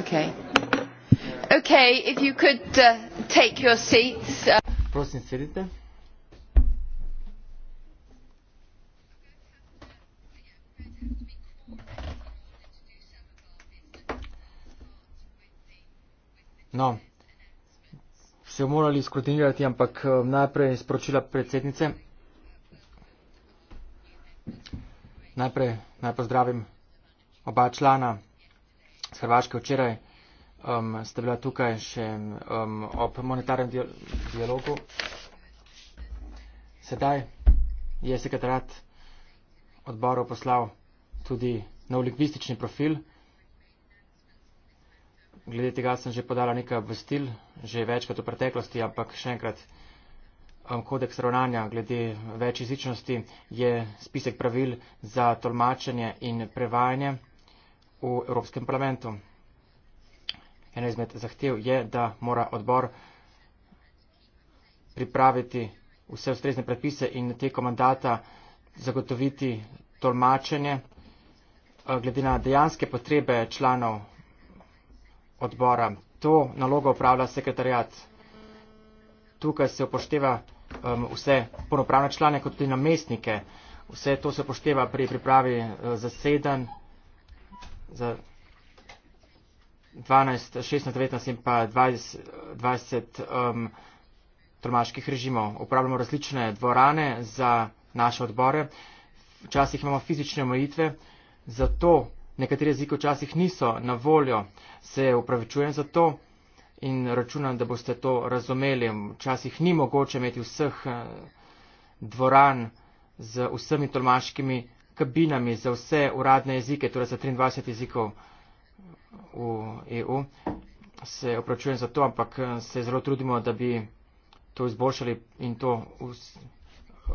Okay. Okay, if you could uh, take your seats. Uh. Prosim, sedite. No, se morali skrutinirati, ampak eh, najprej sporočila predsednice. Najprej naj pozdravim oba člana Hrvaške včeraj, um, ste bila tukaj še um, ob monetarnem dialogu. Sedaj je sekretarat odborov poslal tudi nov lingvistični profil. Glede tega sem že podala nekaj obvestil, že večkrat v preteklosti, ampak še enkrat. Um, kodeks ravnanja glede večjezičnosti je spisek pravil za tolmačenje in prevajanje v Evropskem parlamentu. Ena izmed zahtev je, da mora odbor pripraviti vse ustrezne predpise in teko mandata zagotoviti tolmačenje eh, glede na dejanske potrebe članov odbora. To nalogo upravlja sekretarjat. Tukaj se upošteva um, vse ponopravne člane kot tudi namestnike. Vse to se upošteva pri pripravi eh, zaseden za 12, 16, 19 in pa 20, 20 um, tolmaških režimov. Uporabljamo različne dvorane za naše odbore. Včasih imamo fizične omejitve, zato nekateri jeziki včasih niso na voljo. Se upravičujem za to in računam, da boste to razumeli. Včasih ni mogoče imeti vseh eh, dvoran z vsemi tolmaškimi kabinami za vse uradne jezike, torej za 23 jezikov v EU. Se opračujem za to, ampak se zelo trudimo, da bi to izboljšali in to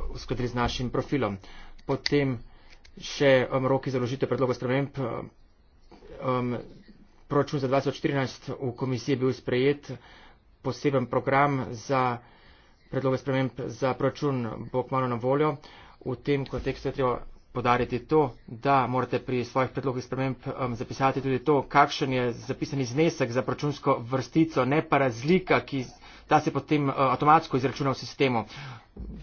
uskladili z našim profilom. Potem še um, roki za ložitev predloga sprememb. Um, proračun za 2014 v komisiji je bil sprejet, poseben program za predloge sprememb za proračun bo kmalo na voljo. V tem kontekstu je treba podariti to, da morate pri svojih predlogih sprememb um, zapisati tudi to, kakšen je zapisani znesek za proračunsko vrstico, ne pa razlika, ki ta se potem uh, avtomatsko izračuna v sistemu.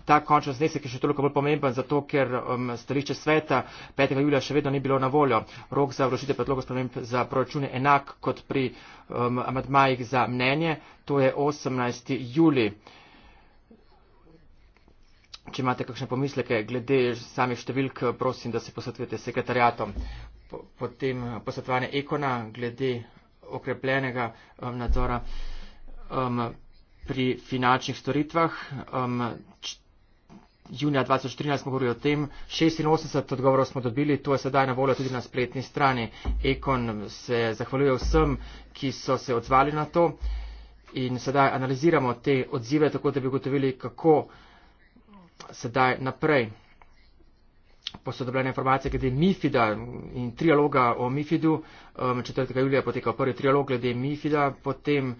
Ta končni znesek je še toliko bolj pomemben, zato ker um, stališče sveta 5. julija še vedno ni bilo na voljo. Rok za vložitev predlogov sprememb za proračune enak kot pri um, amadmajih za mnenje, to je 18. julija. Če imate kakšne pomisleke glede samih številk, prosim, da se posvetujete sekretarjatom. Potem eh, posvetovanje ekona glede okrepljenega um, nadzora um, pri finančnih storitvah. Um, junija 2013 smo govorili o tem, 86 odgovorov smo dobili, to je sedaj na voljo tudi na spletni strani. Ekon se zahvaljuje vsem, ki so se odzvali na to in sedaj analiziramo te odzive, tako da bi ugotovili, kako sedaj naprej. Posodobljene informacije glede MIFID-a in trialoga o MIFID-u. 4. Um, julija je potekal prvi trialog glede MIFID-a, potem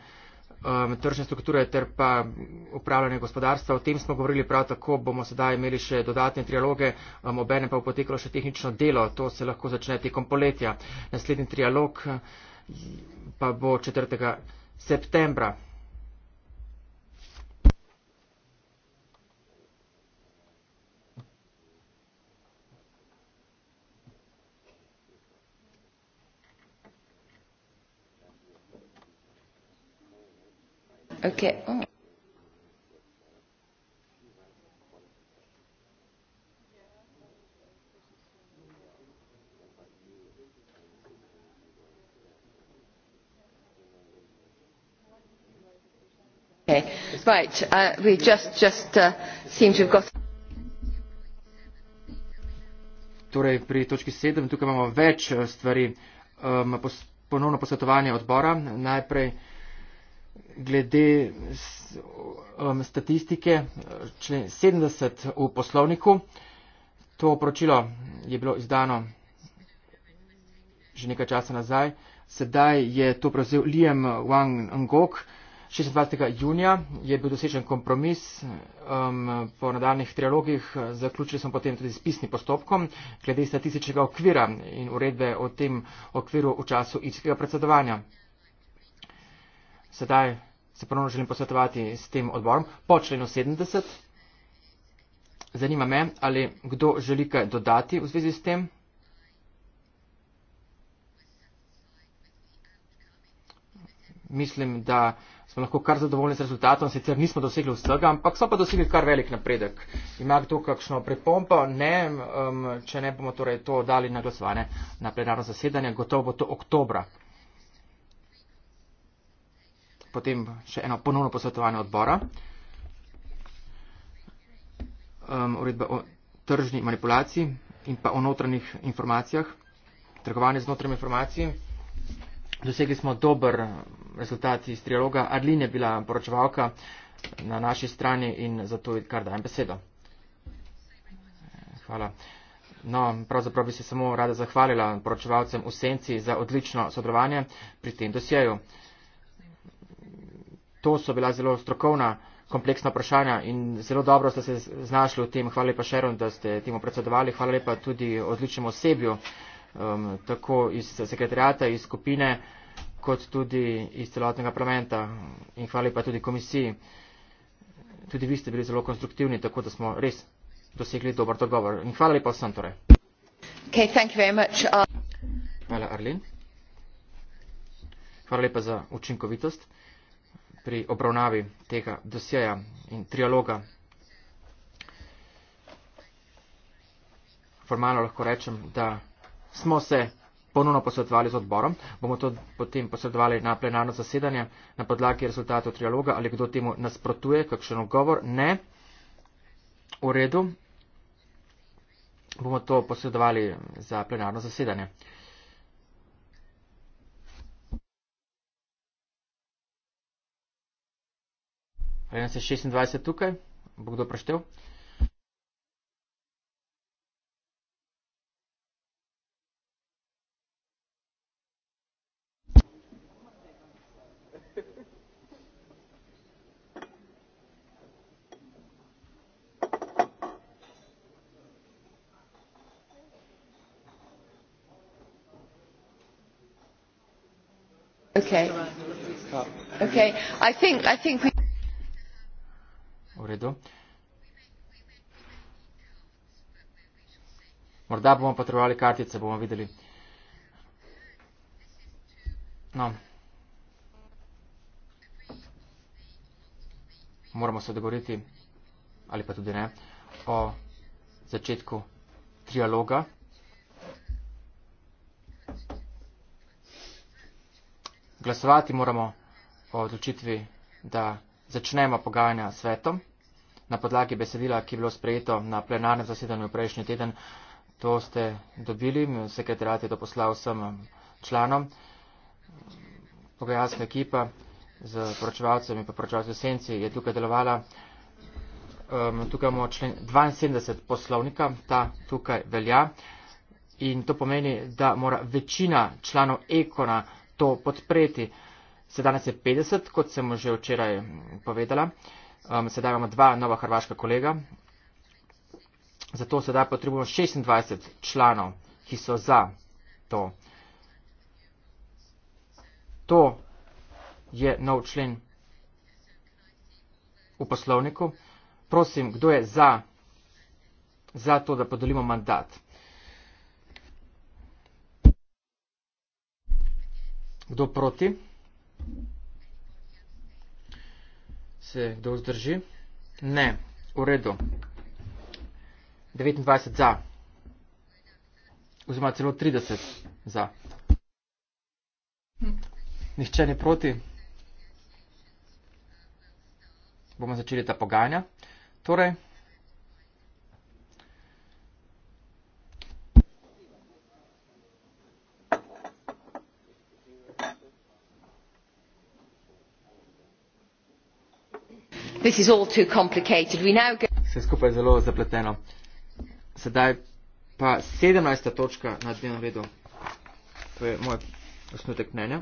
um, tržne strukture ter pa upravljanje gospodarstva. O tem smo govorili prav tako, bomo sedaj imeli še dodatne trialoge, um, obene pa bo potekalo še tehnično delo. To se lahko začne tekom poletja. Naslednji trialog pa bo 4. septembra. Okay. Oh. okay. Right. Uh, we just just uh, seem to have got. Torej, pri točki sedem tukaj imamo več uh, stvari um, pos, ponovno posvetovanje odbora. Najprej glede um, statistike, člen 70 v poslovniku. To poročilo je bilo izdano že nekaj časa nazaj. Sedaj je to prevzel Liam Wang Ngok. 26. junija je bil dosečen kompromis um, po nadaljnih trialogih, zaključili smo potem tudi s pisnim postopkom glede statističnega okvira in uredbe o tem okviru v času irskega predsedovanja sedaj se ponovno želim posvetovati s tem odborom. Po členu 70 zanima me, ali kdo želi kaj dodati v zvezi s tem. Mislim, da smo lahko kar zadovoljni z rezultatom, sicer nismo dosegli vsega, ampak smo pa dosegli kar velik napredek. Ima kdo kakšno pripompo? Ne, um, če ne bomo torej to dali na glasovanje na plenarno zasedanje, gotovo bo to oktobra potem še eno ponovno posvetovanje odbora. Um, uredba o tržni manipulaciji in pa o notranjih informacijah, trgovanje z notranjimi informacijami. Dosegli smo dober rezultat iz trialoga. Arlin je bila poročevalka na naši strani in zato kar dajem besedo. Hvala. No, pravzaprav bi se samo rada zahvalila poročevalcem v senci za odlično sodelovanje pri tem dosjeju to so bila zelo strokovna, kompleksna vprašanja in zelo dobro ste se znašli v tem. Hvala lepa Šeron, da ste temu predsedovali. Hvala lepa tudi odličnemu osebju, um, tako iz sekretarjata, iz skupine, kot tudi iz celotnega parlamenta in hvala lepa tudi komisiji. Tudi vi ste bili zelo konstruktivni, tako da smo res dosegli dober dogovor. In hvala lepa vsem torej. Okay, thank you very much. Uh... Hvala, Arlin. Hvala lepa za učinkovitost pri obravnavi tega dosjeja in trialoga. Formalno lahko rečem, da smo se ponovno posvetovali z odborom, bomo to potem posvetovali na plenarno zasedanje na podlagi rezultatov trialoga, ali kdo temu nasprotuje, kakšen odgovor ne. V redu bomo to posvetovali za plenarno zasedanje. Prenese 26 tukaj, bo kdo preštel. Okay. Okay. I think I think we redu. Morda bomo potrebovali kartice, bomo videli. No. Moramo se dogovoriti, ali pa tudi ne, o začetku trialoga. Glasovati moramo o odločitvi, da začnemo pogajanja s svetom na podlagi besedila, ki je bilo sprejeto na plenarnem zasedanju prejšnji teden. To ste dobili, sekretarat je to poslal vsem članom. Pogajalska ekipa z poročevalcem in poročevalcem Senci je tukaj delovala. Um, tukaj imamo člen 72 poslovnika, ta tukaj velja. In to pomeni, da mora večina članov Ekona to podpreti. Sedanes je 50, kot sem že včeraj povedala. Uh, Um, sedaj imamo dva nova hrvaška kolega. Zato sedaj potrebujemo 26 članov, ki so za to. To je nov člen v poslovniku. Prosim, kdo je za, za to, da podelimo mandat? Kdo proti? se kdo vzdrži? Ne, v redu. 29 za. Oziroma celo 30 za. Nihče ni proti. Bomo začeli ta pogajanja. Torej, this is all too complicated we now go Vse skupaj je zelo zapleteno. Sedaj pa 17. točka na dnevnem redu. To je moj osnutek mnenja.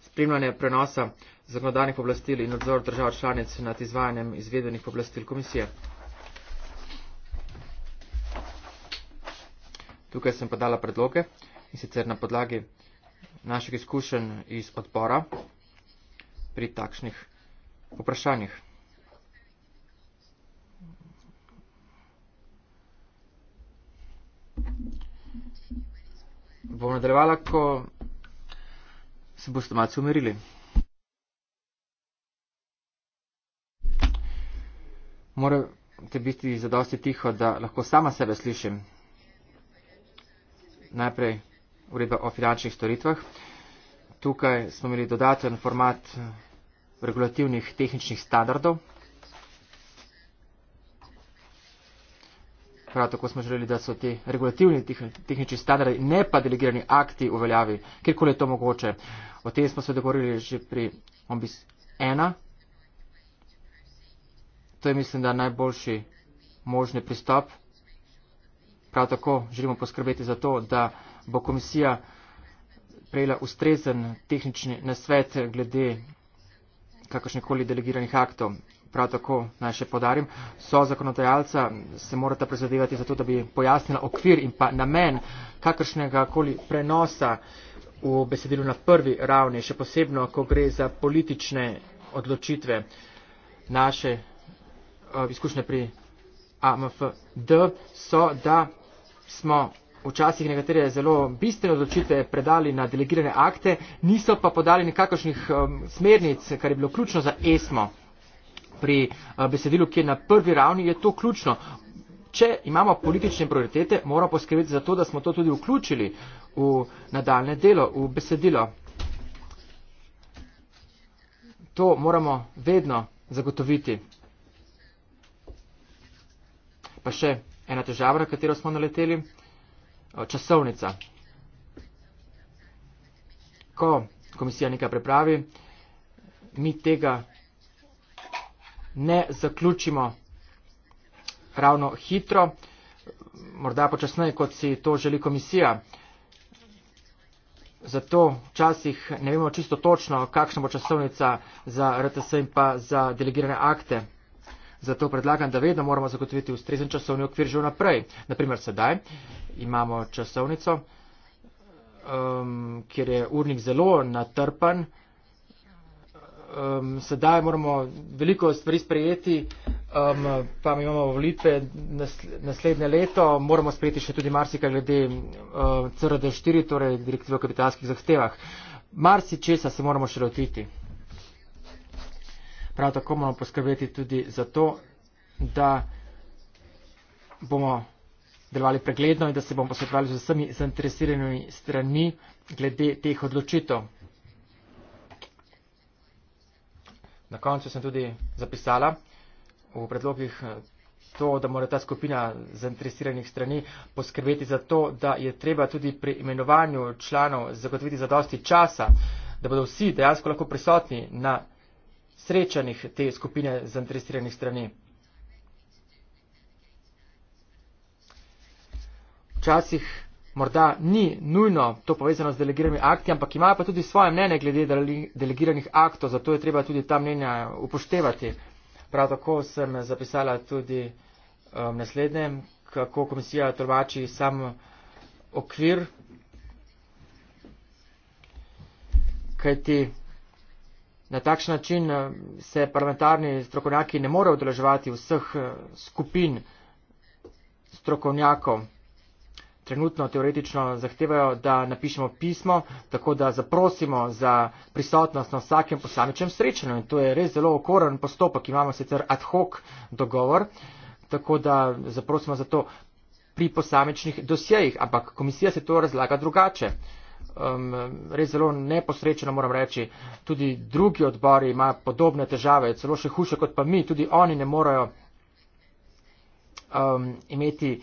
Spremljanje prenosa zakonodajnih oblastil in nadzor držav članic nad izvajanjem izvedenih oblastil komisije. Tukaj sem podala predloge in sicer na podlagi naših izkušenj iz odbora pri takšnih vprašanjih. Bom nadaljevala, ko se boste malce umirili. Morate biti zadosti tiho, da lahko sama sebe slišim. Najprej uredba o finančnih storitvah tukaj smo imeli dodaten format eh, regulativnih tehničnih standardov. Prav tako smo želeli, da so ti regulativni tehnični standardi, ne pa delegirani akti v veljavi, kjerkoli je to mogoče. O tem smo se dogovorili že pri OMBIS 1. To je, mislim, da najboljši možni pristop. Prav tako želimo poskrbeti za to, da bo komisija prejela ustrezen tehnični nasvet glede kakršnekoli delegiranih aktov. Prav tako naj še podarim, so zakonodajalca se morata prizadevati za to, da bi pojasnila okvir in pa namen kakršnega koli prenosa v besedilu na prvi ravni, še posebno, ko gre za politične odločitve naše uh, izkušnje pri AMFD, so, da smo včasih nekatere zelo bistvene odločitve predali na delegirane akte, niso pa podali nekakšnih um, smernic, kar je bilo ključno za ESMO pri uh, besedilu, ki je na prvi ravni, je to ključno. Če imamo politične prioritete, moramo poskrbeti za to, da smo to tudi vključili v nadaljne delo, v besedilo. To moramo vedno zagotoviti. Pa še ena težava, na katero smo naleteli časovnica. Ko komisija nekaj pripravi, mi tega ne zaključimo ravno hitro, morda počasneje, kot si to želi komisija. Zato včasih ne vemo čisto točno, kakšna bo časovnica za RTS in pa za delegirane akte. Zato predlagam, da vedno moramo zagotoviti ustrezen časovni okvir že naprej. Naprimer, sedaj imamo časovnico, um, kjer je urnik zelo natrpan. Um, sedaj moramo veliko stvari sprejeti, um, pa imamo volitve naslednje leto, moramo sprejeti še tudi marsikaj glede um, uh, CRD4, torej direktive o kapitalskih zahtevah. Marsi česa se moramo še lotiti. Prav tako moramo poskrbeti tudi za to, da bomo delovali pregledno in da se bomo posvetovali z vsemi zainteresiranimi strani glede teh odločitev. Na koncu sem tudi zapisala v predlogih eh, to, da mora ta skupina zainteresiranih strani poskrbeti za to, da je treba tudi pri imenovanju članov zagotoviti zadosti časa, da bodo vsi dejansko lahko prisotni na srečanjih te skupine zainteresiranih strani. Včasih morda ni nujno to povezano z delegiranimi akti, ampak imajo pa tudi svoje mnenje glede delegiranih aktov, zato je treba tudi ta mnenja upoštevati. Prav tako sem zapisala tudi um, naslednje, kako komisija tolmači sam okvir, kajti Na takšen način eh, se parlamentarni strokovnjaki ne morejo odeleževati vseh eh, skupin strokovnjakov. Trenutno teoretično zahtevajo, da napišemo pismo, tako da zaprosimo za prisotnost na vsakem posamičnem srečanju. In to je res zelo okoren postopek, imamo sicer ad hoc dogovor, tako da zaprosimo za to pri posamičnih dosjejih, ampak komisija se to razlaga drugače um, res zelo neposrečeno, moram reči. Tudi drugi odbori imajo podobne težave, celo še huše kot pa mi. Tudi oni ne morejo um, imeti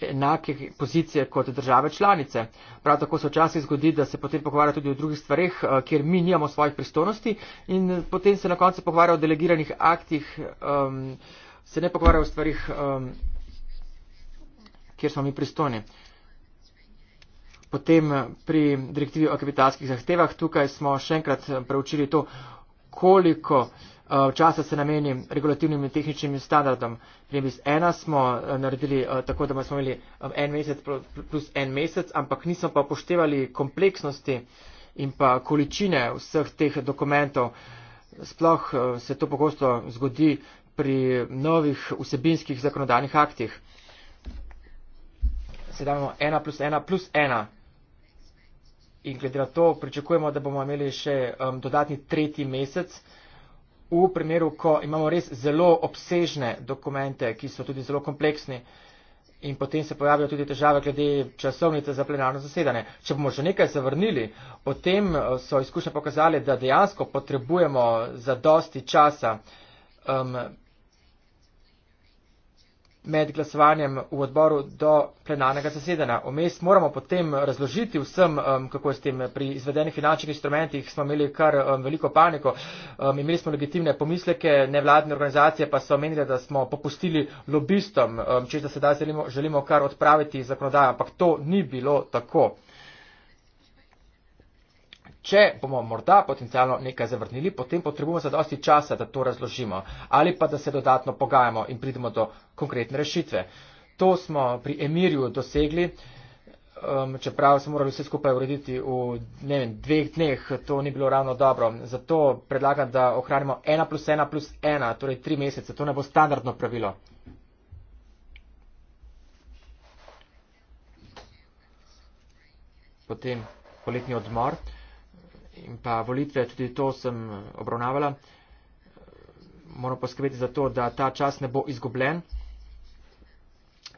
enake pozicije kot države članice. Prav tako se včasih zgodi, da se potem pogovarja tudi o drugih stvarih, eh, kjer mi nijamo svojih pristojnosti in eh, potem se na koncu pogovarja o delegiranih aktih, um, se ne pogovarja o stvarih, um, kjer smo mi pristojni potem eh, pri direktivi o kapitalskih zahtevah. Tukaj smo še enkrat eh, preučili to, koliko eh, časa se nameni regulativnim in tehničnim standardom. Pri MIS-1 smo naredili tako, da smo imeli en mesec plus en mesec, ampak nismo pa upoštevali kompleksnosti in pa količine vseh teh dokumentov. Sploh se to pogosto zgodi pri novih vsebinskih zakonodajnih aktih. Sedaj imamo 1 plus 1 plus 1 in glede na to pričakujemo, da bomo imeli še um, dodatni tretji mesec. V primeru, ko imamo res zelo obsežne dokumente, ki so tudi zelo kompleksni in potem se pojavijo tudi težave glede časovnice za plenarno zasedanje. Če bomo že nekaj zavrnili, potem uh, so izkušnje pokazali, da dejansko potrebujemo za dosti časa um, med glasovanjem v odboru do plenarnega zasedanja. Omes moramo potem razložiti vsem, um, kako je s tem. Pri izvedenih finančnih instrumentih smo imeli kar um, veliko paniko. Um, imeli smo legitimne pomisleke, nevladne organizacije pa so menile, da smo popustili lobistom, če da se da želimo, želimo kar odpraviti zakonodajo, ampak to ni bilo tako. Če bomo morda potencialno nekaj zavrnili, potem potrebujemo zadosti časa, da to razložimo ali pa da se dodatno pogajamo in pridemo do konkretne rešitve. To smo pri Emirju dosegli, um, čeprav smo morali vse skupaj urediti v ne vem, dveh dneh, to ni bilo ravno dobro. Zato predlagam, da ohranimo 1 plus 1 plus 1, torej 3 mesece, to ne bo standardno pravilo. Potem poletni odmor in pa volitve, tudi to sem obravnavala. Moram poskrbeti za to, da ta čas ne bo izgubljen.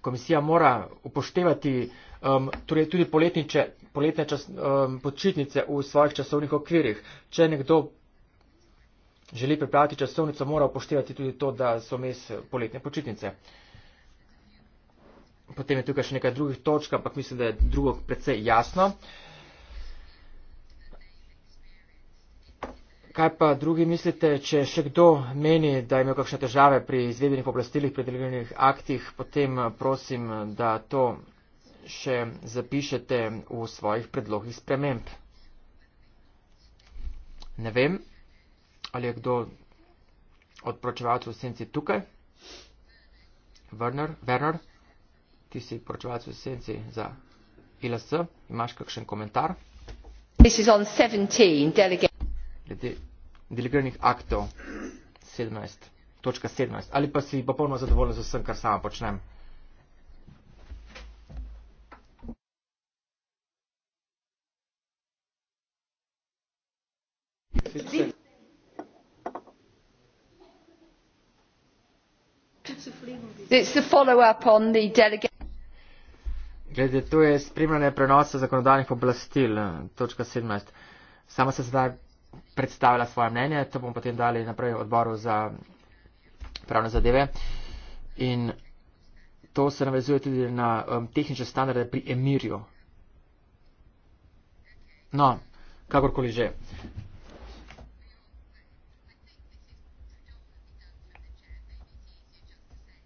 Komisija mora upoštevati um, torej tudi poletniče, poletne čas, um, počitnice v svojih časovnih okvirih. Če nekdo želi pripraviti časovnico, mora upoštevati tudi to, da so mes poletne počitnice. Potem je tukaj še nekaj drugih točk, ampak mislim, da je drugo predvsej jasno. Uh, Kaj pa drugi mislite, če še kdo meni, da ima kakšne težave pri izvedenih oblastilih, pri delovnih aktih, potem eh, prosim, da to še zapišete v svojih predlogih sprememb. Ne vem, ali je kdo od pročevalcev v senci tukaj. Werner, Werner, ti si pročevalcev v senci za ILS, imaš kakšen komentar? 17 delegacij glede delegiranih aktov 17.17. Ali pa si popolnoma zadovoljen z vsem, kar sama počnem. It's the follow-up on the delegation. Glede, to je spremljanje prenosa zakonodajnih oblastil, točka 17. Sama se zdaj predstavila svoje mnenje, to bomo potem dali naprej odboru za pravne zadeve. In to se navezuje tudi na um, tehnične standarde pri emirju. No, kakorkoli že.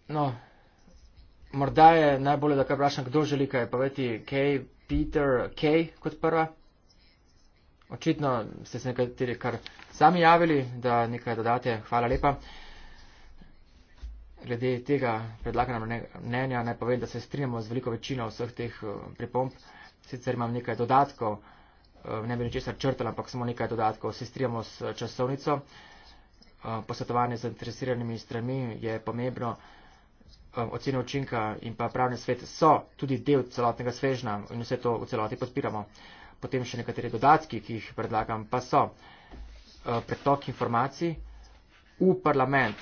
No, morda je najbolje, da kar vprašam, kdo želi kaj povedati, Kay, Peter, Kay kot prva. Očitno ste se nekateri kar sami javili, da nekaj dodate. Hvala lepa. Glede tega predlaganja mnenja naj povem, da se strinjamo z veliko večino vseh teh eh, pripomb. Sicer imam nekaj dodatkov, eh, ne bi ničesar črtala, ampak samo nekaj dodatkov. Se strinjamo s eh, časovnico. Posvetovanje z zainteresiranimi strani je pomembno. Ocene učinka in pa pravni svet so tudi del celotnega svežna in vse to v celoti podpiramo. Potem še nekateri dodatki, ki jih predlagam, pa so eh, pretok informacij v parlament.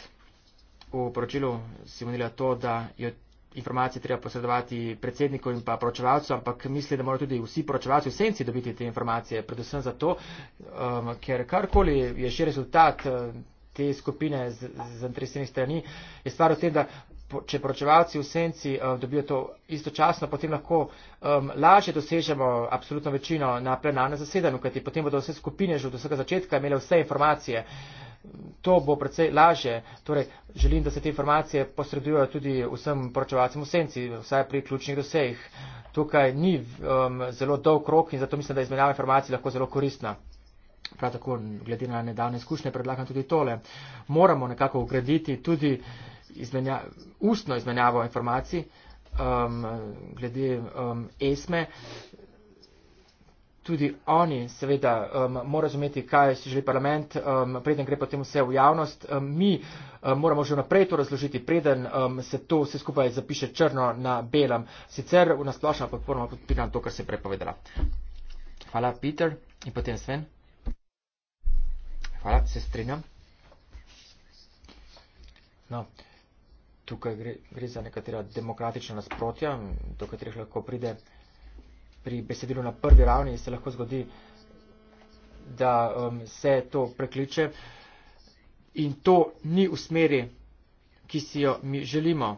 V poročilu si monila to, da je informacije treba posredovati predsedniku in pa poročevalcu, ampak misli, da morajo tudi vsi poročevalci v senci dobiti te informacije, predvsem zato, um, ker karkoli je še rezultat eh, te skupine zainteresiranih strani, je stvar v tem, da če poročevalci v senci eh, dobijo to istočasno, potem lahko um, lažje dosežemo absolutno večino na plenarnem zasedanju, kajti potem bodo vse skupine že od vsega začetka imele vse informacije. To bo precej lažje. Torej, želim, da se te informacije posredujejo tudi vsem poročevalcem v senci, vsaj pri ključnih dosejih. Tukaj ni um, zelo dolg rok in zato mislim, da je izmenjava informacij lahko zelo koristna. Prav tako, glede na nedavne izkušnje, predlagam tudi tole. Moramo nekako ugraditi tudi izmenja, ustno izmenjavo informacij um, glede um, esme. Tudi oni seveda um, morajo razumeti, kaj si želi parlament, um, preden gre potem vse v javnost. Um, mi um, moramo že naprej to razložiti, preden um, se to vse skupaj zapiše črno na belem. Sicer v nasplošno podporno podpiram to, kar se je prepovedala. Hvala, Peter. In potem Sven. Hvala, se strinjam. No tukaj gre, gre za nekatera demokratična nasprotja, do katerih lahko pride pri besedilu na prvi ravni in se lahko zgodi, da um, se to prekliče in to ni v smeri, ki si jo mi želimo.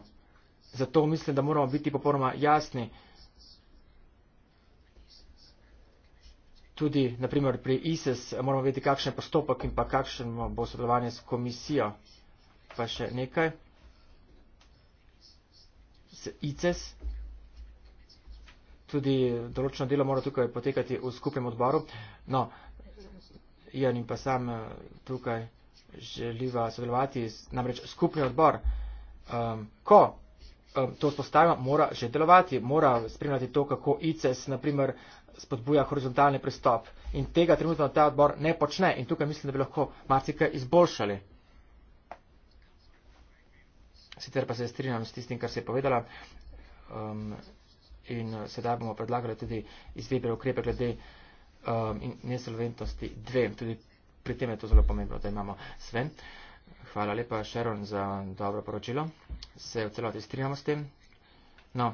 Zato mislim, da moramo biti popolnoma jasni tudi, naprimer, pri ISIS, moramo vedeti, kakšen postopek in pa kakšen bo sodelovanje s komisijo. Pa še nekaj. ICES. Tudi določeno delo mora tukaj potekati v skupnem odboru. No, Jan in pa sam eh, tukaj želiva sodelovati, namreč skupni odbor. Um, ko um, to spostavimo, mora že delovati, mora spremljati to, kako ICES, naprimer, spodbuja horizontalni pristop. In tega trenutno ta odbor ne počne in tukaj mislim, da bi lahko marsikaj izboljšali. Sicer pa se strinjam s tistim, kar se je povedala. Um, in uh, sedaj bomo predlagali tudi izvedbe ukrepe glede um, nesolventnosti dve. Tudi pri tem je to zelo pomembno, da imamo Sven. Hvala lepa, Sharon, za dobro poročilo. Se v celoti strinjamo s tem. No,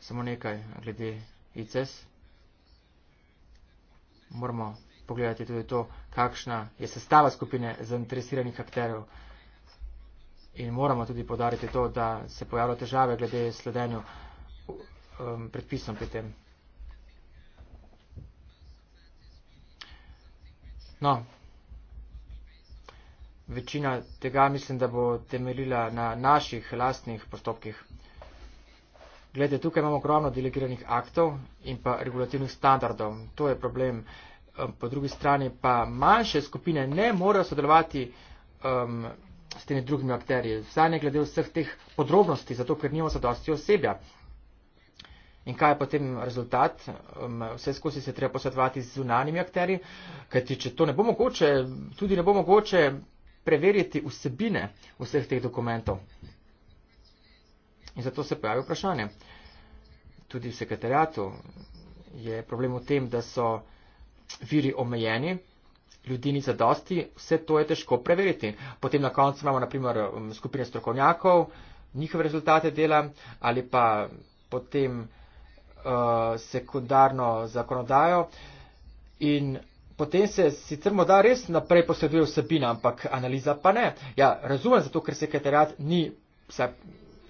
samo nekaj glede ICS. E Moramo pogledati tudi to, kakšna je sestava skupine zainteresiranih akterjev in moramo tudi podariti to, da se pojavljajo težave glede sledenju um, predpisom pri tem. No, večina tega mislim, da bo temeljila na naših lastnih postopkih. Glede, tukaj imamo ogromno delegiranih aktov in pa regulativnih standardov. To je problem. Um, po drugi strani pa manjše skupine ne morejo sodelovati um, s temi drugimi akterji, vsaj ne glede vseh teh podrobnosti, zato ker nimamo zadosti osebja. In kaj je potem rezultat? Um, vse skozi se treba posvetovati z zunanimi akterji, kajti če to ne bo mogoče, tudi ne bo mogoče preveriti vsebine vseh teh dokumentov. In zato se pojavi vprašanje. Tudi v sekretariatu je problem v tem, da so viri omejeni, ljudi ni zadosti, vse to je težko preveriti. Potem na koncu imamo naprimer um, skupine strokovnjakov, njihove rezultate dela ali pa potem uh, sekundarno zakonodajo in potem se sicer morda res naprej posreduje vsebina, ampak analiza pa ne. Ja, razumem zato, ker sekretarjat ni, vsaj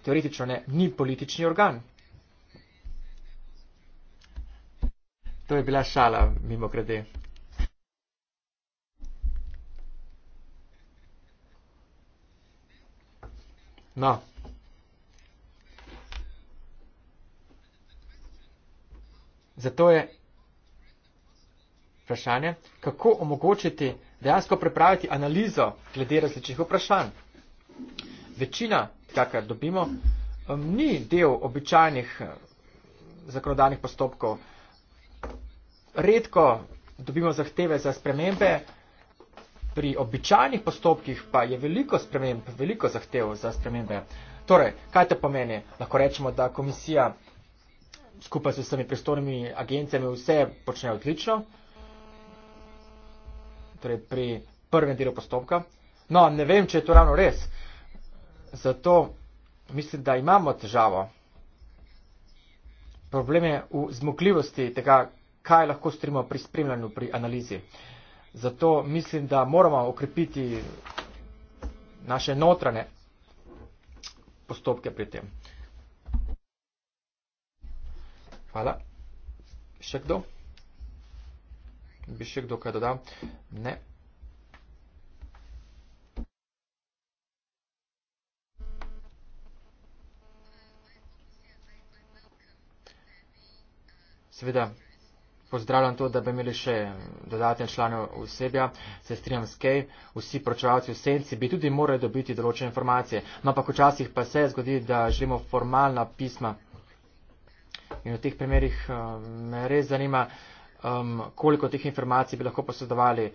teoretično ne, ni politični organ. To je bila šala, mimo grede. No. Zato je vprašanje, kako omogočiti dejansko pripraviti analizo glede različnih vprašanj. Večina, kakor dobimo, ni del običajnih eh, zakonodajnih postopkov. Redko dobimo zahteve za spremembe. Ja pri običajnih postopkih pa je veliko sprememb, veliko zahtev za spremembe. Torej, kaj to pomeni? Lahko rečemo, da komisija skupaj s vsemi pristojnimi agencijami vse počne odlično, torej pri prvem delu postopka. No, ne vem, če je to ravno res. Zato mislim, da imamo težavo. Problem je v zmogljivosti tega, kaj lahko strimo pri spremljanju, pri analizi. Uh, Zato mislim, da moramo okrepiti naše notranje postopke pri tem. Hvala. Še kdo? Bi še kdo kaj dodal? Ne. Seveda pozdravljam to, da bi imeli še dodaten član osebja, se strinjam s Kej, vsi pročevalci v senci bi tudi morali dobiti določene informacije. No, ampak včasih pa se zgodi, da želimo formalna pisma. In v teh primerih eh, me res zanima, um, koliko teh informacij bi lahko posredovali.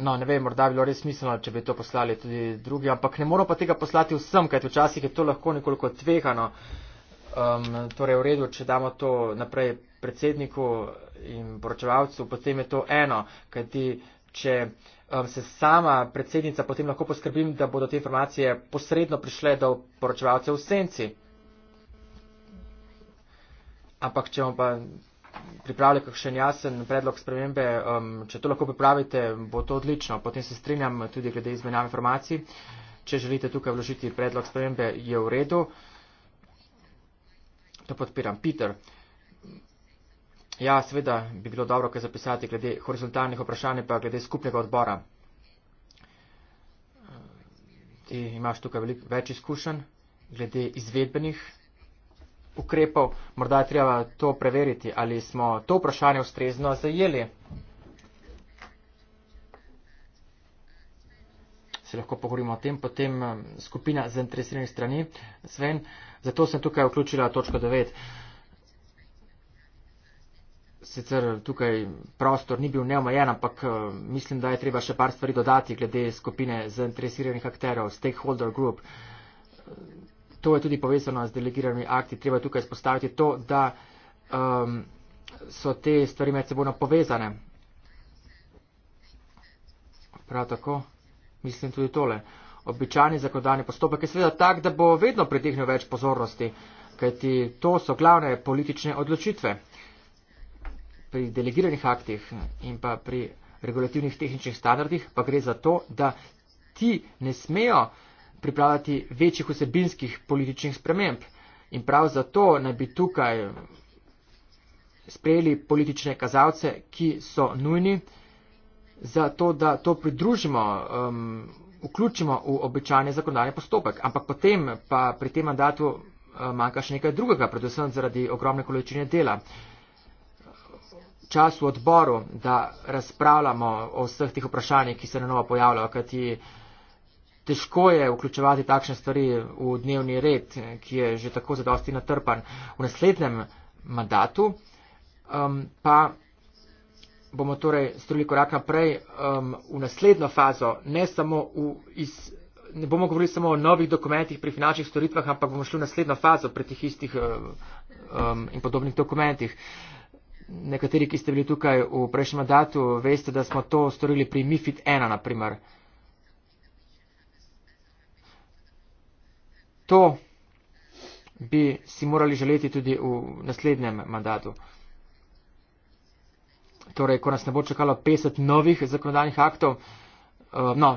No, ne vem, morda bi bilo res smiselno, če bi to poslali tudi drugi, ampak ne moramo pa tega poslati vsem, kajti včasih je to lahko nekoliko tvehano. Um, torej, v redu, če damo to naprej predsedniku in poročevalcu, potem je to eno, kajti če um, se sama predsednica potem lahko poskrbim, da bodo te informacije posredno prišle do poročevalce v senci. Ampak če bomo pa pripravili kakšen jasen predlog spremembe, um, če to lahko pripravite, bo to odlično. Potem se strinjam tudi glede izmenjave informacij. Če želite tukaj vložiti predlog spremembe, je v redu. To podpiram. Peter. Uh, Ja, seveda bi bilo dobro kaj zapisati glede horizontalnih vprašanj, pa glede skupnega odbora. Ti e, imaš tukaj veliko več izkušenj glede izvedbenih ukrepov. Morda je treba to preveriti, ali smo to vprašanje ustrezno zajeli. Se lahko pogovorimo o tem, potem e, skupina zainteresiranih strani. Sven, zato sem tukaj vključila točko 9 sicer tukaj prostor ni bil neomajen, ampak eh, mislim, da je treba še par stvari dodati glede skupine zainteresiranih akterov, stakeholder group. To je tudi povezano z delegiranimi akti. Treba tukaj spostaviti to, da um, so te stvari med seboj povezane. Prav tako mislim tudi tole. Običajni zakonodajni postopek je seveda tak, da bo vedno pritehnil več pozornosti, kajti to so glavne politične odločitve pri delegiranih aktih in pa pri regulativnih tehničnih standardih, pa gre za to, da ti ne smejo pripravljati večjih vsebinskih političnih sprememb. In prav zato naj bi tukaj sprejeli politične kazalce, ki so nujni, zato da to pridružimo, um, vključimo v običajni zakonodajni postopek. Ampak potem pa pri tem mandatu uh, manjka še nekaj drugega, predvsem zaradi ogromne količine dela. Uh, čas v odboru, da razpravljamo o vseh tih vprašanjih, ki se na novo pojavljajo, kajti težko je vključevati takšne stvari v dnevni red, ki je že tako zadosti natrpan. V naslednjem mandatu um, pa bomo torej storili korak naprej um, v naslednjo fazo, ne samo v iz. Ne bomo govorili samo o novih dokumentih pri finančnih storitvah, ampak bomo šli v naslednjo fazo pri teh istih uh, um, in podobnih dokumentih. Nekateri, ki ste bili tukaj v prejšnjem mandatu, veste, da smo to storili pri MIFID 1, naprimer. To bi si morali želeti tudi v naslednjem mandatu. Torej, ko nas ne bo čakalo 50 novih zakonodajnih aktov, eh, no,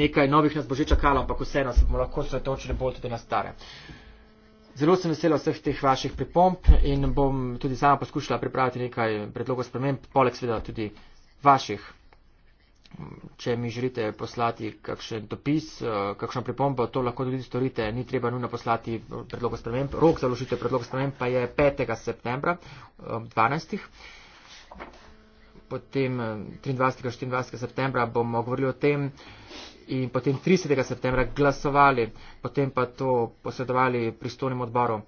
nekaj novih nas bo že čakalo, ampak vseeno se bomo lahko osredotočili bolj tudi na stare. Zelo sem vesela vseh teh vaših pripomp in bom tudi sama poskušala pripraviti nekaj predlogov sprememb, poleg sveda tudi vaših. Če mi želite poslati kakšen dopis, eh, kakšno pripombo, to lahko tudi storite, ni treba nujno poslati predlogov sprememb. Rok za ložitev predlogov sprememb pa je 5. septembra 12. Potem 23. in 24. septembra bomo govorili o tem, in potem 30. septembra glasovali, potem pa to posredovali pristojnim odborom.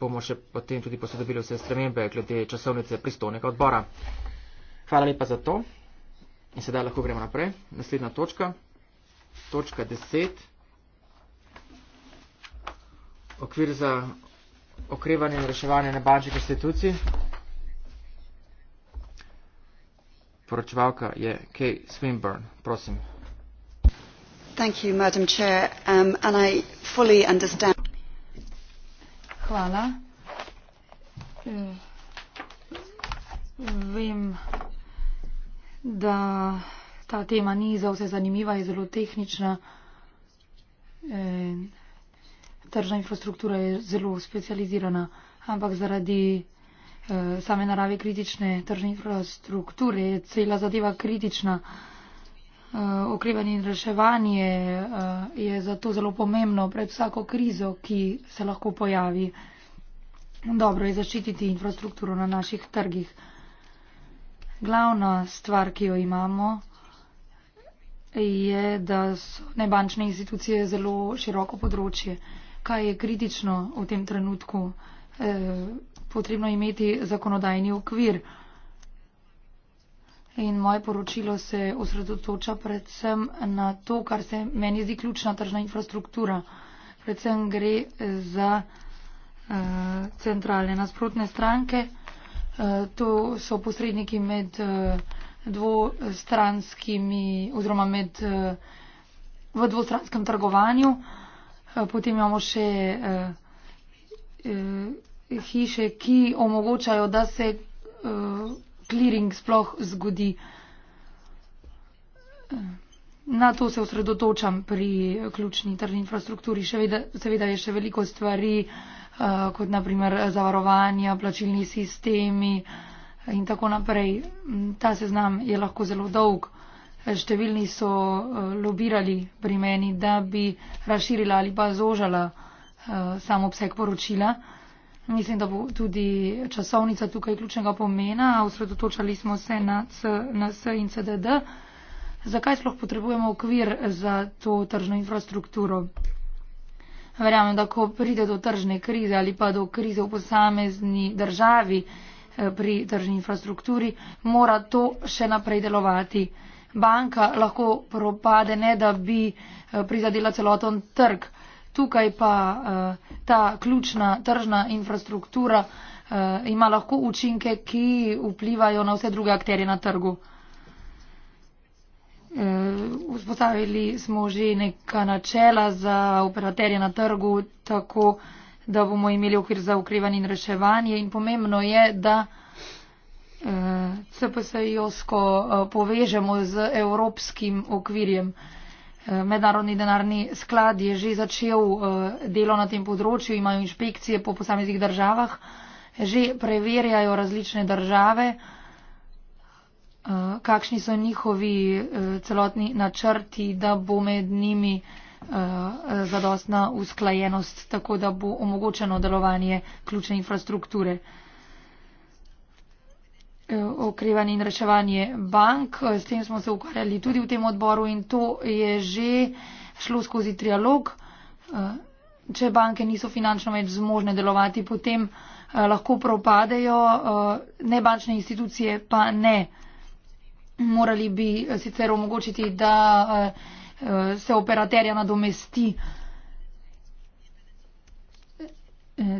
Bomo še potem tudi posredovali vse spremembe glede časovnice pristojnega odbora. Hvala lepa za to. In sedaj lahko gremo naprej. Naslednja točka. Točka 10. Okvir za okrevanje in reševanje nebančnih institucij. Poročevalka je Kay Swinburne. Prosim. Um, Hvala. Vem, da ta tema ni za vse zanimiva, je zelo tehnična. Tržna infrastruktura je zelo specializirana, ampak zaradi eh, same narave kritične tržne infrastrukture je cela zadeva kritična. Eh, okrevanje in reševanje eh, je zato zelo pomembno pred vsako krizo, ki se lahko pojavi. Dobro je zaščititi infrastrukturo na naših trgih. Glavna stvar, ki jo imamo, je, da so nebančne institucije zelo široko področje. Kaj je kritično v tem trenutku? Eh, potrebno je imeti zakonodajni okvir in moje poročilo se osredotoča predvsem na to, kar se meni zdi ključna tržna infrastruktura. Predvsem gre za eh, centralne nasprotne stranke. Eh, to so posredniki med eh, dvostranskimi oziroma med, eh, v dvostranskem trgovanju. Eh, potem imamo še eh, eh, hiše, ki omogočajo, da se. Eh, clearing sploh zgodi. Na to se osredotočam pri eh, ključni trdni infrastrukturi. Vede, seveda je še veliko stvari, eh, kot naprimer zavarovanja, plačilni sistemi eh, in tako naprej. Mm, ta seznam je lahko zelo dolg. Številni so lobirali pri meni, da bi razširila ali pa zožala sam obseg poročila mislim, da bo tudi časovnica tukaj ključnega pomena. Osredotočali smo se na CNS in CDD. Zakaj sploh potrebujemo okvir za to tržno infrastrukturo? Verjamem, da ko pride do tržne krize ali pa do krize v posamezni državi eh, pri tržni infrastrukturi, mora to še naprej delovati. Banka lahko propade, ne da bi eh, prizadela celoten trg tukaj pa eh, ta ključna tržna infrastruktura eh, ima lahko učinke, ki vplivajo na vse druge akterje na trgu. Eh, vzpostavili smo že neka načela za operaterje na trgu, tako da bomo imeli okvir za ukrivanje in reševanje in pomembno je, da CPS-JOSKO povežemo z evropskim okvirjem. Mednarodni denarni sklad je že začel eh, delo na tem področju, imajo inšpekcije po posameznih državah, že preverjajo različne države, eh, kakšni so njihovi eh, celotni načrti, da bo med njimi zadostna usklajenost, tako da bo omogočeno delovanje ključne infrastrukture okrevanje in reševanje bank. S tem smo se ukvarjali tudi v tem odboru in to je že šlo skozi trialog. Eh, če banke niso finančno več zmožne delovati, potem eh, lahko propadejo, eh, nebančne institucije pa ne. Morali bi sicer omogočiti, da se operaterja nadomesti.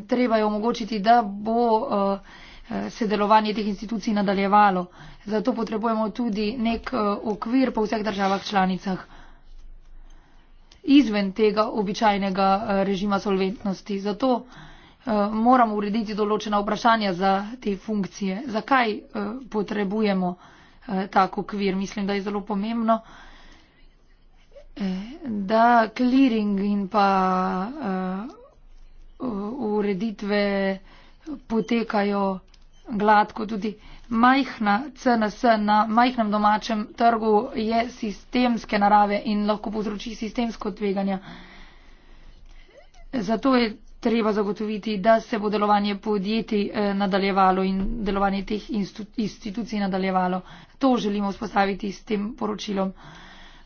Treba je omogočiti, da bo uh, Eh, se delovanje teh institucij nadaljevalo. Zato potrebujemo tudi nek eh, okvir po vseh državah članicah izven tega običajnega eh, režima solventnosti. Zato moramo urediti določena vprašanja za te funkcije. Zakaj potrebujemo tak okvir? Mislim, da je zelo pomembno, da clearing in pa ureditve potekajo gladko. Tudi majhna CNS na majhnem domačem trgu je sistemske narave in lahko povzroči sistemsko tveganje. Zato je treba zagotoviti, da se bo delovanje podjetij eh, nadaljevalo in delovanje teh institucij nadaljevalo. To želimo vzpostaviti s tem poročilom.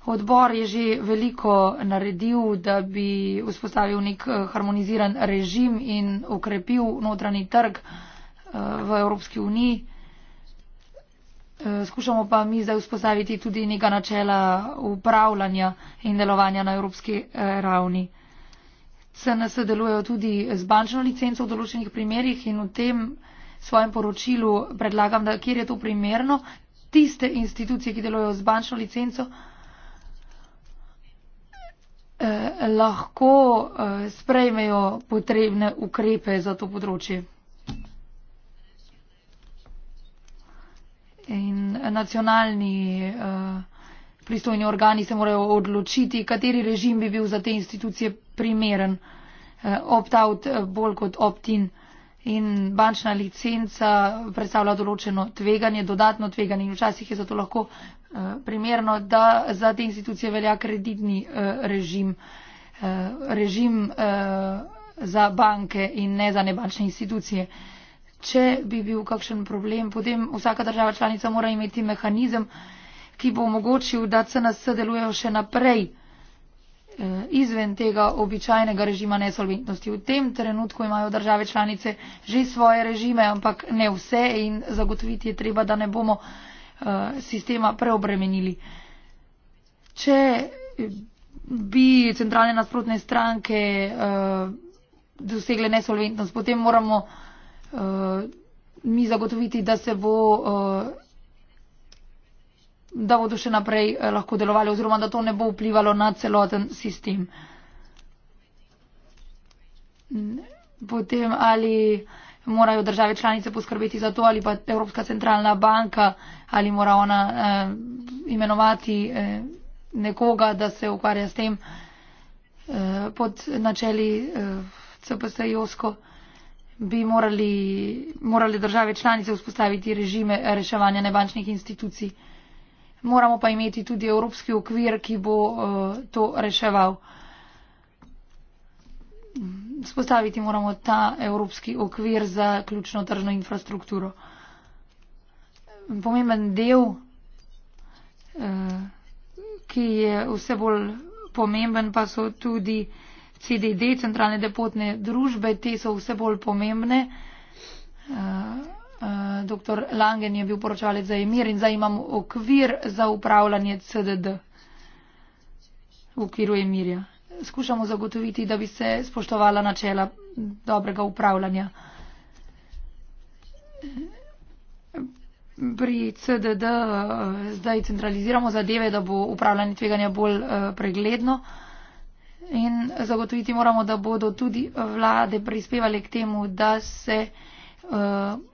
Odbor je že veliko naredil, da bi vzpostavil nek eh, harmoniziran režim in ukrepil notranji trg v Evropski uniji. Eh, skušamo pa mi zdaj vzpostaviti tudi neka načela upravljanja in delovanja na evropski eh, ravni. CNS delujejo tudi z bančno licenco v določenih primerjih in v tem svojem poročilu predlagam, da kjer je to primerno, tiste institucije, ki delujejo z bančno licenco, eh, lahko sprejmejo potrebne ukrepe za to področje. In nacionalni uh, pristojni organi se morajo odločiti, kateri režim bi bil za te institucije primeren. Uh, Opt-out eh, bolj kot opt-in. In bančna licenca predstavlja določeno tveganje, dodatno tveganje in včasih je zato lahko uh, primerno, da za te institucije velja kreditni uh, režim. Uh, režim uh, za banke in ne za nebančne institucije. Uh, če bi bil kakšen problem, potem vsaka država članica mora imeti mehanizem, ki bo omogočil, da CNS delujejo še naprej eh, izven tega običajnega režima nesolventnosti. V tem trenutku imajo države članice že svoje režime, ampak ne vse in zagotoviti je treba, da ne bomo eh, sistema preobremenili. Če eh, bi centralne nasprotne stranke dosegle nesolventnost, potem moramo uh, mi zagotoviti, da se bo. Uh, da bodo še naprej eh, lahko delovali oziroma da to ne bo vplivalo na celoten sistem. Potem ali morajo države članice poskrbeti za to ali pa Evropska centralna banka ali mora ona eh, imenovati eh, nekoga, da se ukvarja s tem eh, pod načeli eh, CPS-Josko. Eh, bi morali, morali države članice vzpostaviti režime reševanja nebančnih institucij. Moramo pa imeti tudi evropski okvir, ki bo uh, to reševal. Spostaviti moramo ta evropski okvir za ključno tržno infrastrukturo. Pomemben del, uh, ki je vse bolj pomemben, pa so tudi uh, CDD, centralne depotne družbe, te so vse bolj pomembne. Eh, eh, Dr. Langen je bil poročalec za emir in zdaj imam okvir za upravljanje CDD v okviru emirja. Skušamo zagotoviti, da bi se spoštovala načela dobrega upravljanja. Pri CDD eh, zdaj centraliziramo zadeve, da bo upravljanje tveganja bolj pregledno in zagotoviti moramo, da bodo tudi vlade prispevali k temu, da se uh,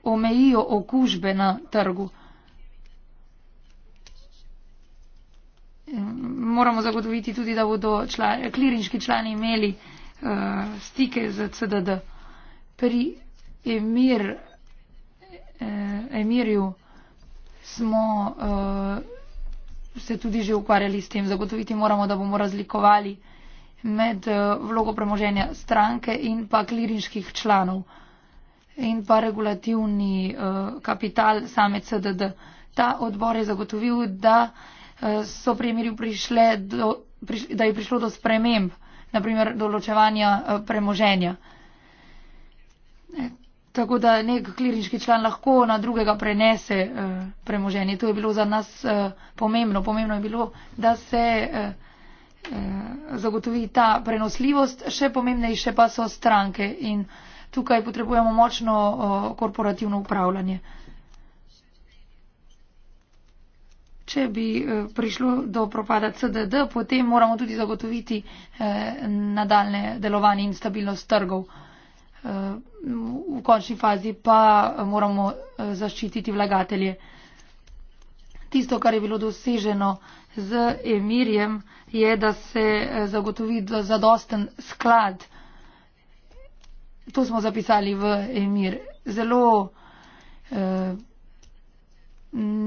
omejijo okužbe na trgu. Moramo zagotoviti tudi, da bodo člani, klirinški člani imeli uh, stike z CDD. Pri emir, eh, emirju smo uh, se tudi že ukvarjali s tem. Zagotoviti moramo, da bomo razlikovali uh, med eh, vlogo premoženja stranke in pa klirinških članov in pa regulativni eh, kapital same CDD. Ta odbor je zagotovil, da eh, so pri miru prišle do, da je prišlo do sprememb, naprimer določevanja premoženja. Tako da nek klirinški član lahko na drugega prenese premoženje. To je bilo za nas pomembno. Pomembno je bilo, da se Eh, zagotovi ta prenosljivost, še pomembnejše pa so stranke in tukaj potrebujemo močno eh, korporativno upravljanje. Če bi eh, prišlo do propada CDD, potem moramo tudi zagotoviti nadaljne delovanje in stabilnost trgov. V končni fazi pa moramo zaščititi vlagatelje tisto, kar je bilo doseženo z emirjem, je, da se eh, zagotovi zadosten sklad. To smo zapisali v emir. Zelo eh,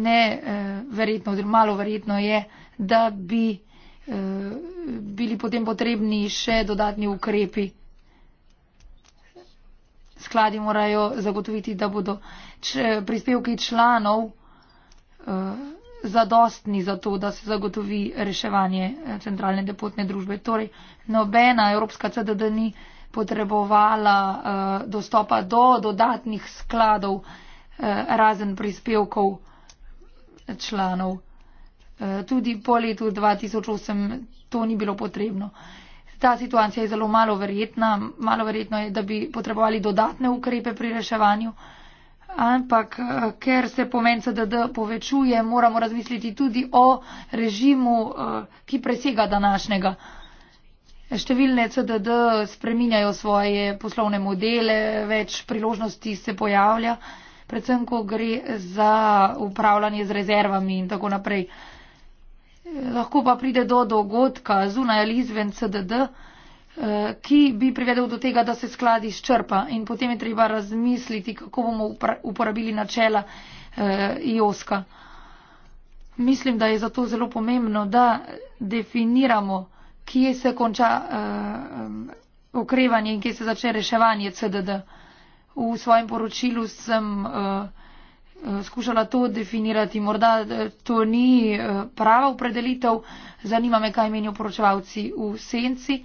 neverjetno, eh, zelo malo verjetno je, da bi eh, bili potem potrebni še dodatni ukrepi. Skladi morajo zagotoviti, da bodo č, prispevki članov eh, zadostni za to, da se zagotovi reševanje eh, centralne depotne družbe. Torej, nobena evropska CDD ni potrebovala uh, dostopa do dodatnih skladov uh, razen prispevkov članov. Uh, tudi po letu 2008 to ni bilo potrebno. Ta situacija je zelo malo verjetna. Malo verjetno je, da bi potrebovali dodatne ukrepe pri reševanju uh, ampak eh, ker se pomen CDD povečuje, moramo razmisliti tudi o režimu, eh, ki presega današnjega. Številne CDD spreminjajo svoje poslovne modele, več priložnosti se pojavlja, predvsem, ko gre za upravljanje z rezervami in tako naprej. Eh, lahko pa pride do dogodka zunaj ali izven CDD, Eh, ki bi privedel do tega, da se skladi izčrpa in potem je treba razmisliti, kako bomo uporabili načela eh, IOSKA. Mislim, da je zato zelo pomembno, da definiramo, kje se konča eh, okrevanje in kje se začne reševanje CDD. V svojem poročilu sem skušala to definirati. Morda to ni prava opredelitev. Zanima me, kaj menijo poročevalci v senci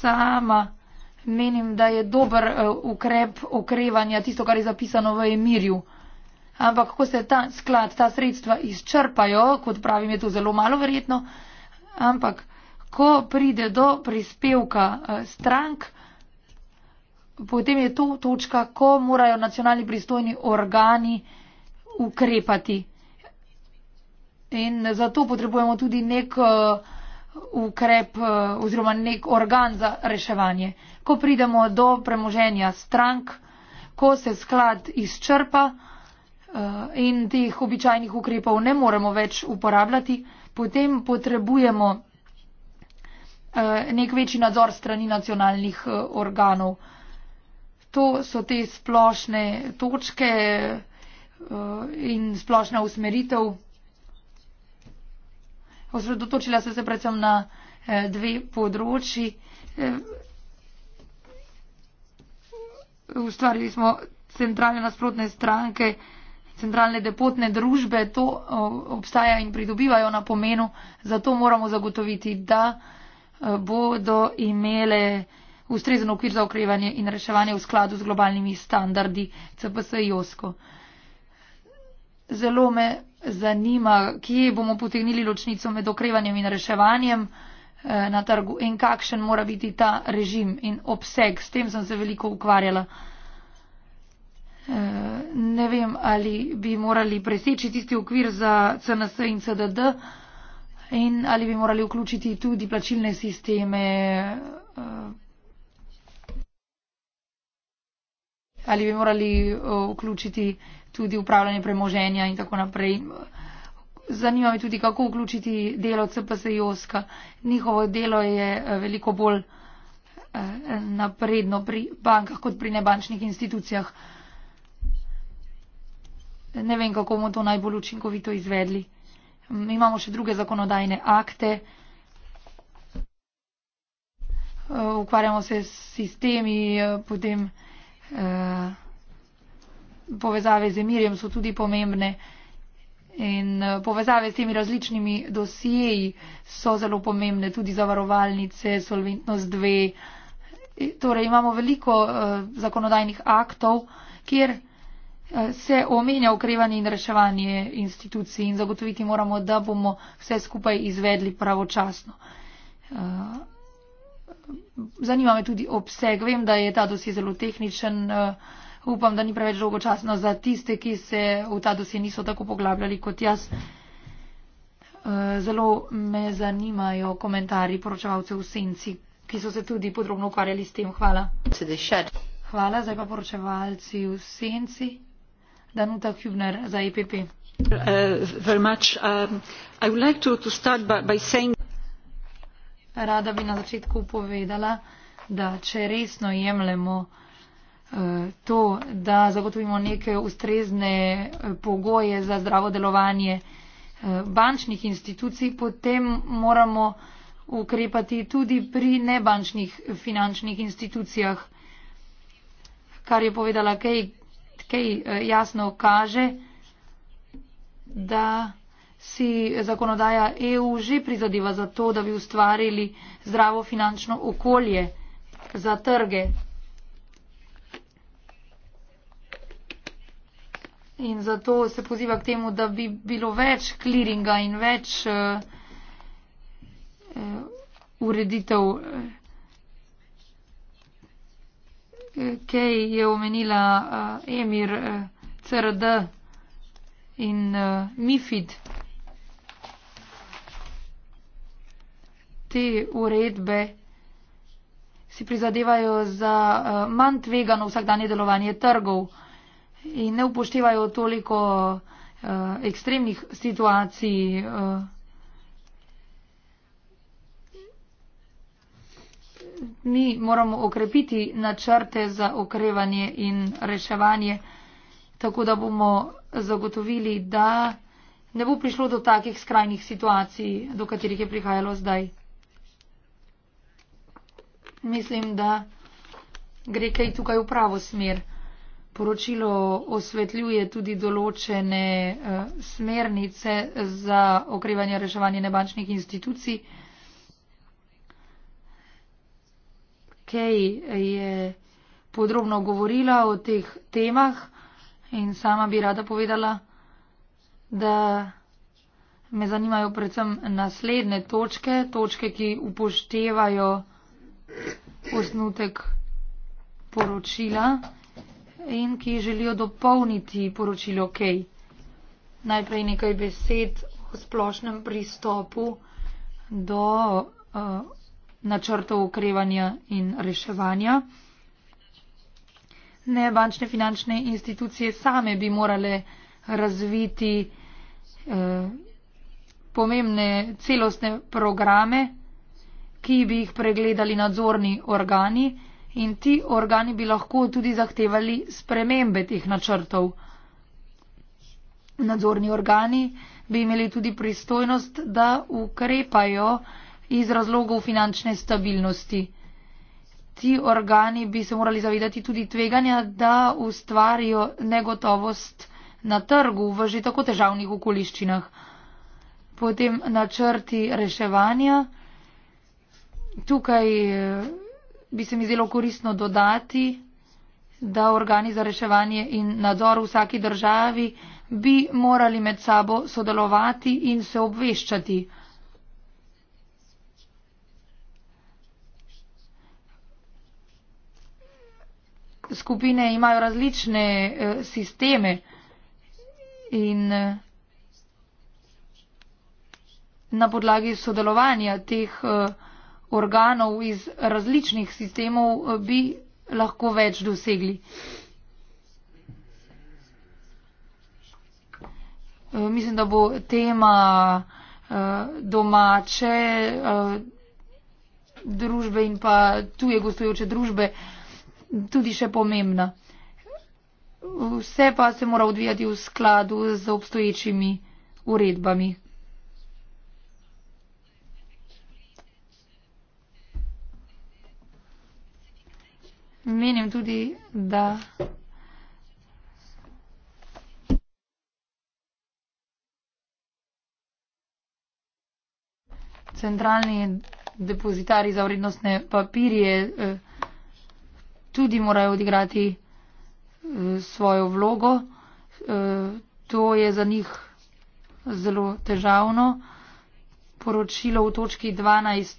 sama menim, da je dober eh, ukrep okrevanja tisto, kar je zapisano v emirju. Ampak ko se ta sklad, ta sredstva izčrpajo, kot pravim, je to zelo malo verjetno, ampak ko pride do prispevka eh, strank, potem je to točka, ko morajo nacionalni pristojni organi ukrepati. In zato potrebujemo tudi neko eh, ukrep eh, oziroma nek organ za reševanje. Ko pridemo do premoženja strank, ko se sklad izčrpa eh, in teh običajnih ukrepov ne moremo več uporabljati, potem potrebujemo eh, nek večji nadzor strani nacionalnih organov. To so te splošne točke in splošna usmeritev. Osredotočila sem se predvsem na eh, dve področji. Eh, ustvarili smo centralne nasprotne stranke, centralne depotne družbe, to obstaja in pridobivajo na pomenu, zato moramo zagotoviti, da eh, bodo imele ustrezen okvir za okrevanje in reševanje v skladu z globalnimi standardi CPS-JOSKO. Zelo me zanima, kje bomo potegnili ločnico med okrevanjem in reševanjem eh, na trgu in kakšen mora biti ta režim in obseg. S tem sem se veliko ukvarjala. Eh, ne vem, ali bi morali preseči tisti okvir za CNS in CDD in ali bi morali vključiti tudi plačilne sisteme. Eh, ali bi morali vključiti tudi upravljanje premoženja in tako naprej. Zanima me tudi, kako vključiti delo CPS-Joska. Njihovo delo je eh, veliko bolj eh, napredno pri bankah kot pri nebančnih institucijah. Ne vem, kako bomo to najbolj učinkovito izvedli. Mi imamo še druge zakonodajne akte. Eh, ukvarjamo se s sistemi, potem. Uh, povezave z emirjem so tudi pomembne in eh, povezave s temi različnimi dosijeji so zelo pomembne, tudi zavarovalnice, solventnost dve. E, torej imamo veliko uh, zakonodajnih aktov, kjer uh, se omenja okrevanje in reševanje institucij in zagotoviti moramo, da bomo vse skupaj izvedli pravočasno. Uh, Zanima me tudi obseg. Vem, da je ta dosje zelo tehničen. Uh, upam, da ni preveč dolgočasno za tiste, ki se v ta dosje niso tako poglabljali kot jaz. Eh, zelo me zanimajo komentarji poročevalcev v senci, ki so se tudi podrobno ukvarjali s tem. Hvala. Hvala, zdaj pa poročevalci v senci. Danuta Hübner za EPP. Uh, um, like to, to by, by saying... Rada bi na začetku povedala, da če resno jemljemo uh, to, da zagotovimo neke ustrezne eh, pogoje za zdravo delovanje eh, bančnih institucij, potem moramo ukrepati tudi pri nebančnih finančnih institucijah, kar je povedala Kej, Kej eh, jasno kaže, da si zakonodaja EU že prizadeva za to, da bi ustvarili zdravo finančno okolje za trge. In zato se poziva k temu, da bi bilo več kliringa in več uh, uh, ureditev. Uh, eh, Kaj je omenila uh, Emir, uh, CRD in uh, MIFID. Te uredbe si prizadevajo za uh, manj tvegano vsakdanje delovanje trgov in ne upoštevajo toliko uh, ekstremnih situacij. Uh, mi moramo okrepiti načrte za okrevanje in reševanje, tako da bomo zagotovili, da ne bo prišlo do takih skrajnih situacij, do katerih je prihajalo zdaj. Mislim, da gre kaj tukaj v pravo smer poročilo osvetljuje tudi določene eh, smernice za okrevanje reševanje nebančnih institucij. Kej je podrobno govorila o teh temah in sama bi rada povedala, da me zanimajo predvsem naslednje točke, točke, ki upoštevajo osnutek poročila in ki želijo dopolniti poročilo OK. Najprej nekaj besed o splošnem pristopu do uh, načrtov okrevanja in reševanja. Nebančne finančne institucije same bi morale razviti eh, pomembne celostne programe, ki bi jih pregledali nadzorni organi in ti organi bi lahko tudi zahtevali spremembe teh načrtov. Nadzorni organi bi imeli tudi pristojnost, da ukrepajo iz razlogov finančne stabilnosti. Ti organi bi se morali zavedati tudi tveganja, da ustvarijo negotovost na trgu v že tako težavnih okoliščinah. Potem načrti reševanja. Tukaj bi se mi zdelo koristno dodati, da organi za reševanje in nadzor v vsaki državi bi morali med sabo sodelovati in se obveščati. Skupine imajo različne eh, sisteme in eh, na podlagi sodelovanja teh eh, organov iz različnih sistemov eh, bi lahko več dosegli. Eh, mislim, da bo tema eh, domače družbe in pa tuje gostujoče družbe tudi še pomembna. Vse pa se mora odvijati v skladu z obstoječimi uredbami. Menim tudi, da. Centralni depozitari za vrednostne papirje eh, tudi morajo odigrati eh, svojo vlogo. Eh, to je za njih zelo težavno. Poročilo v točki 12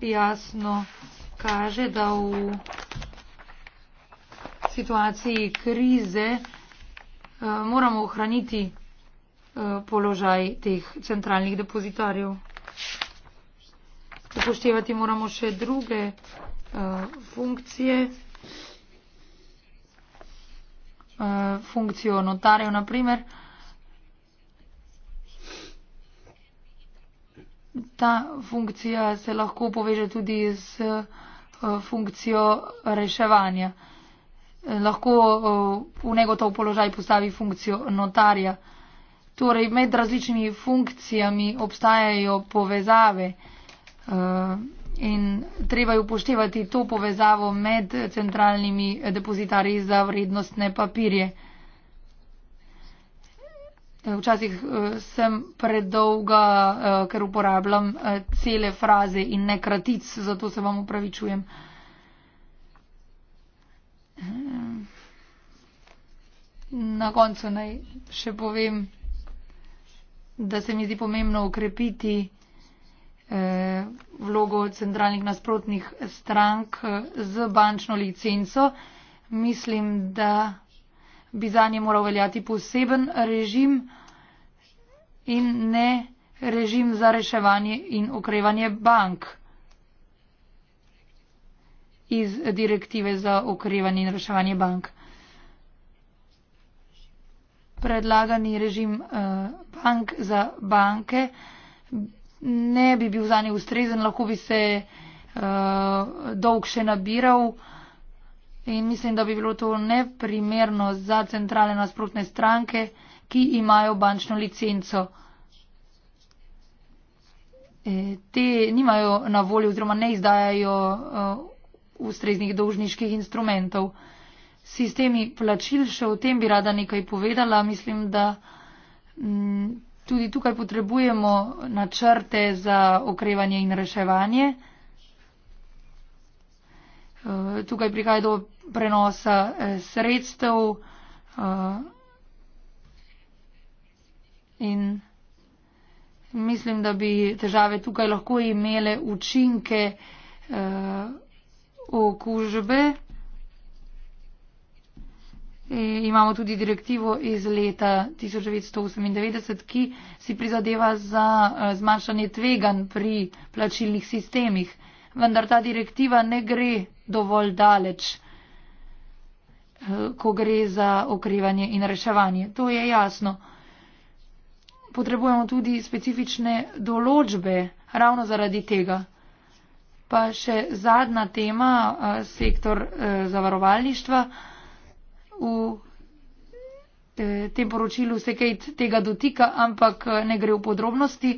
jasno kaže, da v situaciji krize eh, moramo ohraniti eh, položaj teh centralnih depozitarjev. Upoštevati moramo še druge eh, funkcije. Funkcijo notarjev, na primer. Ta funkcija se lahko poveže tudi z uh, Eh, funkcijo reševanja. Eh, lahko eh, v negotov položaj postavi funkcijo notarja. Torej, med različnimi funkcijami obstajajo povezave in treba je upoštevati to povezavo med centralnimi depozitarji za vrednostne papirje. Eh, včasih eh, sem predolga, eh, ker uporabljam cele fraze in ne kratic, zato se vam upravičujem. Na koncu naj še povem, da se mi zdi pomembno ukrepiti vlogo centralnih nasprotnih strank z bančno licenco. Mislim, da bi za nje moral veljati poseben režim in ne režim za reševanje in okrevanje bank iz direktive za okrevanje in reševanje bank. Predlagani režim uh, bank za banke ne bi bil za nje ustrezen, lahko bi se uh, dolg še nabiral. Uh, In mislim, da bi bilo to neprimerno za centrale nasprotne stranke, ki imajo bančno licenco. E, te nimajo na voljo oziroma ne izdajajo uh, ustreznih dolžniških instrumentov. Sistemi plačil, še o tem bi rada nekaj povedala. Mislim, da m, tudi tukaj potrebujemo načrte za okrevanje in reševanje. Eh, tukaj prihaja do prenosa eh, sredstev eh, in mislim, da bi težave tukaj lahko imele učinke okužbe. Imamo tudi direktivo iz leta 1998, ki si prizadeva za zmanjšanje tvegan pri plačilnih sistemih vendar ta direktiva ne gre dovolj daleč, eh, ko gre za okrevanje in reševanje. To je jasno. Potrebujemo tudi specifične določbe ravno zaradi tega. Pa še zadnja tema, eh, sektor eh, zavarovalništva. V tem poročilu se kaj tega dotika, ampak ne gre v podrobnosti.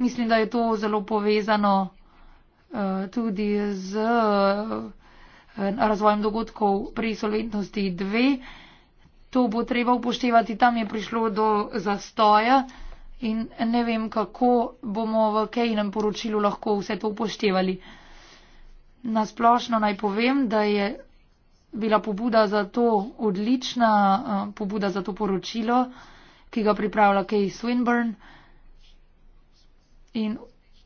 Mislim, da je to zelo povezano tudi z eh, razvojem dogodkov pri solventnosti 2. To bo treba upoštevati, tam je prišlo do zastoja in ne vem, kako bomo v Kejnem poročilu lahko vse to upoštevali. Nasplošno naj povem, da je bila pobuda za to odlična, eh, pobuda za to poročilo, ki ga pripravlja Kej Swinburne in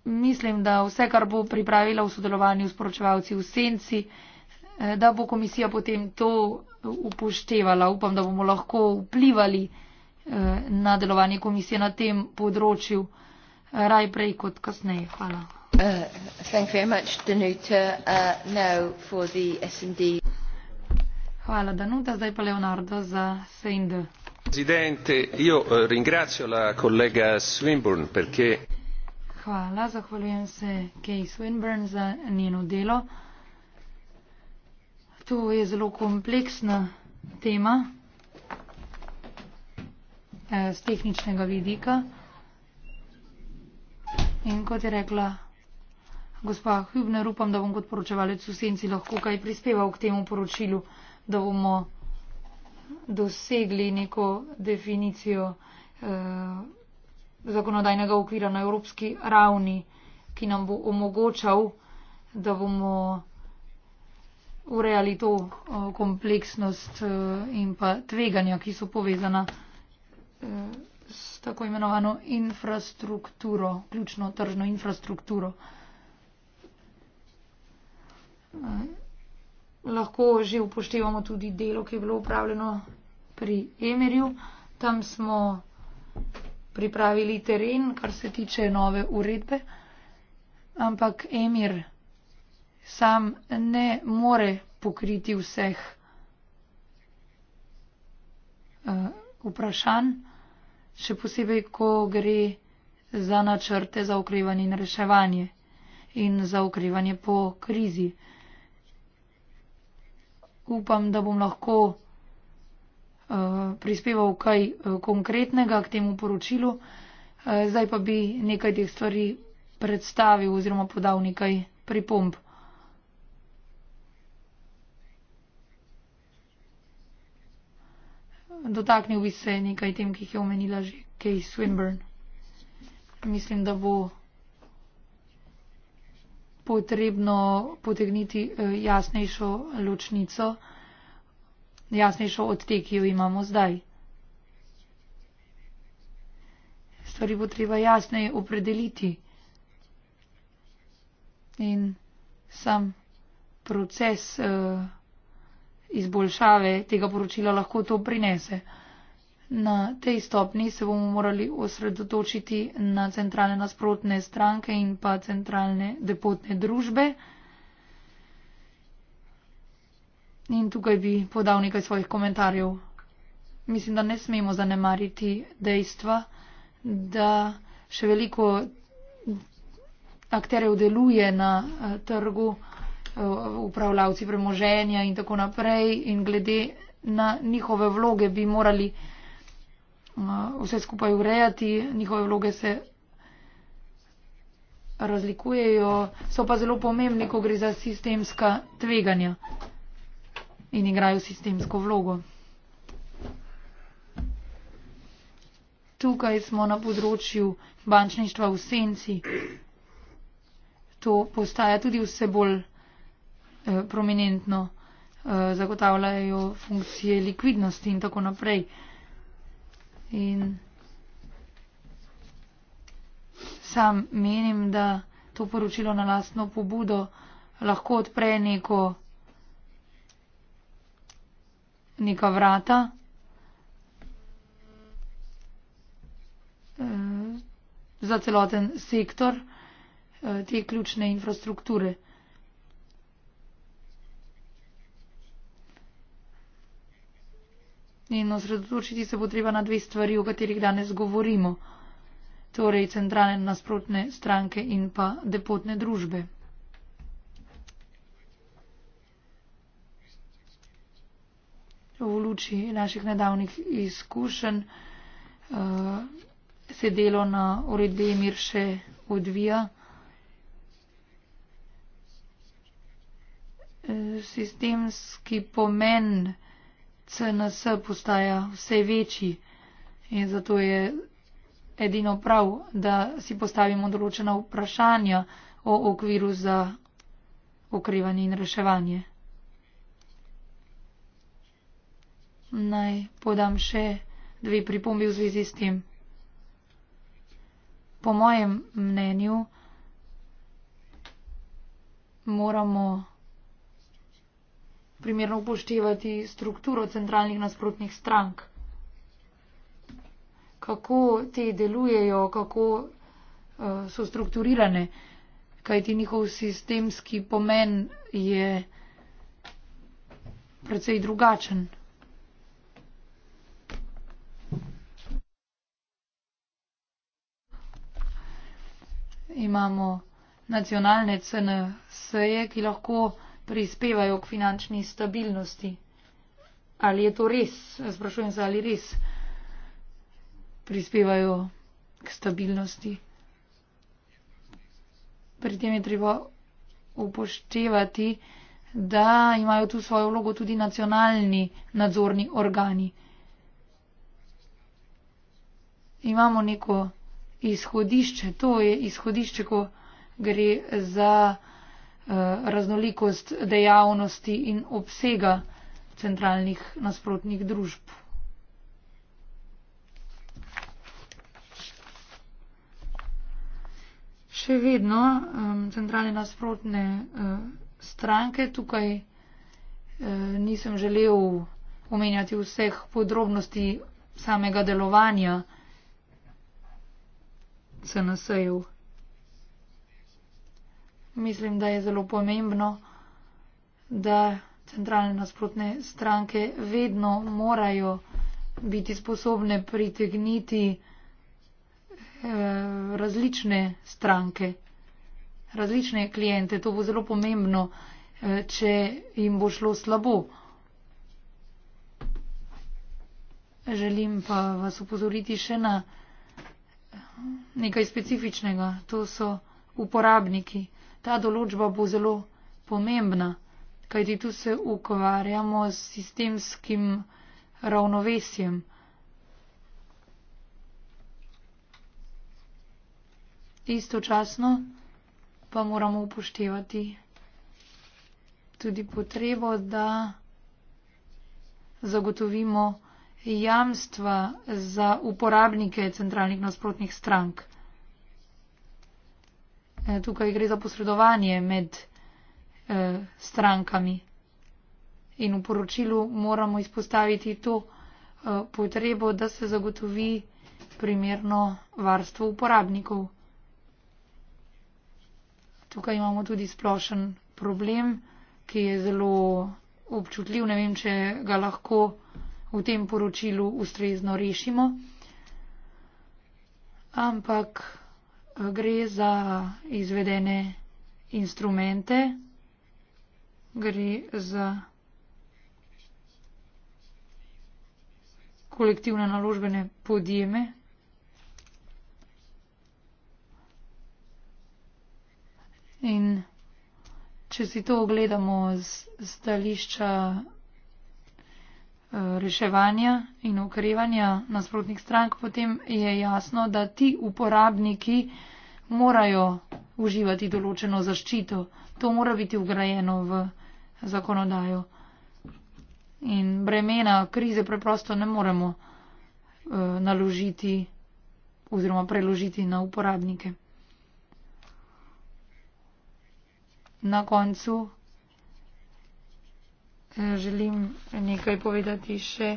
mislim, da vse, kar bo pripravila v sodelovanju s poročevalci v senci, eh, da bo komisija potem to upoštevala. Upam, da bomo lahko vplivali eh, na delovanje komisije na tem področju eh, raj prej kot kasneje. Hvala. Uh, uh, Hvala, Danuta. Zdaj pa Leonardo za SND. Presidente, io ringrazio la collega Swinburne perché... Hvala, zahvaljujem se Kay Swinburne za njeno delo. To je zelo kompleksna tema z eh, tehničnega vidika. In kot je rekla gospa Hübner, upam, da bom kot poročevalec v senci lahko kaj prispeval k temu poročilu, da bomo dosegli neko definicijo. Uh, zakonodajnega okvira na evropski ravni, ki nam bo omogočal, da bomo urejali to eh, kompleksnost eh, in pa tveganja, ki so povezana eh, s tako imenovano infrastrukturo, ključno tržno infrastrukturo. Lahko že upoštevamo tudi delo, ki je bilo upravljeno pri Emirju. Tam smo pripravili teren, kar se tiče nove uredbe, ampak Emir sam ne more pokriti vseh uh, vprašanj, še posebej, ko gre za načrte za okrevanje in reševanje in za okrevanje po krizi. Upam, da bom lahko Eh, prispeval kaj eh, konkretnega k temu poročilu. Eh, zdaj pa bi nekaj teh stvari predstavil oziroma podal nekaj pripomb. Dotaknil bi se nekaj tem, ki jih je omenila že Kay Swinburne. Mislim, da bo potrebno potegniti jasnejšo ločnico jasnejšo od te, ki jo imamo zdaj. Stvari bo treba jasneje opredeliti. In sam proces uh, izboljšave tega poročila lahko to prinese. Na tej stopni se bomo morali osredotočiti na centralne nasprotne stranke in pa centralne depotne družbe. In tukaj bi podal nekaj svojih komentarjev. Mislim, da ne smemo zanemariti dejstva, da še veliko akterjev deluje na eh, trgu, eh, upravljavci premoženja in tako naprej. In glede na njihove vloge bi morali eh, vse skupaj urejati. Njihove vloge se razlikujejo, so pa zelo pomembni, ko gre za sistemska tveganja in igrajo sistemsko vlogo. Tukaj smo na področju bančništva v senci. To postaja tudi vse bolj eh, prominentno, eh, zagotavljajo funkcije likvidnosti in tako naprej. In sam menim, da to poročilo na lastno pobudo lahko odpre neko neka vrata. E, za celoten sektor e, te ključne infrastrukture. In osredotočiti se bo treba na dve stvari, o katerih danes govorimo, torej centralne nasprotne stranke in pa depotne družbe. v luči naših nedavnih izkušenj uh, se delo na uredbi mir še odvija. Eh, sistemski pomen CNS postaja vse večji in zato je edino prav, da si postavimo določena vprašanja o okviru za okrevanje in reševanje. naj podam še dve pripombi v zvezi s tem. Po mojem mnenju moramo primerno upoštevati strukturo centralnih nasprotnih strank. Kako te delujejo, kako uh, so strukturirane, kajti njihov sistemski pomen je precej drugačen. imamo nacionalne CNSE, ki lahko prispevajo k finančni stabilnosti. Ali je to res? Sprašujem se, ali res prispevajo k stabilnosti. Pri tem je treba upoštevati, da imajo tu svojo vlogo tudi nacionalni nadzorni organi. Imamo neko izhodišče, to je izhodišče, ko gre za eh, raznolikost dejavnosti in obsega centralnih nasprotnih družb. Še vedno um, centralne nasprotne uh, stranke, tukaj uh, nisem želel omenjati vseh podrobnosti samega delovanja. CNS-jev. Mislim, da je zelo pomembno, da centralne nasprotne stranke vedno morajo biti sposobne pritegniti eh, različne stranke, različne klijente. To bo zelo pomembno, eh, če jim bo šlo slabo. Želim pa vas upozoriti še na nekaj specifičnega, to so uporabniki. Ta določba bo zelo pomembna, kajti tu se ukvarjamo s sistemskim ravnovesjem. Istočasno pa moramo upoštevati tudi potrebo, da zagotovimo jamstva za uporabnike centralnih nasprotnih strank. E, tukaj gre za posredovanje med eh, strankami. In v poročilu moramo izpostaviti to eh, potrebo, da se zagotovi primerno varstvo uporabnikov. Tukaj imamo tudi splošen problem, ki je zelo občutljiv. Ne vem, če ga lahko eh, v tem poročilu ustrezno rešimo, ampak eh, gre za izvedene instrumente, gre za kolektivne naložbene podjeme. In če si to ogledamo z stališča Eh, reševanja in ukrevanja nasprotnih strank, potem je jasno, da ti uporabniki morajo uživati določeno zaščito. To mora biti ugrajeno v zakonodajo. In bremena krize preprosto ne moremo eh, naložiti oziroma preložiti na uporabnike. Na koncu želim nekaj povedati še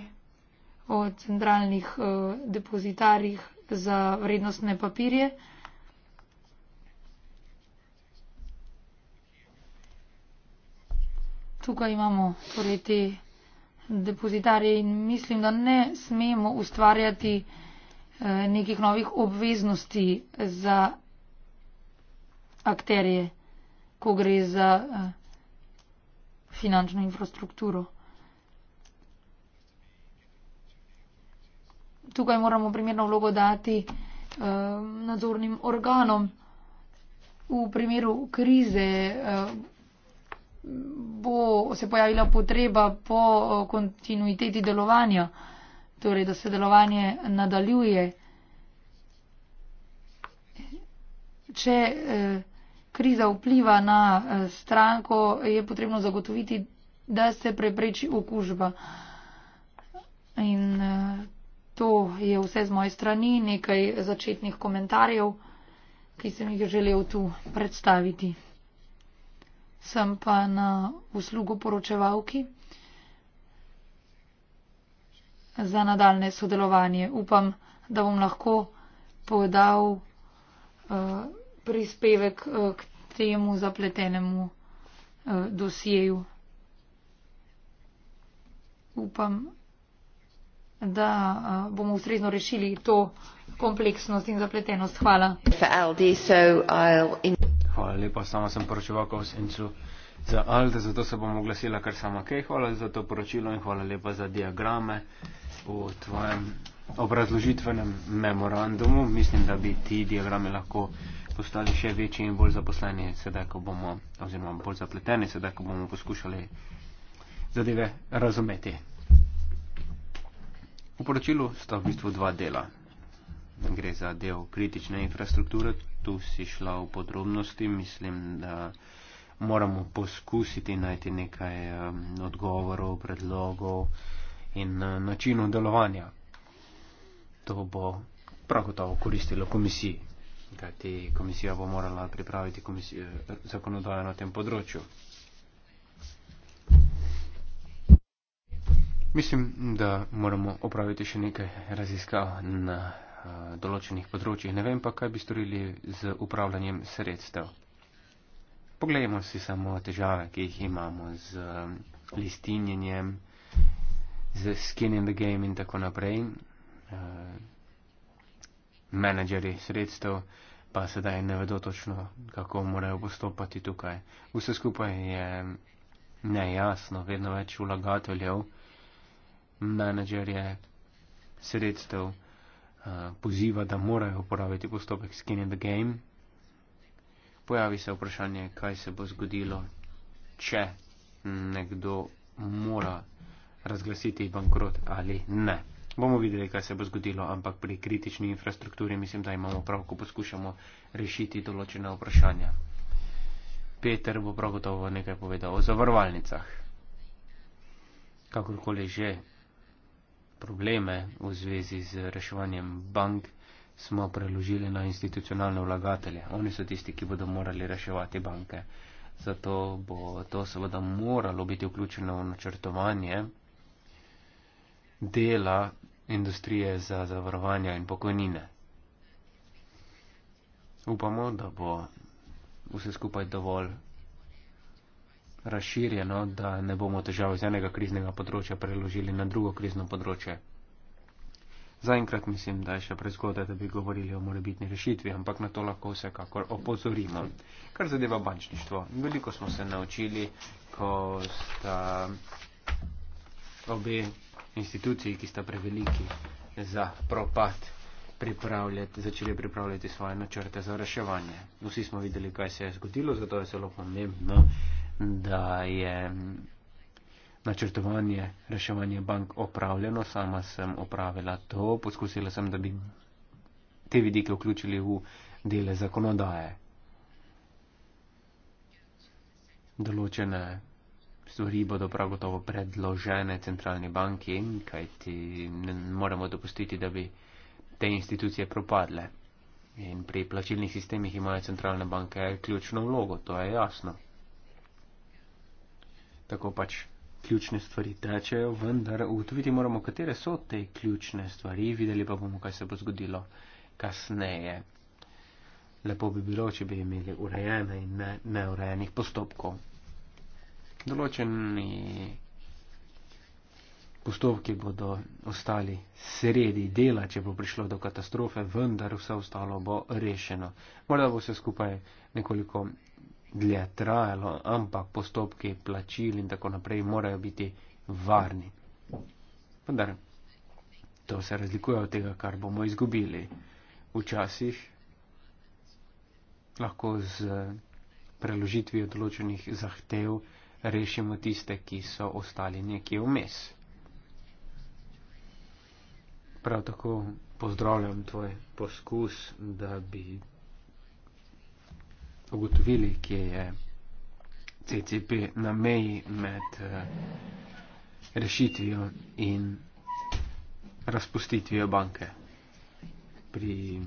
o centralnih eh, depozitarjih za vrednostne papirje. Tukaj imamo torej te depozitarje in mislim, da ne smemo ustvarjati eh, nekih novih obveznosti za akterje, ko gre za eh, finančno infrastrukturo. Tukaj moramo primerno vlogo dati eh, nadzornim organom. V primeru krize eh, bo se pojavila potreba po eh, kontinuiteti delovanja, torej da se delovanje nadaljuje. Če eh, kriza vpliva na eh, stranko, je potrebno zagotoviti, da se prepreči okužba. In eh, to je vse z moje strani, nekaj začetnih komentarjev, ki sem jih želel tu predstaviti. Sem pa na uslugu poročevalki za nadaljne sodelovanje. Upam, da bom lahko povedal. Uh, eh, prispevek eh, k temu zapletenemu eh, dosjeju. Upam, da eh, bomo ustrezno rešili to kompleksnost in zapletenost. Hvala. Hvala lepa, sama sem poročeval Kovsencu za Alde, zato se bom oglasila, ker sama kaj. Hvala za to poročilo in hvala lepa za diagrame v tvojem obrazložitvenem memorandumu. Mislim, da bi ti diagrami lahko postali še večji in bolj zaposleni, sedaj, ko bomo, oziroma bolj zapleteni, sedaj, ko bomo poskušali zadeve razumeti. V poročilu sta v bistvu dva dela. Gre za del kritične infrastrukture, tu si šla v podrobnosti, mislim, da moramo poskusiti najti nekaj um, odgovorov, predlogov in uh, načinov delovanja. To bo prav gotovo koristilo komisiji kajti komisija bo morala pripraviti zakonodajo na tem področju. Mislim, da moramo opraviti še nekaj raziskav na a, eh, določenih področjih. Ne vem pa, kaj bi storili z upravljanjem sredstev. Poglejmo si samo težave, ki jih imamo z a, eh, listinjenjem, z skin in the game in tako naprej. A, eh, menedžeri sredstev, uh, pa sedaj ne vedo točno, kako morajo postopati tukaj. Vse skupaj je nejasno, vedno več vlagateljev, menedžerje sredstev uh, poziva, da morajo uporabiti postopek skin in the game. Pojavi se vprašanje, kaj se bo zgodilo, če nekdo mora razglasiti bankrot ali ne bomo videli, kaj se bo zgodilo, ampak pri kritični infrastrukturi mislim, da imamo prav, ko poskušamo rešiti določene vprašanja. Peter bo prav gotovo nekaj povedal o zavarovalnicah. Kakorkoli že probleme v zvezi z reševanjem bank smo preložili na institucionalne vlagatelje. Oni so tisti, ki bodo morali reševati banke. Zato bo to seveda moralo biti vključeno v načrtovanje dela industrije za zavarovanja in pokojnine. Upamo, da bo vse skupaj dovolj razširjeno, da ne bomo težav iz enega kriznega področja preložili na drugo krizno področje. Zaenkrat mislim, da je še prezgodaj, da bi govorili o morebitni rešitvi, ampak na to lahko vsekakor opozorimo. Kar zadeva bančništvo. Veliko smo se naučili, ko sta obe institucij, ki sta preveliki za propad, pripravljati, začeli pripravljati svoje načrte za reševanje. Vsi smo videli, kaj se je zgodilo, zato je zelo pomembno, da je načrtovanje reševanje bank opravljeno. Sama sem opravila to, poskusila sem, da bi te vidike vključili v dele zakonodaje. Določene stvari bodo prav gotovo predložene centralni banki, kajti ne moremo dopustiti, da bi te institucije propadle. In pri plačilnih sistemih imajo centralne banke ključno vlogo, to je jasno. Tako pač ključne stvari tečejo, vendar ugotoviti moramo, katere so te ključne stvari, videli pa bomo, kaj se bo zgodilo kasneje. Lepo bi bilo, če bi imeli urejene in neurejenih ne postopkov določeni postopki bodo ostali sredi dela, če bo prišlo do katastrofe, vendar vse ostalo bo rešeno. Morda bo vse skupaj nekoliko dlje trajalo, ampak postopki plačil in tako naprej morajo biti varni. Vendar to se razlikuje od tega, kar bomo izgubili. Včasih lahko z preložitvijo določenih zahtev rešimo tiste, ki so ostali nekje vmes. Prav tako pozdravljam tvoj poskus, da bi ugotovili, kje je CCP na meji med eh, rešitvijo in razpustitvijo banke. Pri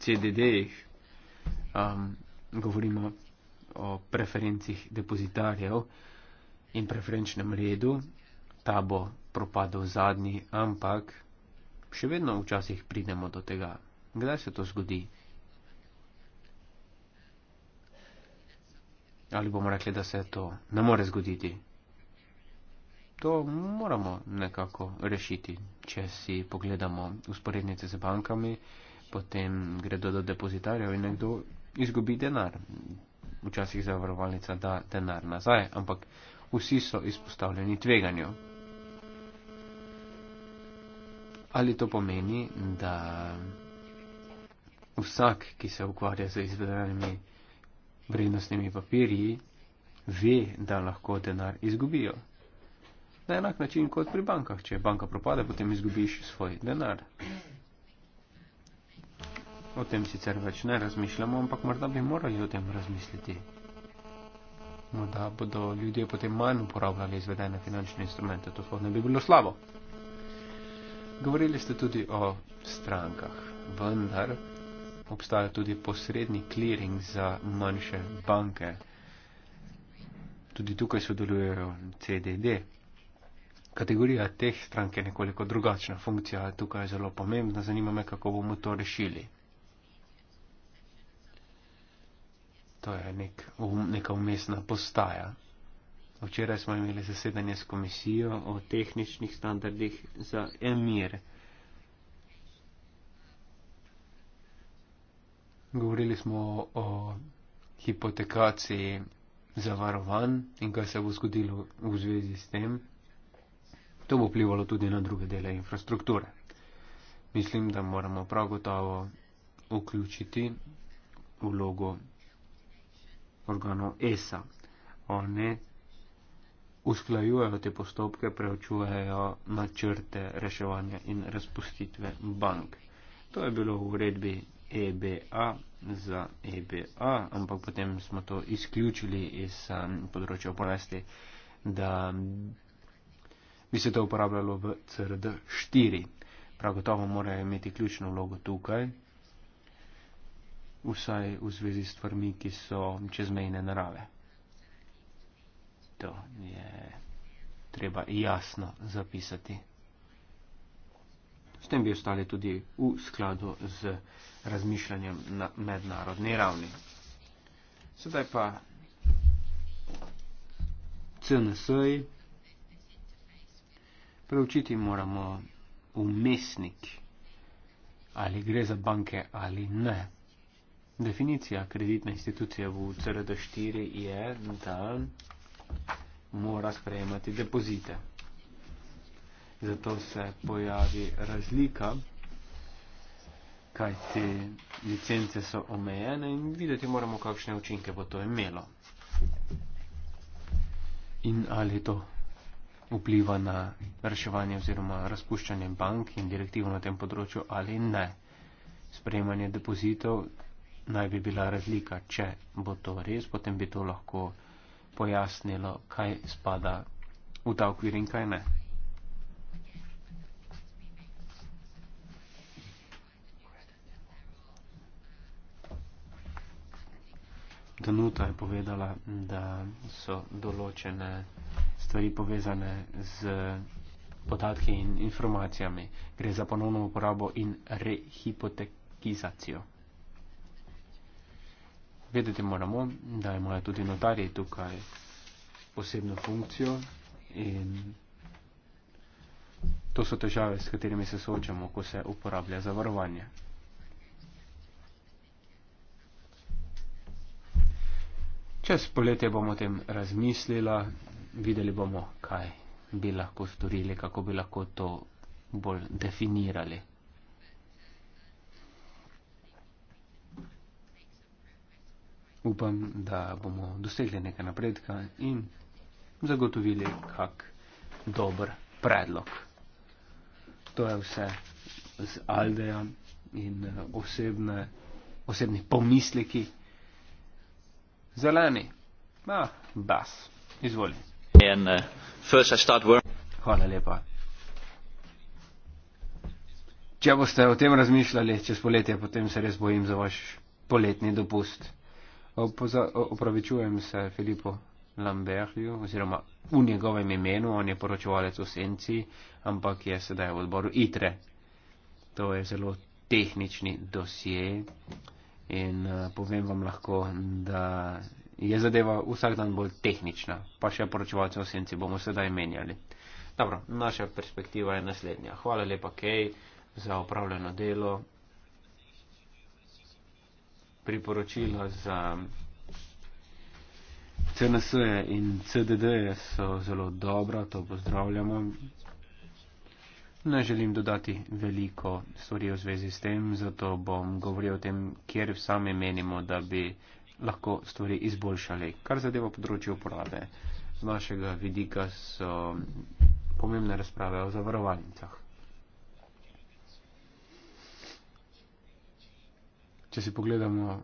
CDD-jih um, govorimo o preferencih depozitarjev in preferenčnem redu. Ta bo propadel zadnji, ampak še vedno včasih pridemo do tega. Kdaj se to zgodi? Ali bomo rekli, da se to ne more zgoditi? To moramo nekako rešiti. Če si pogledamo usporednice z bankami, potem gredo do depozitarjev in nekdo izgubi denar včasih zavarovalnica da denar nazaj, ampak vsi so izpostavljeni tveganju. Ali to pomeni, da vsak, ki se ukvarja z izvedenimi vrednostnimi papirji, ve, da lahko denar izgubijo? Na enak način kot pri bankah. Če banka propade, potem izgubiš svoj denar. O tem sicer več ne razmišljamo, ampak morda bi morali o tem razmisliti. Morda bodo ljudje potem manj uporabljali izvedene finančne instrumente, to sploh ne bi bilo slabo. Govorili ste tudi o strankah, vendar obstaja tudi posredni clearing za manjše banke. Tudi tukaj sodelujejo CDD. Kategorija teh strank je nekoliko drugačna, funkcija je tukaj zelo pomembna, zanima me, kako bomo to rešili. To je nek, um, neka umestna postaja. Včeraj smo imeli zasedanje s komisijo o tehničnih standardih za emir. Govorili smo o, o hipotekaciji zavarovan in kaj se bo zgodilo v zvezi s tem. To bo vplivalo tudi na druge dele infrastrukture. Mislim, da moramo prav gotovo vključiti vlogo organo ESA. Oni usklajujejo te postopke, preučujejo načrte reševanja in razpustitve bank. To je bilo v uredbi EBA za EBA, ampak potem smo to izključili iz um, področja oponesti, da bi se to uporabljalo v CRD 4. Prav gotovo morajo imeti ključno vlogo tukaj vsaj v zvezi s stvarmi, ki so čezmejne narave. To je treba jasno zapisati. S tem bi ostali tudi v skladu z razmišljanjem na mednarodni ravni. Sedaj pa CNS. -i. Preučiti moramo umestnik, ali gre za banke ali ne. Definicija kreditne institucije v CRD4 je, da mora sprejemati depozite. Zato se pojavi razlika, kaj te licence so omejene in videti moramo, kakšne učinke bo to imelo. In ali to vpliva na reševanje oziroma razpuščanje bank in direktivo na tem področju ali ne. Sprejemanje depozitov naj bi bila razlika. Če bo to res, potem bi to lahko pojasnilo, kaj spada v ta okvir in kaj ne. Danuta je povedala, da so določene stvari povezane z podatki in informacijami. Gre za ponovno uporabo in rehipotekizacijo. Vedeti moramo, da imajo tudi notarji tukaj posebno funkcijo in to so težave, s katerimi se soočamo, ko se uporablja zavarovanje. Čez poletje bomo o tem razmislila, videli bomo, kaj bi lahko storili, kako bi lahko to bolj definirali. upam, da bomo dosegli nekaj napredka in zagotovili kak dober predlog. To je vse z Aldeja in eh, osebne, osebni pomisleki. Zeleni. Ma, ah, bas. Izvoli. And, uh, first I start work. Hvala lepa. Če boste o tem razmišljali čez poletje, potem se res bojim za vaš poletni dopust. Opravičujem se Filipu Lamberju oziroma v njegovem imenu, on je poročevalec v Senci, ampak je sedaj v odboru ITRE. To je zelo tehnični dosje in eh, povem vam lahko, da je zadeva vsak dan bolj tehnična, pa še poročevalce v Senci bomo sedaj menjali. Dobro, naša perspektiva je naslednja. Hvala lepa, Kej, za opravljeno delo priporočilo za CNS-je in CDD-je so zelo dobra, to pozdravljamo. Ne želim dodati veliko stvari v zvezi s tem, zato bom govoril o tem, kjer sami menimo, da bi lahko stvari izboljšali. Kar zadeva področje uporabe, z našega vidika so pomembne razprave o zavarovalnicah. če si pogledamo,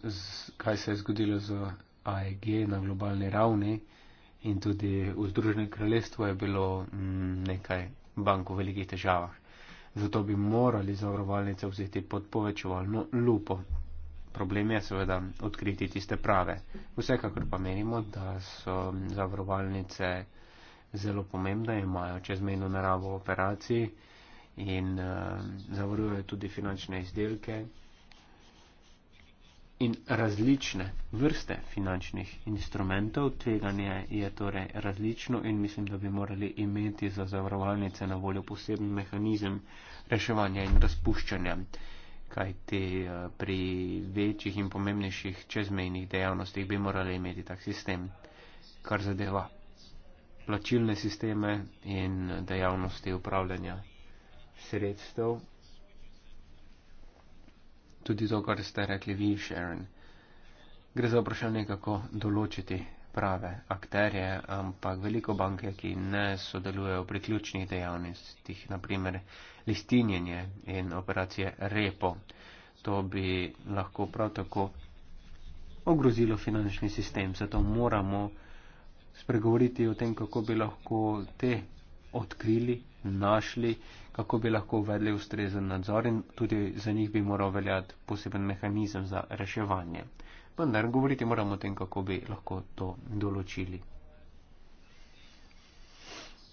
z, kaj se je zgodilo z AEG na globalni ravni in tudi v Združenem kraljestvu je bilo m, mm, nekaj bank v velikih težavah. Zato bi morali zavarovalnice vzeti pod povečevalno lupo. Problem je seveda odkriti tiste prave. Vsekakor pa menimo, da so zavarovalnice zelo pomembne, imajo čezmejno naravo operacij in uh, zavarujejo tudi finančne izdelke, in različne vrste finančnih instrumentov. Tveganje je torej različno in mislim, da bi morali imeti za zavarovalnice na voljo poseben mehanizem reševanja in razpuščanja, kaj ti eh, pri večjih in pomembnejših čezmejnih dejavnostih bi morali imeti tak sistem, kar zadeva plačilne sisteme in dejavnosti upravljanja sredstev tudi to, kar ste rekli vi, Sharon. Gre za vprašanje, kako določiti prave akterje, ampak veliko banke, ki ne sodelujejo pri ključnih dejavnostih, naprimer listinjenje in operacije repo, to bi lahko prav tako ogrozilo finančni sistem. Zato moramo spregovoriti o tem, kako bi lahko te odkrili, našli kako bi lahko uvedli ustrezen nadzor in tudi za njih bi moral veljati poseben mehanizem za reševanje. Vendar govoriti moramo o tem, kako bi lahko to določili.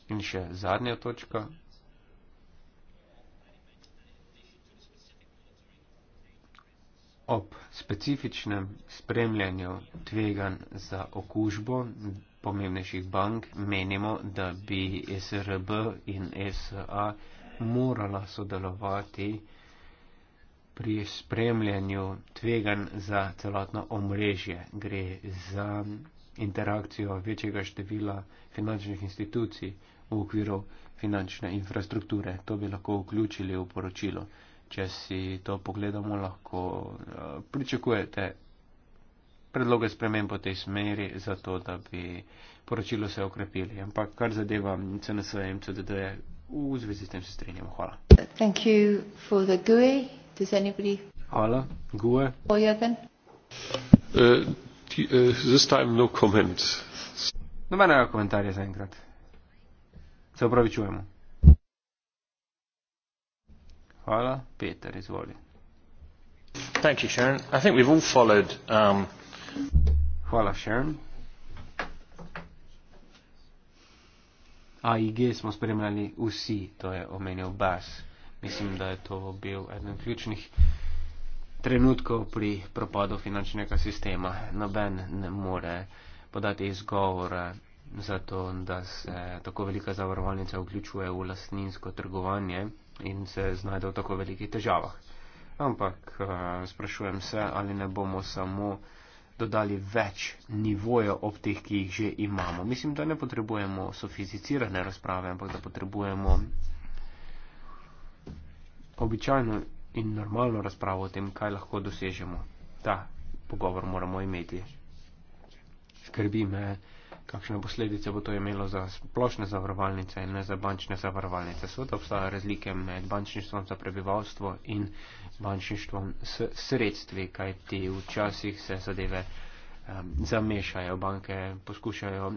In še zadnja točka. Ob specifičnem spremljanju tvegan za okužbo pomembnejših bank menimo, da bi SRB in SA morala sodelovati pri spremljanju tvegan za celotno omrežje. Gre za interakcijo večjega števila finančnih institucij v okviru finančne infrastrukture. To bi lahko vključili v poročilo. Če si to pogledamo, lahko eh, pričakujete predloge spremem po tej smeri, zato da bi poročilo se okrepili. Ampak kar zadeva CNSV in CDD, v zvezi s tem se strinjamo. Hvala. E. Hvala. Gue. Oh, eh, eh, no Nobenega komentarja zaenkrat. Se upravi, čujemo. Hvala. Peter, izvoli. Um, Hvala, Sharon. Mislim, da smo vsi spremljali. Hvala, Sharon. AIG smo spremljali vsi, to je omenil Bas. Mislim, da je to bil eden ključnih trenutkov pri propadu finančnega sistema. Noben ne more podati izgovora za to, da se tako velika zavarovalnica vključuje v lastninsko trgovanje in se znajde v tako velikih težavah. Ampak eh, sprašujem se, ali ne bomo samo dodali več nivojev ob teh, ki jih že imamo. Mislim, da ne potrebujemo sofisticirane razprave, ampak da potrebujemo običajno in normalno razpravo o tem, kaj lahko dosežemo. Ta pogovor moramo imeti. Skrbi me, kakšne posledice bo to imelo za splošne zavarovalnice in ne za bančne zavarovalnice. Sveda obstajajo razlike med bančništvom za prebivalstvo in bančništvom s sredstvi, kaj ti včasih se zadeve um, zamešajo. Banke poskušajo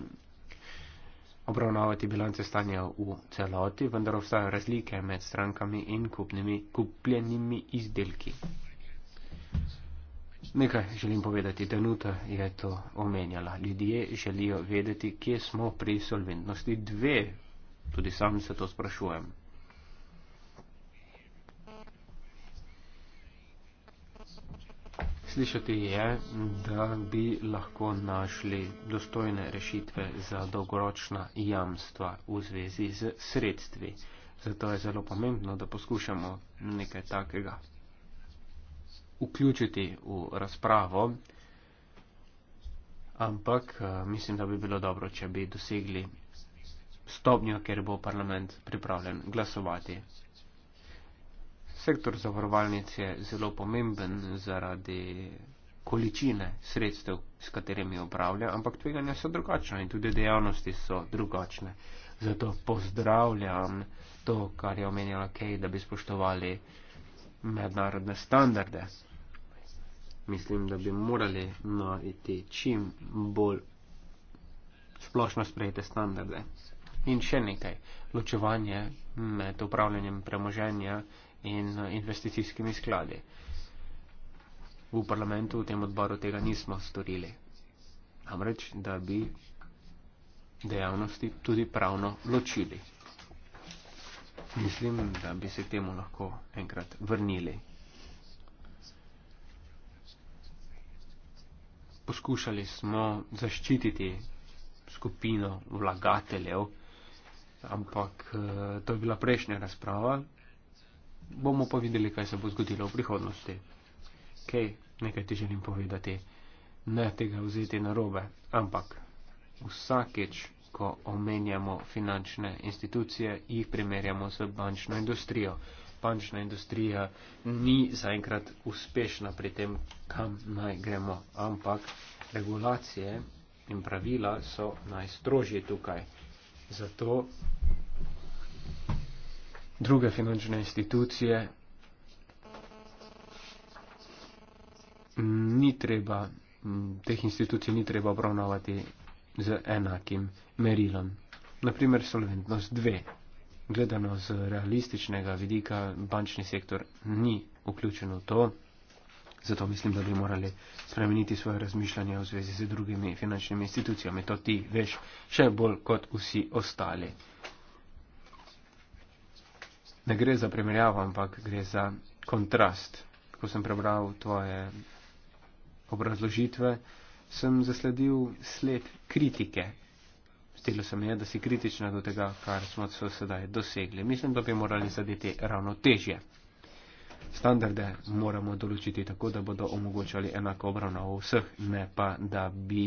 obravnavati bilance stanja v celoti, vendar obstajajo razlike med strankami in kupnimi, kupljenimi izdelki. Nekaj želim povedati, Danuta je to omenjala. Ljudje želijo vedeti, kje smo pri solventnosti dve. Tudi sam se to sprašujem. slišati je, da bi lahko našli dostojne rešitve za dolgoročna jamstva v zvezi z sredstvi. Zato je zelo pomembno, da poskušamo nekaj takega vključiti v razpravo. Ampak eh, mislim, da bi bilo dobro, če bi dosegli stopnjo, ker bo parlament pripravljen glasovati sektor zavarovalnic je zelo pomemben zaradi količine sredstev, s katerimi upravlja, ampak tveganja so drugačna in tudi dejavnosti so drugačne. Zato pozdravljam to, kar je omenjala Kej, da bi spoštovali mednarodne standarde. Mislim, da bi morali najti čim bolj splošno sprejete standarde. In še nekaj, ločevanje med upravljanjem premoženja in eh, investicijskimi skladi. V parlamentu v tem odboru tega nismo storili. Namreč, da bi dejavnosti tudi pravno ločili. Mislim, da bi se temu lahko enkrat vrnili. Poskušali smo zaščititi skupino vlagateljev, ampak eh, to je bila prejšnja razprava, bomo pa videli, kaj se bo zgodilo v prihodnosti. Kaj, nekaj ti želim povedati, ne tega vzeti na robe, ampak vsakeč, ko omenjamo finančne institucije, jih primerjamo s bančno industrijo. Bančna industrija ni zaenkrat uspešna pri tem, kam naj gremo, ampak regulacije in pravila so najstrožje tukaj. Zato druge finančne institucije, ni treba, teh institucij ni treba obravnavati z enakim merilom. Naprimer, solventnost dve. Gledano z realističnega vidika, bančni sektor ni vključen v to, zato mislim, da bi morali spremeniti svoje razmišljanje v zvezi z drugimi finančnimi institucijami. To ti veš še bolj kot vsi ostali ne gre za primerjavo, ampak gre za kontrast. Ko sem prebral tvoje obrazložitve, sem zasledil sled kritike. Stilo se mi je, da si kritična do tega, kar smo se sedaj dosegli. Mislim, da bi morali zadeti ravno težje. Standarde moramo določiti tako, da bodo omogočali enako obravnavo vseh, ne pa, da bi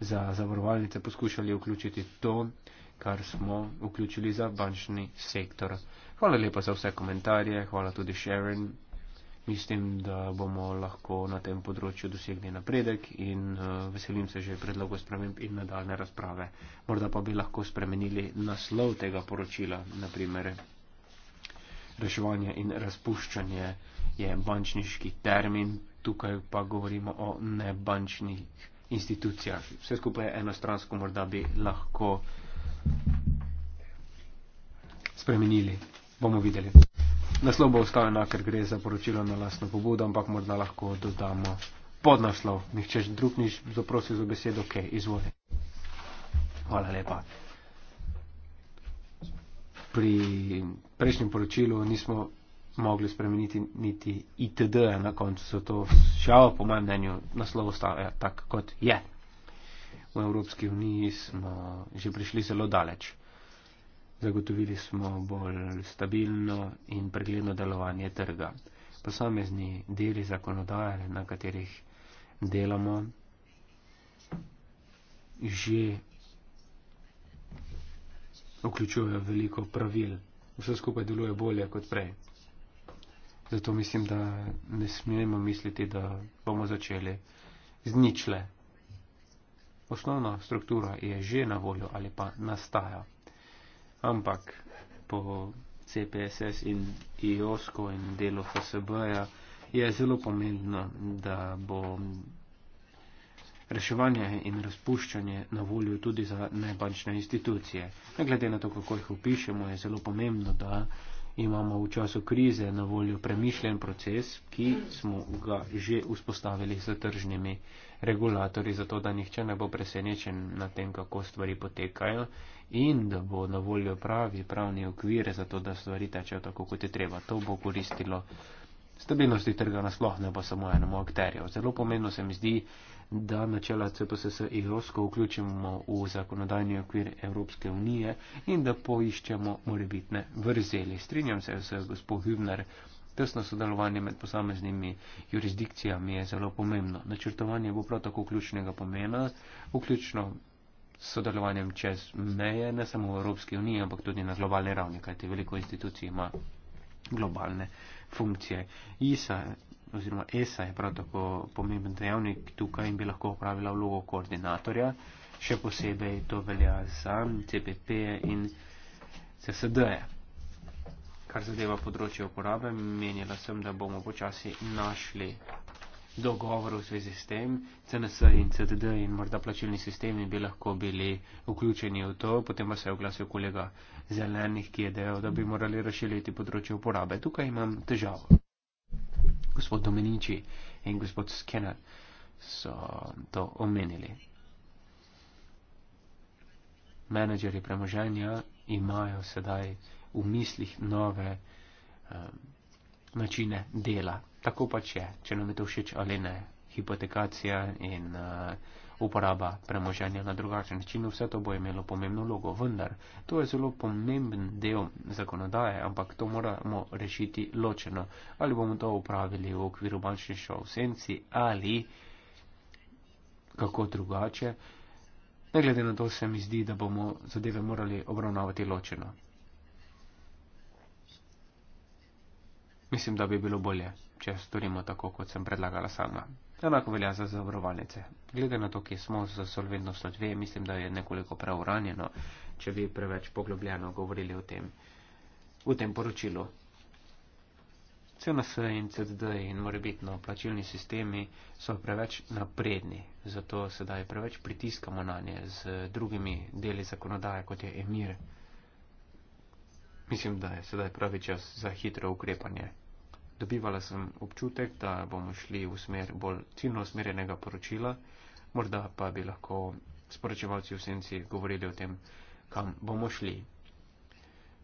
za zavarovalnice poskušali vključiti to, kar smo vključili za bančni sektor. Hvala lepa za vse komentarje, hvala tudi Sharon. Mislim, da bomo lahko na tem področju dosegli napredek in uh, veselim se že predlogov sprememb in nadaljne razprave. Morda pa bi lahko spremenili naslov tega poročila, naprimer reševanje in razpuščanje je bančniški termin, tukaj pa govorimo o nebančnih institucijah. Vse skupaj enostransko morda bi lahko uh, spremenili. Bomo videli. Naslov bo ostal enak, ker gre za poročilo na lastno pobudo, ampak morda lahko dodamo podnaslov. Nihče drug niš zaprosil za besedo, ok, izvoli. Hvala lepa. Pri prejšnjem poročilu nismo mogli spremeniti niti itd. na koncu, zato šal, po mojem mnenju, naslov ostaja tak, kot je. Yeah v Evropski uniji smo že prišli zelo daleč. Zagotovili smo bolj stabilno in pregledno delovanje trga. Posamezni deli zakonodaje, na katerih delamo, že vključujejo veliko pravil. Vse skupaj deluje bolje kot prej. Zato mislim, da ne smemo misliti, da bomo začeli z ničle osnovna struktura je že na voljo ali pa nastaja. Ampak po CPSS in IOSKO in delu FSB-ja je zelo pomembno, da bo reševanje in razpuščanje na voljo tudi za nebančne institucije. Ne glede na to, kako jih opišemo, je zelo pomembno, da imamo v času krize na voljo premišljen proces, ki smo ga že vzpostavili za tržnimi institucijami regulatorji, zato da nihče ne bo presenečen na tem, kako stvari potekajo in da bo na voljo pravi pravni okvir za to, da stvari tečejo tako, kot je treba. To bo koristilo stabilnosti trga nasploh, ne pa samo enemu akterju. Zelo pomembno se mi zdi, da načela CPSS evropsko vključimo v zakonodajni okvir Evropske unije in da poiščemo morebitne vrzeli. Strinjam se s gospod Hübner. Tesno sodelovanje med posameznimi jurisdikcijami je zelo pomembno. Načrtovanje bo prav tako ključnega pomena, vključno s sodelovanjem čez meje, ne samo v Evropski uniji, ampak tudi na globalni ravni, kajti veliko institucij ima globalne funkcije. ISA oziroma ESA je prav tako pomemben dejavnik tukaj in bi lahko opravila vlogo koordinatorja, še posebej to velja za CPP in CSD. -je kar zadeva področje uporabe, menjala sem, da bomo počasi našli dogovor v zvezi s tem, CNS in CDD in morda plačilni sistemi bi lahko bili vključeni v to, potem pa se je oglasil kolega zelenih, ki je dejal, da bi morali razširiti področje uporabe. Tukaj imam težavo. Gospod Domeniči in gospod Skener so to omenili. Menedžeri premoženja imajo sedaj v mislih nove um, načine dela. Tako pač je, če nam je to všeč ali ne, hipotekacija in uh, uporaba premoženja na drugačen način, vse to bo imelo pomembno vlogo, vendar to je zelo pomemben del zakonodaje, ampak to moramo rešiti ločeno. Ali bomo to upravili v okviru bančne šov v senci ali kako drugače. Ne glede na to, se mi zdi, da bomo zadeve morali obravnavati ločeno. Mislim, da bi bilo bolje, če storimo tako, kot sem predlagala sama. Enako velja za zavarovalnice. Glede na to, ki smo z solventnostjo dve, mislim, da je nekoliko preuranjeno, če bi preveč poglobljeno govorili o tem, v tem poročilu. CNS in CDD in morebitno plačilni sistemi so preveč napredni, zato sedaj preveč pritiskamo na nje z drugimi deli zakonodaje, kot je emir. Mislim, da je sedaj pravi čas za hitro ukrepanje dobivala sem občutek, da bomo šli v smer bolj ciljno usmerjenega poročila, morda pa bi lahko sporočevalci v senci govorili o tem, kam bomo šli.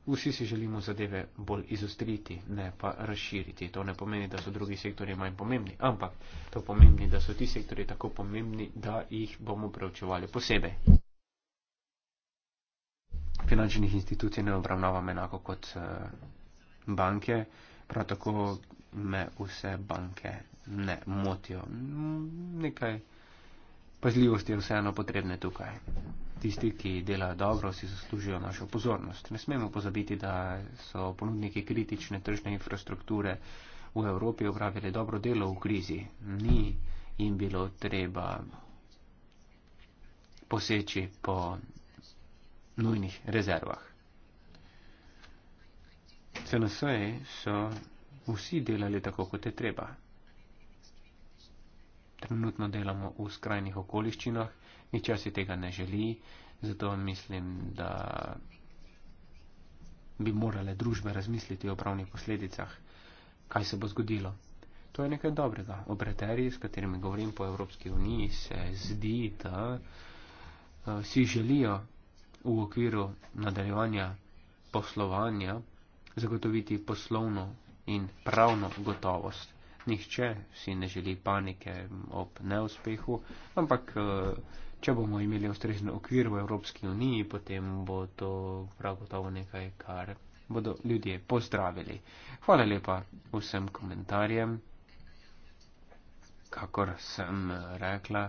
Vsi si želimo zadeve bolj izostriti, ne pa razširiti. To ne pomeni, da so drugi sektori manj pomembni, ampak to pomeni, da so ti sektori tako pomembni, da jih bomo preučevali posebej. Finančnih institucij ne obravnavam enako kot eh, banke. Prav tako me vse banke ne motijo. Nekaj pazljivosti je vseeno potrebne tukaj. Tisti, ki delajo dobro, si zaslužijo našo pozornost. Ne smemo pozabiti, da so ponudniki kritične tržne infrastrukture v Evropi upravili dobro delo v krizi. Ni jim bilo treba poseči po nujnih rezervah. SNS so vsi delali tako, kot je treba. Trenutno delamo v skrajnih okoliščinah, niče si tega ne želi, zato mislim, da bi morale družbe razmisliti o pravnih posledicah, kaj se bo zgodilo. To je nekaj dobrega. Obreteri, s katerimi govorim po Evropski uniji, se zdi, da uh, si želijo v okviru nadaljevanja poslovanja, zagotoviti poslovno in pravno gotovost. Nihče si ne želi panike ob neuspehu, ampak eh, če bomo imeli ustrezen okvir v Evropski uniji, potem bo to prav gotovo nekaj, kar bodo ljudje pozdravili. Hvala lepa vsem komentarjem. Kakor sem eh, rekla,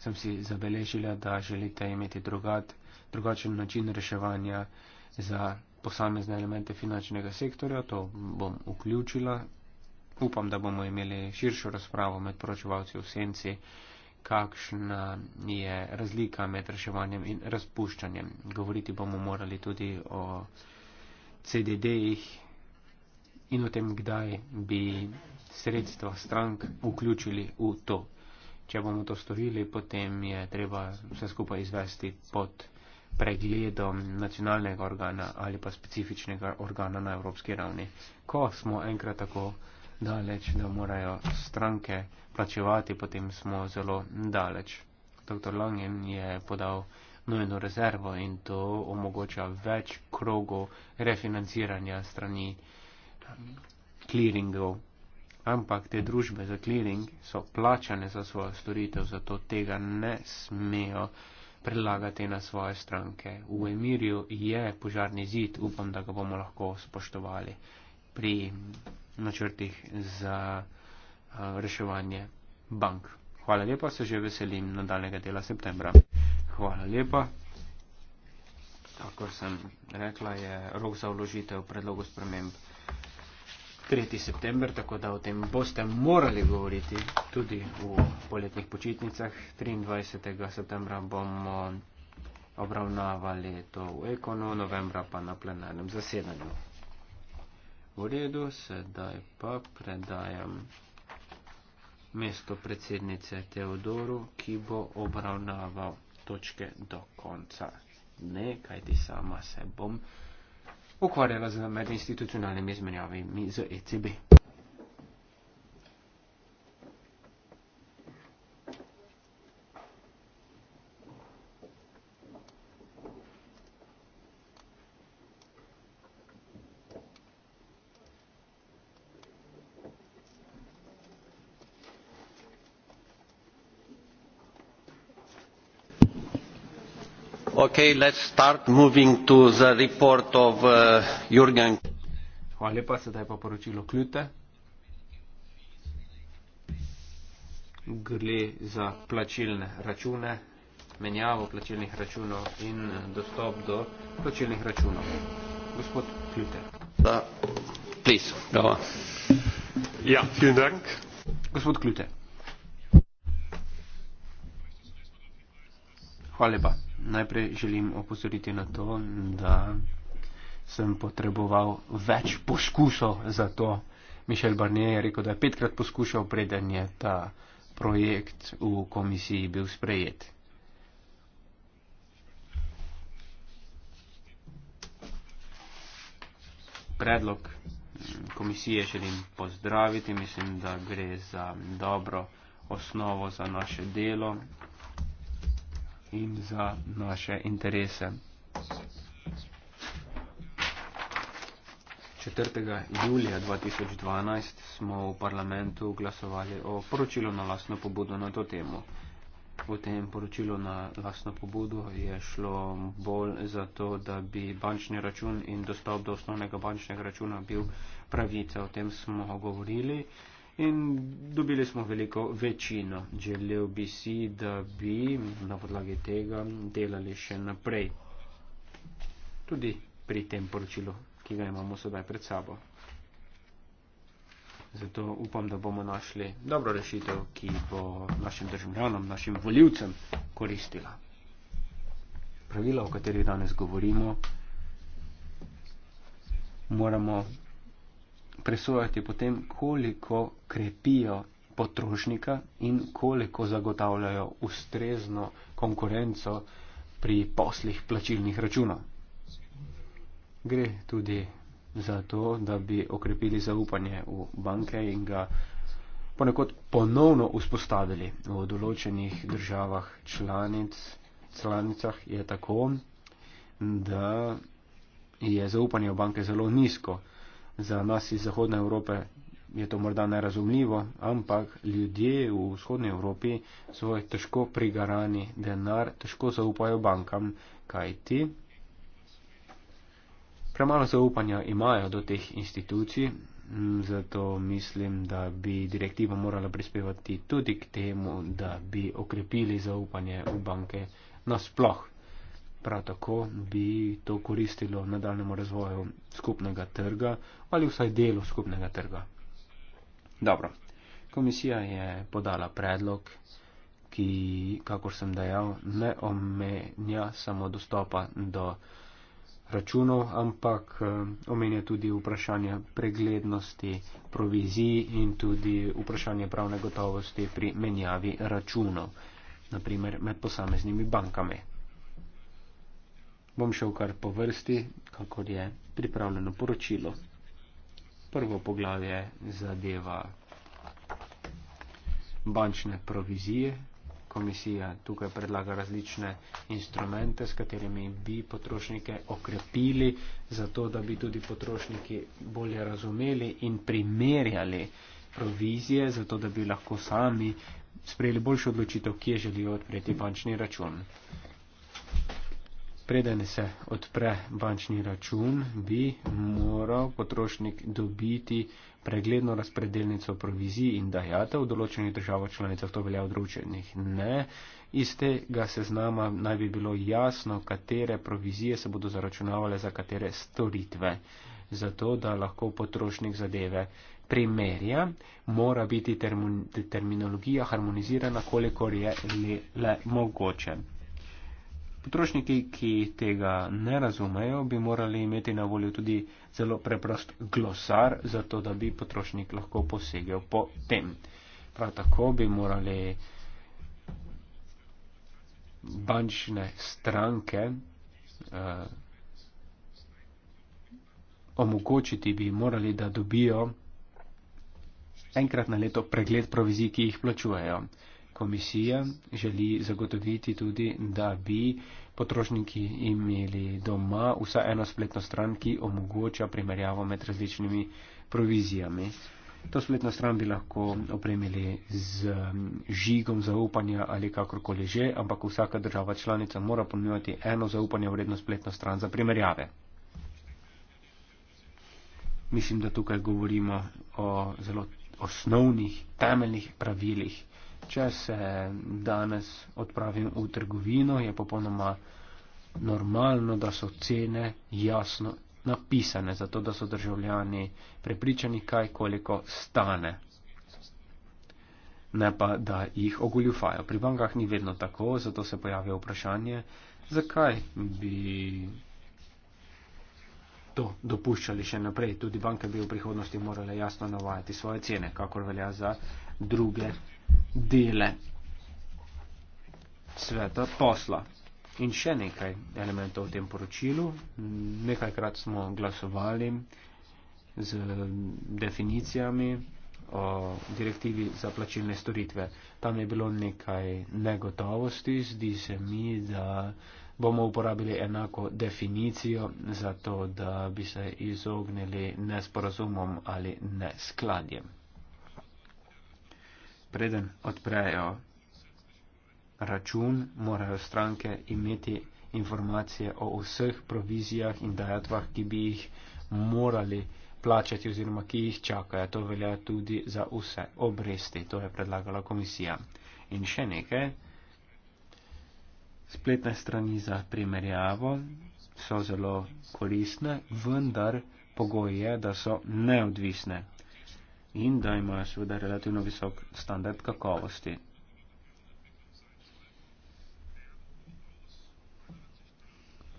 sem si zabeležila, da želite imeti drugat, drugačen način reševanja za posamezne elemente finančnega sektorja, to bom vključila. Upam, da bomo imeli širšo razpravo med poročevalci v senci, kakšna je razlika med reševanjem in razpuščanjem. Govoriti bomo morali tudi o CDD-jih in o tem, kdaj bi sredstva strank vključili v to. Če bomo to storili, potem je treba vse skupaj izvesti pod pregledom nacionalnega organa ali pa specifičnega organa na evropski ravni. Ko smo enkrat tako daleč, da morajo stranke plačevati, potem smo zelo daleč. Dr. Langen je podal nujno rezervo in to omogoča več krogov refinanciranja strani clearingov. Ampak te družbe za clearing so plačane za svojo storitev, zato tega ne smejo prelagati na svoje stranke. V Emirju je požarni zid, upam, da ga bomo lahko spoštovali pri načrtih za eh, reševanje bank. Hvala lepa, se že veselim nadaljnega dela septembra. Hvala lepa. Tako sem rekla, je rok za vložitev predlogu sprememb 1.12.2020. 3. september, tako da o tem boste morali govoriti tudi v poletnih počitnicah. 23. septembra bomo obravnavali to v Ekonu, novembra pa na plenarnem zasedanju. V redu, sedaj pa predajam mesto predsednice Teodoru, ki bo obravnaval točke do konca. Ne, kajti sama se bom ukvarjala z medinstitucionalnimi izmenjavami z ECB. Uh, hvala lepa sedaj pa poročilo klute gre za plačilne račune menjavo plačilnih računov in dostop do plačilnih računov gospod klute da please go on ja vielen dank gospod klute hvala lepa najprej želim opozoriti na to, da sem potreboval več poskusov za to. Mišel Barnier je rekel, da je petkrat poskušal, preden je ta projekt v komisiji bil sprejet. Predlog mm, komisije želim pozdraviti, mislim, da gre za dobro osnovo za naše delo in za naše interese. 4. julija 2012 smo v parlamentu glasovali o poročilu na lastno pobudo na to temo. V tem poročilu na lastno pobudo je šlo bolj za to, da bi bančni račun in dostop do osnovnega bančnega računa bil pravica. O tem smo govorili. In dobili smo veliko večino. Želel bi si, da bi na podlagi tega delali še naprej. Tudi pri tem poročilu, ki ga imamo sedaj pred sabo. Zato upam, da bomo našli dobro rešitev, ki bo našim državljanom, našim voljivcem koristila. Pravila, o katerih danes govorimo, moramo presojati potem, koliko krepijo potrošnika in koliko zagotavljajo ustrezno konkurenco pri poslih plačilnih računov. Gre tudi za to, da bi okrepili zaupanje v banke in ga ponekod ponovno vzpostavili v določenih državah članic, članicah je tako, da je zaupanje v banke zelo nizko za nas iz Zahodne Evrope je to morda nerazumljivo, ampak ljudje v Vzhodni Evropi svoj težko prigarani denar težko zaupajo bankam, kaj ti. Premalo zaupanja imajo do teh institucij, zato mislim, da bi direktiva morala prispevati tudi k temu, da bi okrepili zaupanje v banke nasploh. Prav tako bi to koristilo nadaljemu razvoju skupnega trga ali vsaj delu skupnega trga. Dobro. Komisija je podala predlog, ki, kakor sem dejal, ne omenja samo dostopa do računov, ampak eh, omenja tudi vprašanje preglednosti provizij in tudi vprašanje pravne gotovosti pri menjavi računov, naprimer med posameznimi bankami bom šel kar po vrsti, kakor je pripravljeno poročilo. Prvo poglavje zadeva bančne provizije. Komisija tukaj predlaga različne instrumente, s katerimi bi potrošnike okrepili, zato da bi tudi potrošniki bolje razumeli in primerjali provizije, zato da bi lahko sami sprejeli boljšo odločitev, kje želijo odpreti bančni račun preden se odpre bančni račun, bi moral potrošnik dobiti pregledno razpredelnico provizij in dajatev v določenih državah članicah, to velja v določenih ne. Iz tega seznama naj bi bilo jasno, katere provizije se bodo zaračunavale za katere storitve. Zato, da lahko potrošnik zadeve primerja, mora biti termin terminologija harmonizirana, kolikor je le, le mogoče. Potrošniki, ki tega ne razumejo, bi morali imeti na voljo tudi zelo preprost glosar, zato da bi potrošnik lahko posegel po tem. Prav tako bi morali bančne stranke eh, omogočiti, bi morali, da dobijo enkrat na leto pregled provizij, ki jih plačujejo komisija želi zagotoviti tudi, da bi potrošniki imeli doma vsaj eno spletno stran, ki omogoča primerjavo med različnimi provizijami. To spletno stran bi lahko opremili z žigom zaupanja ali kakorkoli že, ampak vsaka država članica mora ponujati eno zaupanje vredno spletno stran za primerjave. Mislim, da tukaj govorimo o zelo osnovnih, temeljnih pravilih. Če se danes odpravim v trgovino, je popolnoma normalno, da so cene jasno napisane, zato da so državljani prepričani, kaj koliko stane. Ne pa, da jih ogoljufajo. Pri bankah ni vedno tako, zato se pojavlja vprašanje, zakaj bi to dopuščali še naprej. Tudi banke bi v prihodnosti morale jasno navajati svoje cene, kakor velja za druge dele sveta posla. In še nekaj elementov v tem poročilu. Nekajkrat smo glasovali z definicijami o direktivi za plačilne storitve. Tam je bilo nekaj negotovosti, zdi se mi, da bomo uporabili enako definicijo za to, da bi se izognili nesporazumom ali neskladjem preden odprejo račun, morajo stranke imeti informacije o vseh provizijah in dajatvah, ki bi jih morali plačati oziroma ki jih čakajo. To velja tudi za vse obresti, to je predlagala komisija. In še nekaj, spletne strani za primerjavo so zelo koristne, vendar pogoj je, da so neodvisne in da imajo seveda relativno visok standard kakovosti.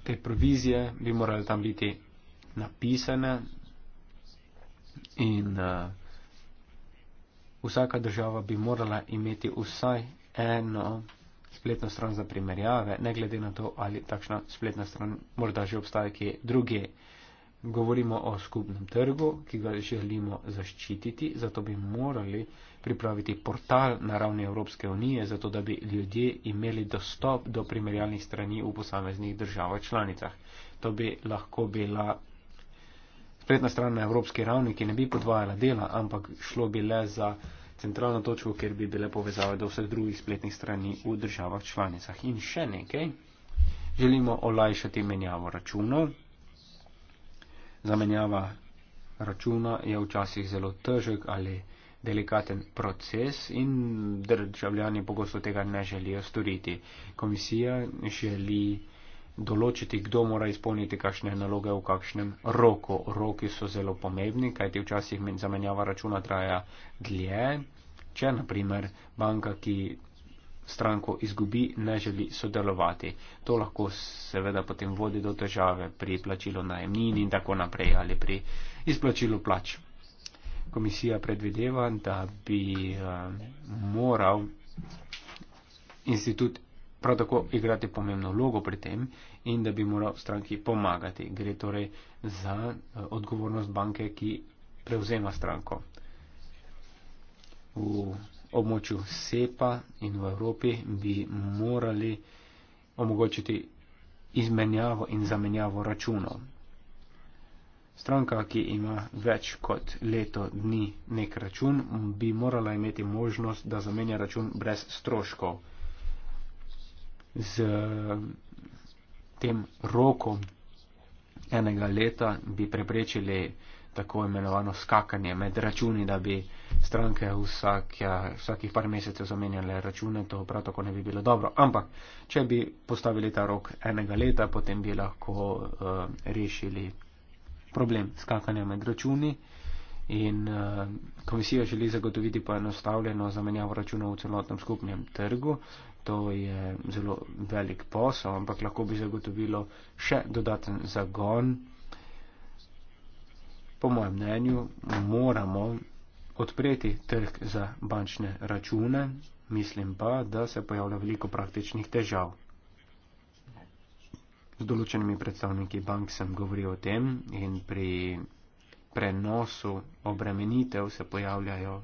Te provizije bi morali tam biti napisane in uh, vsaka država bi morala imeti vsaj eno spletno stran za primerjave, ne glede na to, ali takšna spletna stran morda že obstaja kje drugje. Uh, Govorimo o skupnem trgu, ki ga želimo zaščititi, zato bi morali pripraviti portal na ravni Evropske unije, zato da bi ljudje imeli dostop do primerjalnih strani v posameznih državah članicah. To bi lahko bila spletna stran na Evropski ravni, ki ne bi podvajala dela, ampak šlo bi le za centralno točko, kjer bi bile povezave do vseh drugih spletnih strani v državah članicah. In še nekaj, želimo olajšati menjavo računov zamenjava računa je včasih zelo težek ali delikaten proces in državljani pogosto tega ne želijo storiti. Komisija želi določiti, kdo mora izpolniti kakšne naloge v kakšnem roku. Roki so zelo pomembni, kajti včasih zamenjava računa traja dlje. Če, naprimer, banka, ki stranko izgubi, ne želi sodelovati. To lahko seveda potem vodi do težave pri plačilu najemnin in tako naprej ali pri izplačilu plač. Komisija predvideva, da bi uh, moral institut prav tako igrati pomembno vlogo pri tem in da bi moral stranki pomagati. Gre torej za uh, odgovornost banke, ki prevzema stranko območju SEPA in v Evropi bi morali omogočiti izmenjavo in zamenjavo računov. Stranka, ki ima več kot leto dni nek račun, bi morala imeti možnost, da zamenja račun brez stroškov. Z tem rokom enega leta bi preprečili tako imenovano skakanje med računi, da bi stranke vsak, ja, vsakih par mesecev zamenjale račune, to prav tako ne bi bilo dobro. Ampak, če bi postavili ta rok enega leta, potem bi lahko uh, rešili problem skakanja med računi in uh, komisija želi zagotoviti poenostavljeno zamenjavo računov v celotnem skupnem trgu. To je zelo velik posel, ampak lahko bi zagotovilo še dodaten zagon po mojem mnenju, moramo odpreti trg za bančne račune, mislim pa, da se pojavlja veliko praktičnih težav. Z določenimi predstavniki bank sem govoril o tem in pri prenosu obremenitev se pojavljajo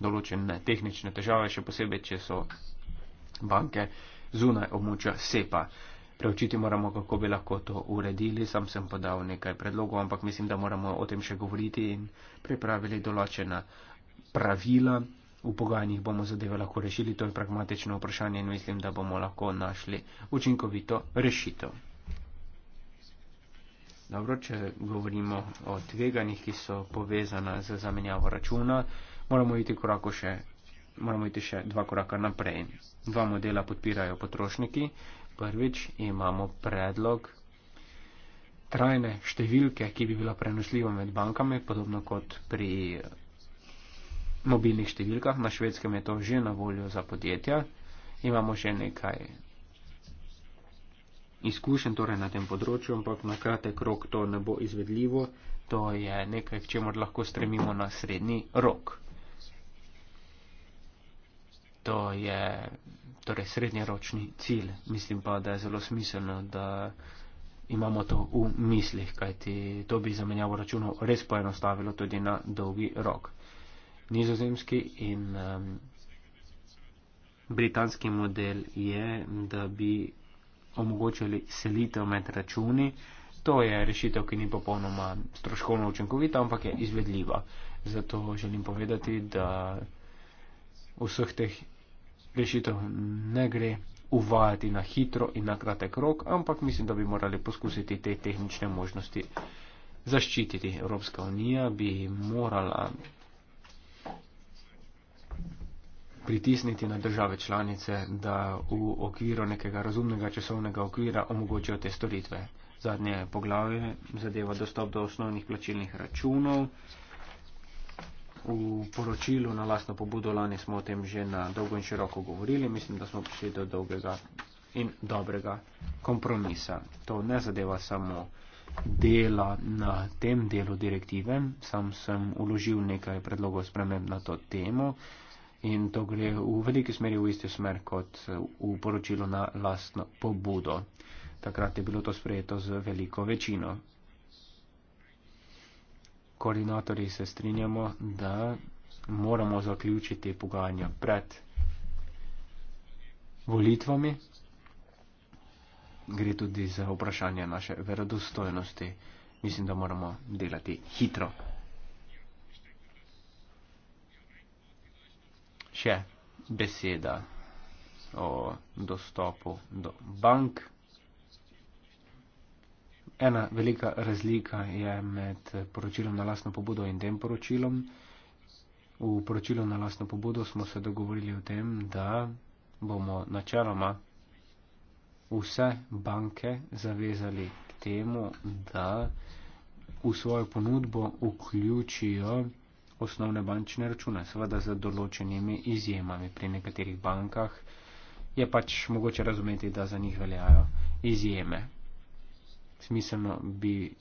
določene tehnične težave, še posebej, če so banke zunaj območja SEPA preučiti moramo, kako bi lahko to uredili. Sam sem podal nekaj predlogov, ampak mislim, da moramo o tem še govoriti in pripravili določena pravila. V pogajanjih bomo zadeve lahko rešili, to je pragmatično vprašanje in mislim, da bomo lahko našli učinkovito rešitev. Dobro, če govorimo o tveganjih, ki so povezana z zamenjavo računa, moramo iti, še, moramo iti še dva koraka naprej. Dva modela podpirajo potrošniki prvič imamo predlog trajne številke, ki bi bila prenosljiva med bankami, podobno kot pri mobilnih številkah. Na švedskem je to že na voljo za podjetja. Imamo še nekaj izkušenj torej na tem področju, ampak na kratek rok to ne bo izvedljivo. To je nekaj, k čemu lahko stremimo na srednji rok. To je torej srednjeročni cilj. Mislim pa, da je zelo smiselno, da imamo to v mislih, kajti to bi zamenjavo računov res poenostavilo tudi na dolgi rok. Nizozemski in um, britanski model je, da bi omogočili selitev med računi. To je rešitev, ki ni popolnoma stroškovno učinkovita, ampak je izvedljiva. Zato želim povedati, da vseh teh rešitev ne gre uvajati na hitro in na kratek rok, ampak mislim, da bi morali poskusiti te tehnične možnosti zaščititi. Evropska unija bi morala pritisniti na države članice, da v okviru nekega razumnega časovnega okvira omogočijo te storitve. Zadnje poglavje zadeva dostop do osnovnih plačilnih računov v poročilu na lastno pobudo lani smo o tem že na dolgo in široko govorili. Mislim, da smo prišli do dolgega in dobrega kompromisa. To ne zadeva samo dela na tem delu direktive. Sam sem uložil nekaj predlogov sprememb na to temo in to gre v veliki smeri v isti smer kot v poročilu na lastno pobudo. Takrat je bilo to sprejeto z veliko večino koordinatorji se strinjamo, da moramo zaključiti pogajanja pred volitvami. Gre tudi za vprašanje naše verodostojnosti. Mislim, da moramo delati hitro. Še beseda o dostopu do bank ena velika razlika je med poročilom na lastno pobudo in tem poročilom. V poročilu na lastno pobudo smo se dogovorili o tem, da bomo načeloma vse banke zavezali k temu, da v svojo ponudbo vključijo osnovne bančne račune, seveda z določenimi izjemami. Pri nekaterih bankah je pač mogoče razumeti, da za njih veljajo izjeme smiselno bi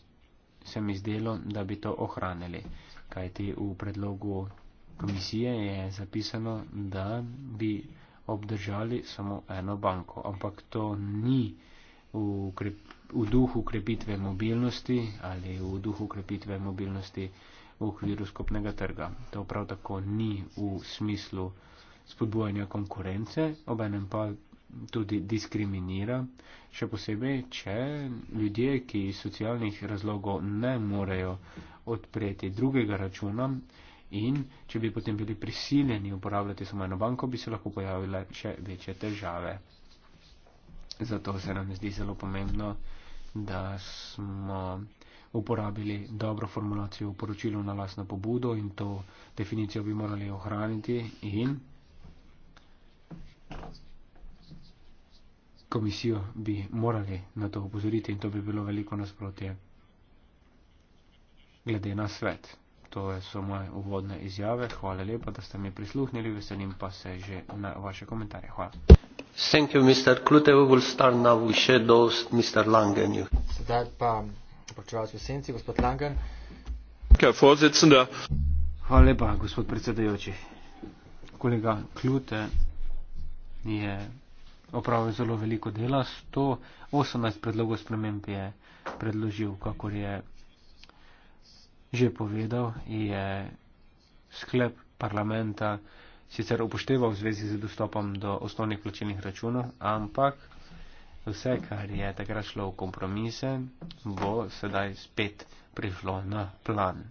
se mi zdelo, da bi to ohranili. Kajti v predlogu komisije je zapisano, da bi obdržali samo eno banko. Ampak to ni v, krep, v duhu krepitve mobilnosti ali v duhu krepitve mobilnosti v okviru skupnega trga. To prav tako ni v smislu spodbujanja konkurence, obenem pa tudi diskriminira, še posebej, če ljudje, ki iz socialnih razlogov ne morejo odpreti drugega računa in če bi potem bili prisiljeni uporabljati samo eno banko, bi se lahko pojavile še večje težave. Zato se nam zdi zelo pomembno, da smo uporabili dobro formulacijo v poročilu na lasno pobudo in to definicijo bi morali ohraniti in komisijo bi morali na to upozoriti in to bi bilo veliko nasprotje glede na svet. To so moje uvodne izjave. Hvala lepa, da ste mi prisluhnili. Veselim pa se že na vaše komentarje. Hvala. Thank you, Mr. Klute. We will start now with shadows, Mr. Langen. Sedaj pa počevalci v senci, gospod Langen. Kaj, vorsitzende? Hvala lepa, gospod predsedajoči. Kolega Klute je opravil zelo veliko dela, 118 predlogov sprememb je predložil, kakor je že povedal, je sklep parlamenta sicer upošteval v zvezi z dostopom do osnovnih plačenih računov, ampak vse, kar je takrat šlo v kompromise, bo sedaj spet prišlo na plan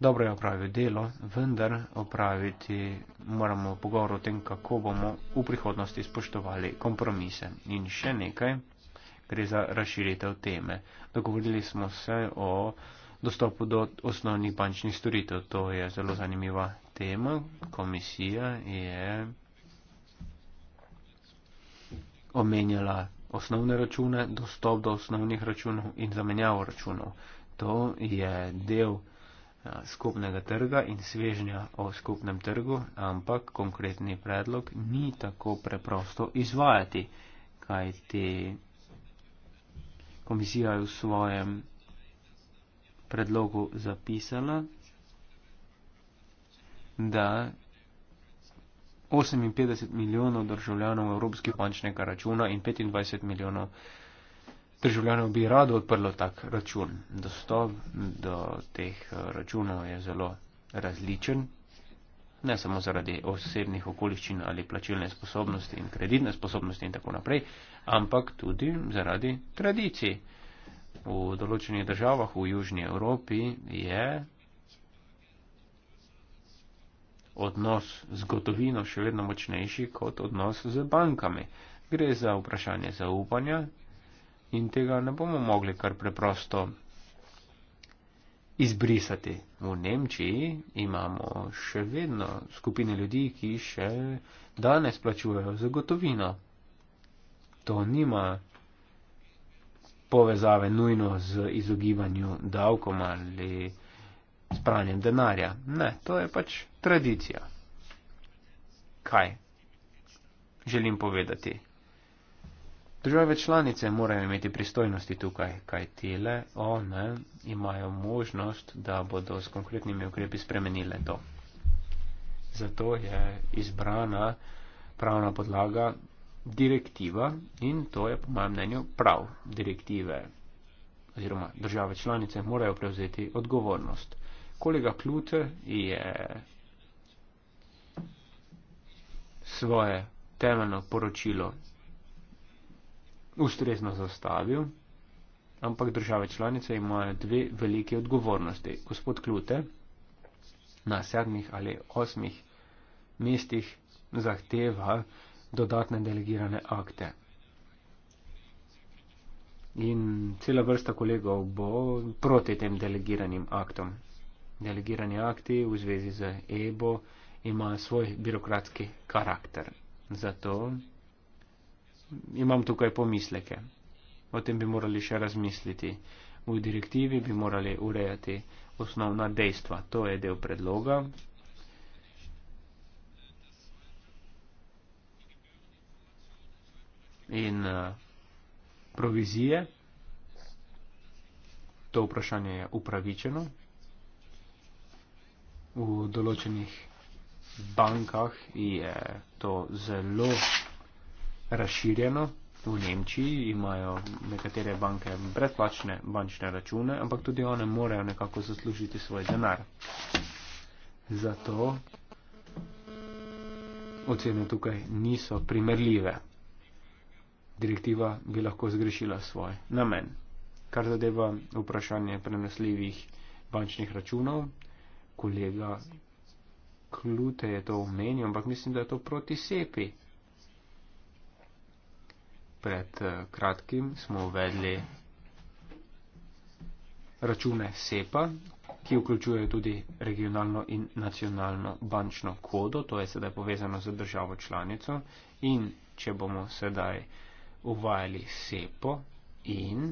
dobro je opraviti delo, vendar opraviti moramo pogovor o tem, kako bomo v prihodnosti spoštovali kompromise. In še nekaj, gre za razširitev teme. Dogovorili smo se o dostopu do osnovnih bančnih storitev. To je zelo zanimiva tema. Komisija je omenjala osnovne račune, dostop do osnovnih računov in zamenjavo računov. To je del Eh, skupnega trga in svežnja o skupnem trgu, ampak konkretni predlog ni tako preprosto izvajati, kaj ti komisija v svojem predlogu zapisala, da 58 milijonov državljanov evropskih bančnega računa in 25 milijonov državljanov bi rado odprlo tak račun. Dostop do teh eh, računov je zelo različen. Ne samo zaradi osebnih okoliščin ali plačilne sposobnosti in kreditne sposobnosti in tako naprej, ampak tudi zaradi tradicij. V določenih državah v Južni Evropi je odnos z gotovino še vedno močnejši kot odnos z bankami. Gre za vprašanje zaupanja, in tega ne bomo mogli kar preprosto izbrisati. V Nemčiji imamo še vedno skupine ljudi, ki še danes plačujejo za gotovino. To nima povezave nujno z izogibanju davkom ali spranjem denarja. Ne, to je pač tradicija. Kaj želim povedati? Države članice morajo imeti pristojnosti tukaj, kaj tele one imajo možnost, da bodo s konkretnimi ukrepi spremenile to. Zato je izbrana pravna podlaga direktiva in to je, po mojem mnenju, prav direktive oziroma države članice morajo prevzeti odgovornost. Kolega Klute je svoje temeljno poročilo ustrezno zastavil, ampak države članice imajo dve velike odgovornosti. Gospod Klute na sedmih ali osmih mestih zahteva dodatne delegirane akte. In cela vrsta kolegov bo proti tem delegiranim aktom. Delegirani akti v zvezi z EBO imajo svoj birokratski karakter. Zato imam tukaj pomisleke. O tem bi morali še razmisliti. V direktivi bi morali urejati osnovna dejstva. To je del predloga. In eh, provizije. To vprašanje je upravičeno. V določenih bankah je to zelo razširjeno. V Nemčiji imajo nekatere banke brezplačne bančne račune, ampak tudi one morajo nekako zaslužiti svoj denar. Zato ocene tukaj niso primerljive. Direktiva bi lahko zgrešila svoj namen. Kar zadeva vprašanje prenosljivih bančnih računov, kolega Klute je to omenil, ampak mislim, da je to proti sepi pred eh, kratkim smo uvedli račune SEPA, ki vključujejo tudi regionalno in nacionalno bančno kodo, to je sedaj povezano z državo članico in če bomo sedaj uvajali SEPO in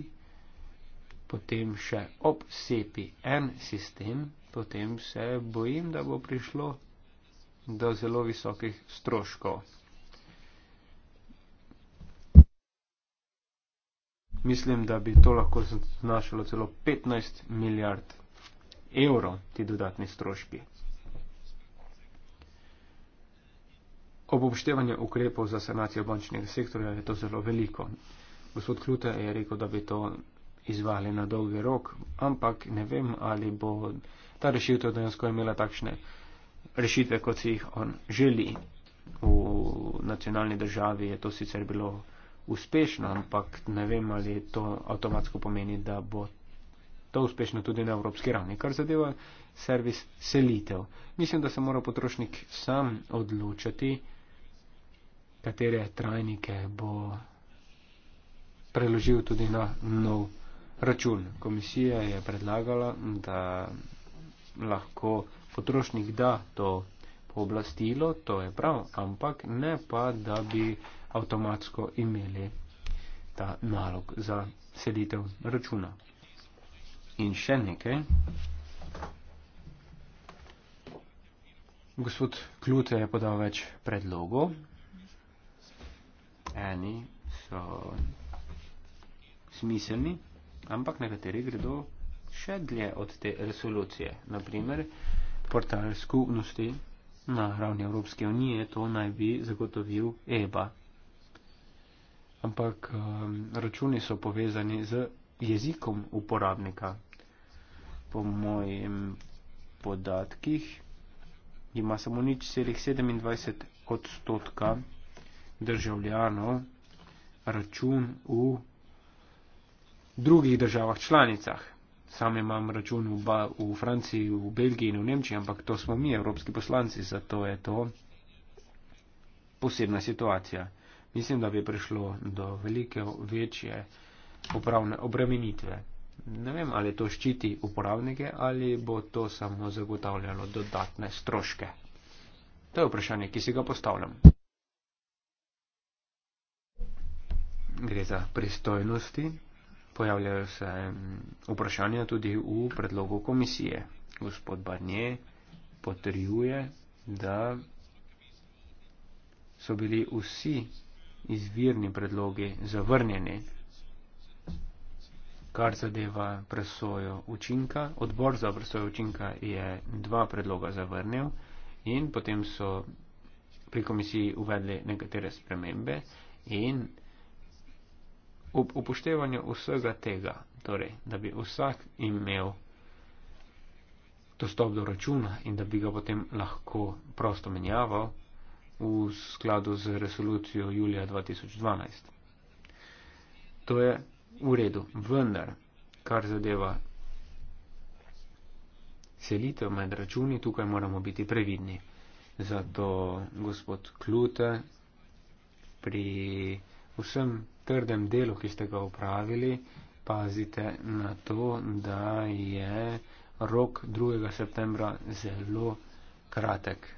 potem še ob SEPI en sistem, potem se bojim, da bo prišlo do zelo visokih stroškov. Mislim, da bi to lahko znašalo celo 15 milijard evrov, ti dodatni stroški. Ob obštevanju ukrepov za sanacijo bančnega sektorja je to zelo veliko. Gospod Klute je rekel, da bi to izvali na dolgi rok, ampak ne vem, ali bo ta rešitev dejansko imela takšne rešitve, kot si jih on želi. V nacionalni državi je to sicer bilo uspešno, ampak ne vem, ali to avtomatsko pomeni, da bo to uspešno tudi na evropski ravni, kar zadeva servis selitev. Mislim, da se mora potrošnik sam odločati, katere trajnike bo preložil tudi na nov račun. Komisija je predlagala, da lahko potrošnik da to pooblastilo, to je prav, ampak ne pa, da bi avtomatsko imeli ta nalog za selitev računa. In še nekaj. Gospod Klute je podal več predlogov. Eni so smiselni, ampak nekateri gredo še dlje od te resolucije. Naprimer, portal skupnosti na ravni Evropske unije to naj bi zagotovil EBA ampak um, računi so povezani z jezikom uporabnika. Po mojem podatkih ima samo nič celih 27 odstotka državljanov račun v drugih državah članicah. Sam imam račun v, ba, v Franciji, v Belgiji in v Nemčiji, ampak to smo mi, evropski poslanci, zato je to posebna situacija mislim, da bi prišlo do velike večje upravne obremenitve. Ne vem, ali to ščiti uporabnike ali bo to samo zagotavljalo dodatne stroške. To je vprašanje, ki si ga postavljam. Gre za pristojnosti. Pojavljajo se mm, vprašanja tudi v predlogu komisije. Gospod Barnje potrjuje, da so bili vsi izvirni predlogi zavrnjeni. Kar zadeva presojo učinka, odbor za presojo učinka je dva predloga zavrnil in potem so pri komisiji uvedli nekatere spremembe in ob upoštevanju vsega tega, torej, da bi vsak imel dostop do računa in da bi ga potem lahko prosto menjaval, v skladu z resolucijo julija 2012. To je v redu, vendar, kar zadeva selitev med računi, tukaj moramo biti previdni. Zato gospod Klute pri vsem trdem delu, ki ste ga upravili, pazite na to, da je rok 2. septembra zelo kratek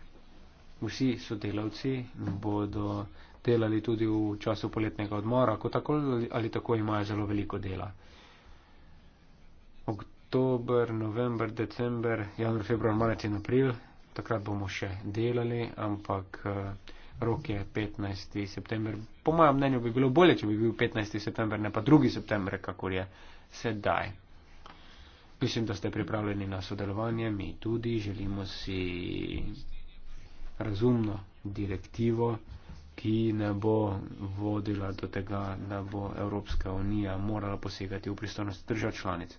vsi sodelavci bodo delali tudi v času poletnega odmora, ko tako ali tako imajo zelo veliko dela. Oktober, november, december, januar, februar, marec in april, takrat bomo še delali, ampak eh, rok je 15. september. Po mojem mnenju bi bilo bolje, če bi bil 15. september, ne pa 2. september, kakor je sedaj. Mislim, da ste pripravljeni na sodelovanje, mi tudi želimo si razumno direktivo, ki ne bo vodila do tega, da bo Evropska unija morala posegati v pristojnost držav članic.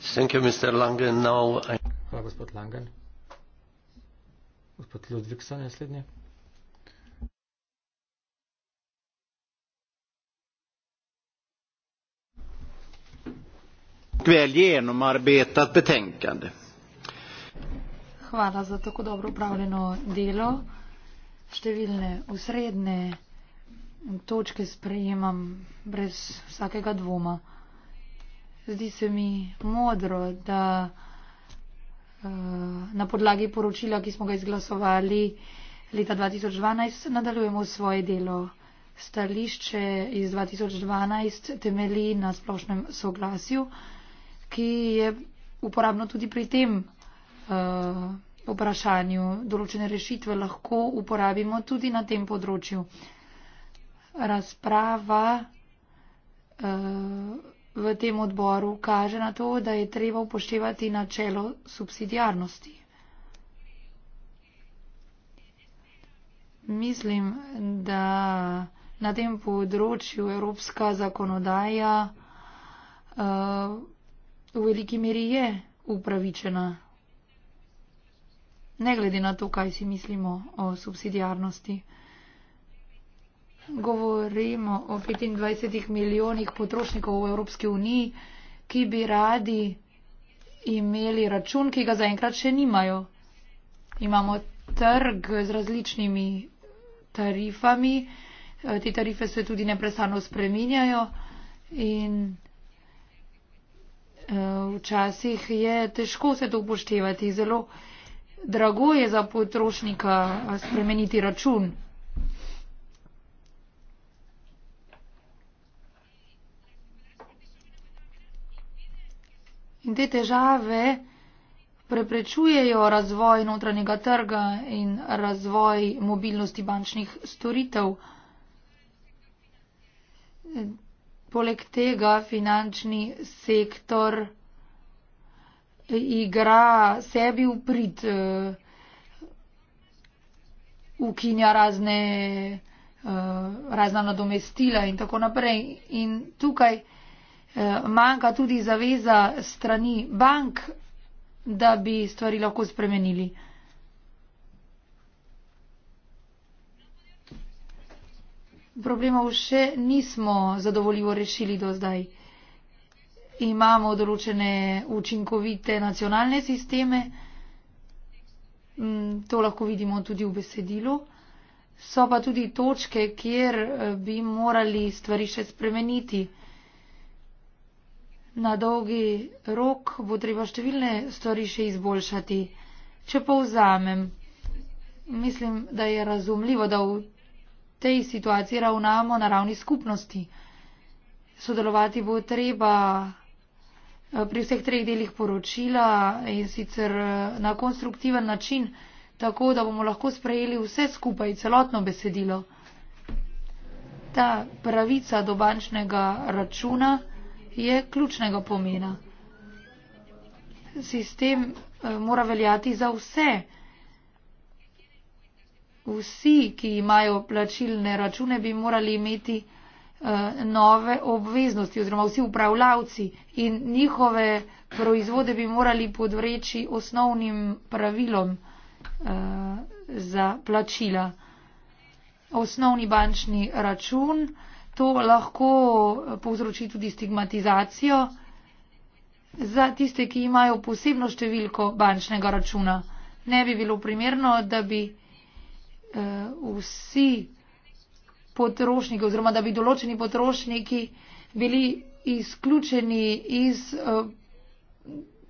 You, Lange. Now I... Hvala, gospod Langen. Gospod Ludvigsen, naslednji. väl genomarbetat betänkande hvala za tako dobro upravljeno delo. Številne usredne točke sprejemam brez vsakega dvoma. Zdi se mi modro, da eh, na podlagi poročila, ki smo ga izglasovali leta 2012, nadaljujemo svoje delo. Stališče iz 2012 temeli na splošnem soglasju, ki je uporabno tudi pri tem uh, vprašanju. Določene rešitve lahko uporabimo tudi na tem področju. Razprava uh, v tem odboru kaže na to, da je treba upoštevati načelo subsidijarnosti. Mislim, da na tem področju evropska zakonodaja uh, v veliki meri je upravičena ne glede na to, kaj si mislimo o subsidijarnosti. Govorimo o 25 milijonih potrošnikov v Evropski uniji, ki bi radi imeli račun, ki ga zaenkrat še nimajo. Imamo trg z različnimi tarifami, te tarife se tudi neprestano spreminjajo in eh, včasih je težko se to upoštevati. Zelo drago je za potrošnika spremeniti račun. In te težave preprečujejo razvoj notranjega trga in razvoj mobilnosti bančnih storitev. Poleg tega finančni sektor igra sebi v prid, eh, ukinja razne, eh, razna nadomestila in tako naprej. In tukaj eh, manjka tudi zaveza strani bank, da bi stvari lahko spremenili. Problemov še nismo zadovoljivo rešili do zdaj imamo določene učinkovite nacionalne sisteme, mm, to lahko vidimo tudi v besedilu, so pa tudi točke, kjer eh, bi morali stvari še spremeniti. Na dolgi rok bo treba številne stvari še izboljšati. Če povzamem, mislim, da je razumljivo, da v tej situaciji ravnamo na ravni skupnosti. Sodelovati bo treba pri vseh treh delih poročila in sicer eh, na konstruktiven način, tako da bomo lahko sprejeli vse skupaj, celotno besedilo. Ta pravica do bančnega računa je ključnega pomena. Sistem eh, mora veljati za vse. Vsi, ki imajo plačilne račune, bi morali imeti Eh, nove obveznosti oziroma vsi upravljavci in njihove proizvode bi morali podvreči osnovnim pravilom uh, za plačila. Osnovni bančni račun, to lahko povzroči tudi stigmatizacijo za tiste, ki imajo posebno številko bančnega računa. Ne bi bilo primerno, da bi uh, vsi potrošniki oziroma da bi določeni potrošniki bili izključeni iz uh,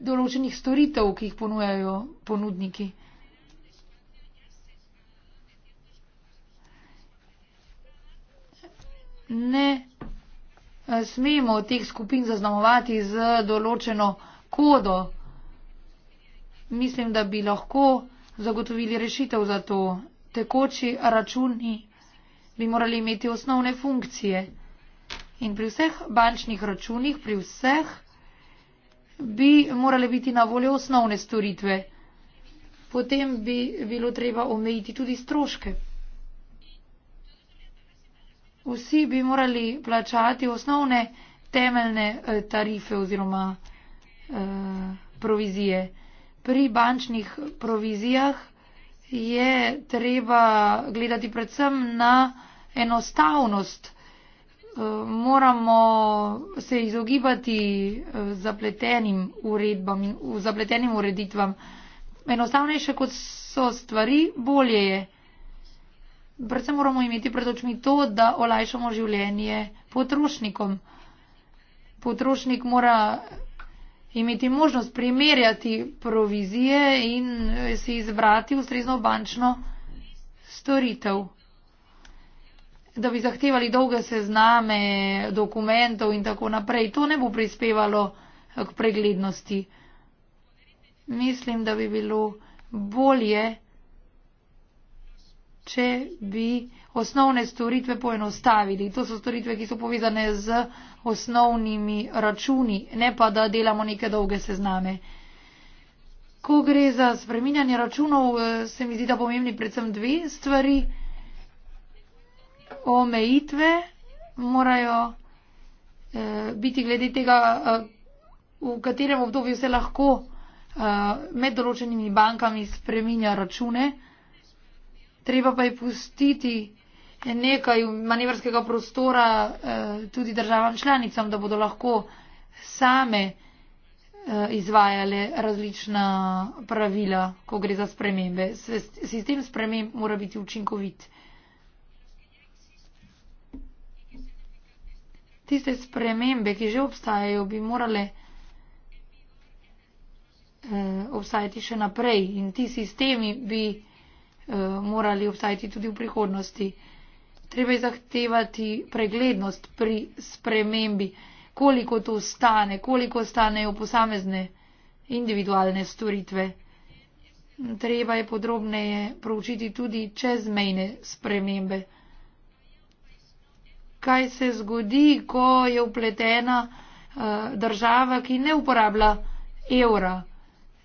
določenih storitev, ki jih ponujajo ponudniki. Ne eh, smemo teh skupin zaznamovati z določeno kodo. Mislim, da bi lahko zagotovili rešitev za to. Tekoči računi bi morali imeti osnovne funkcije. In pri vseh bančnih računih, pri vseh bi morali biti na voljo osnovne storitve. Potem bi bilo treba omejiti tudi stroške. Vsi bi morali plačati osnovne temeljne eh, tarife oziroma eh, provizije. Pri bančnih provizijah je treba gledati predvsem na enostavnost. Eh, moramo se izogibati eh, zapletenim uredbam in zapletenim ureditvam. Enostavnejše kot so stvari, bolje je. Predvsem moramo imeti pred očmi to, da olajšamo življenje potrošnikom. Potrošnik mora imeti možnost primerjati provizije in eh, si izbrati ustrezno bančno storitev. Da bi zahtevali dolge sezname, dokumentov in tako naprej. To ne bo prispevalo eh, k preglednosti. Mislim, da bi bilo bolje, če bi osnovne storitve poenostavili. To so storitve, ki so povezane z osnovnimi računi, ne pa da delamo neke dolge sezname. Ko gre za spreminjanje računov, eh, se mi zdi, da pomembni predvsem dve stvari. Omejitve morajo eh, biti glede tega, eh, v katerem obdobju se lahko eh, med določenimi bankami spreminja račune. Treba pa je pustiti nekaj manevrskega prostora eh, tudi državam članicam, da bodo lahko same eh, izvajale različna pravila, ko gre za spremembe. Sistem sprememb mora biti učinkovit. Tiste spremembe, ki že obstajajo, bi morale eh, obstajati še naprej in ti sistemi bi morali obstajati tudi v prihodnosti treba je zahtevati preglednost pri spremembi, koliko to stane, koliko stanejo posamezne individualne storitve. Treba je podrobneje proučiti tudi čezmejne spremembe. Kaj se zgodi, ko je upletena eh, država, ki ne uporablja evra?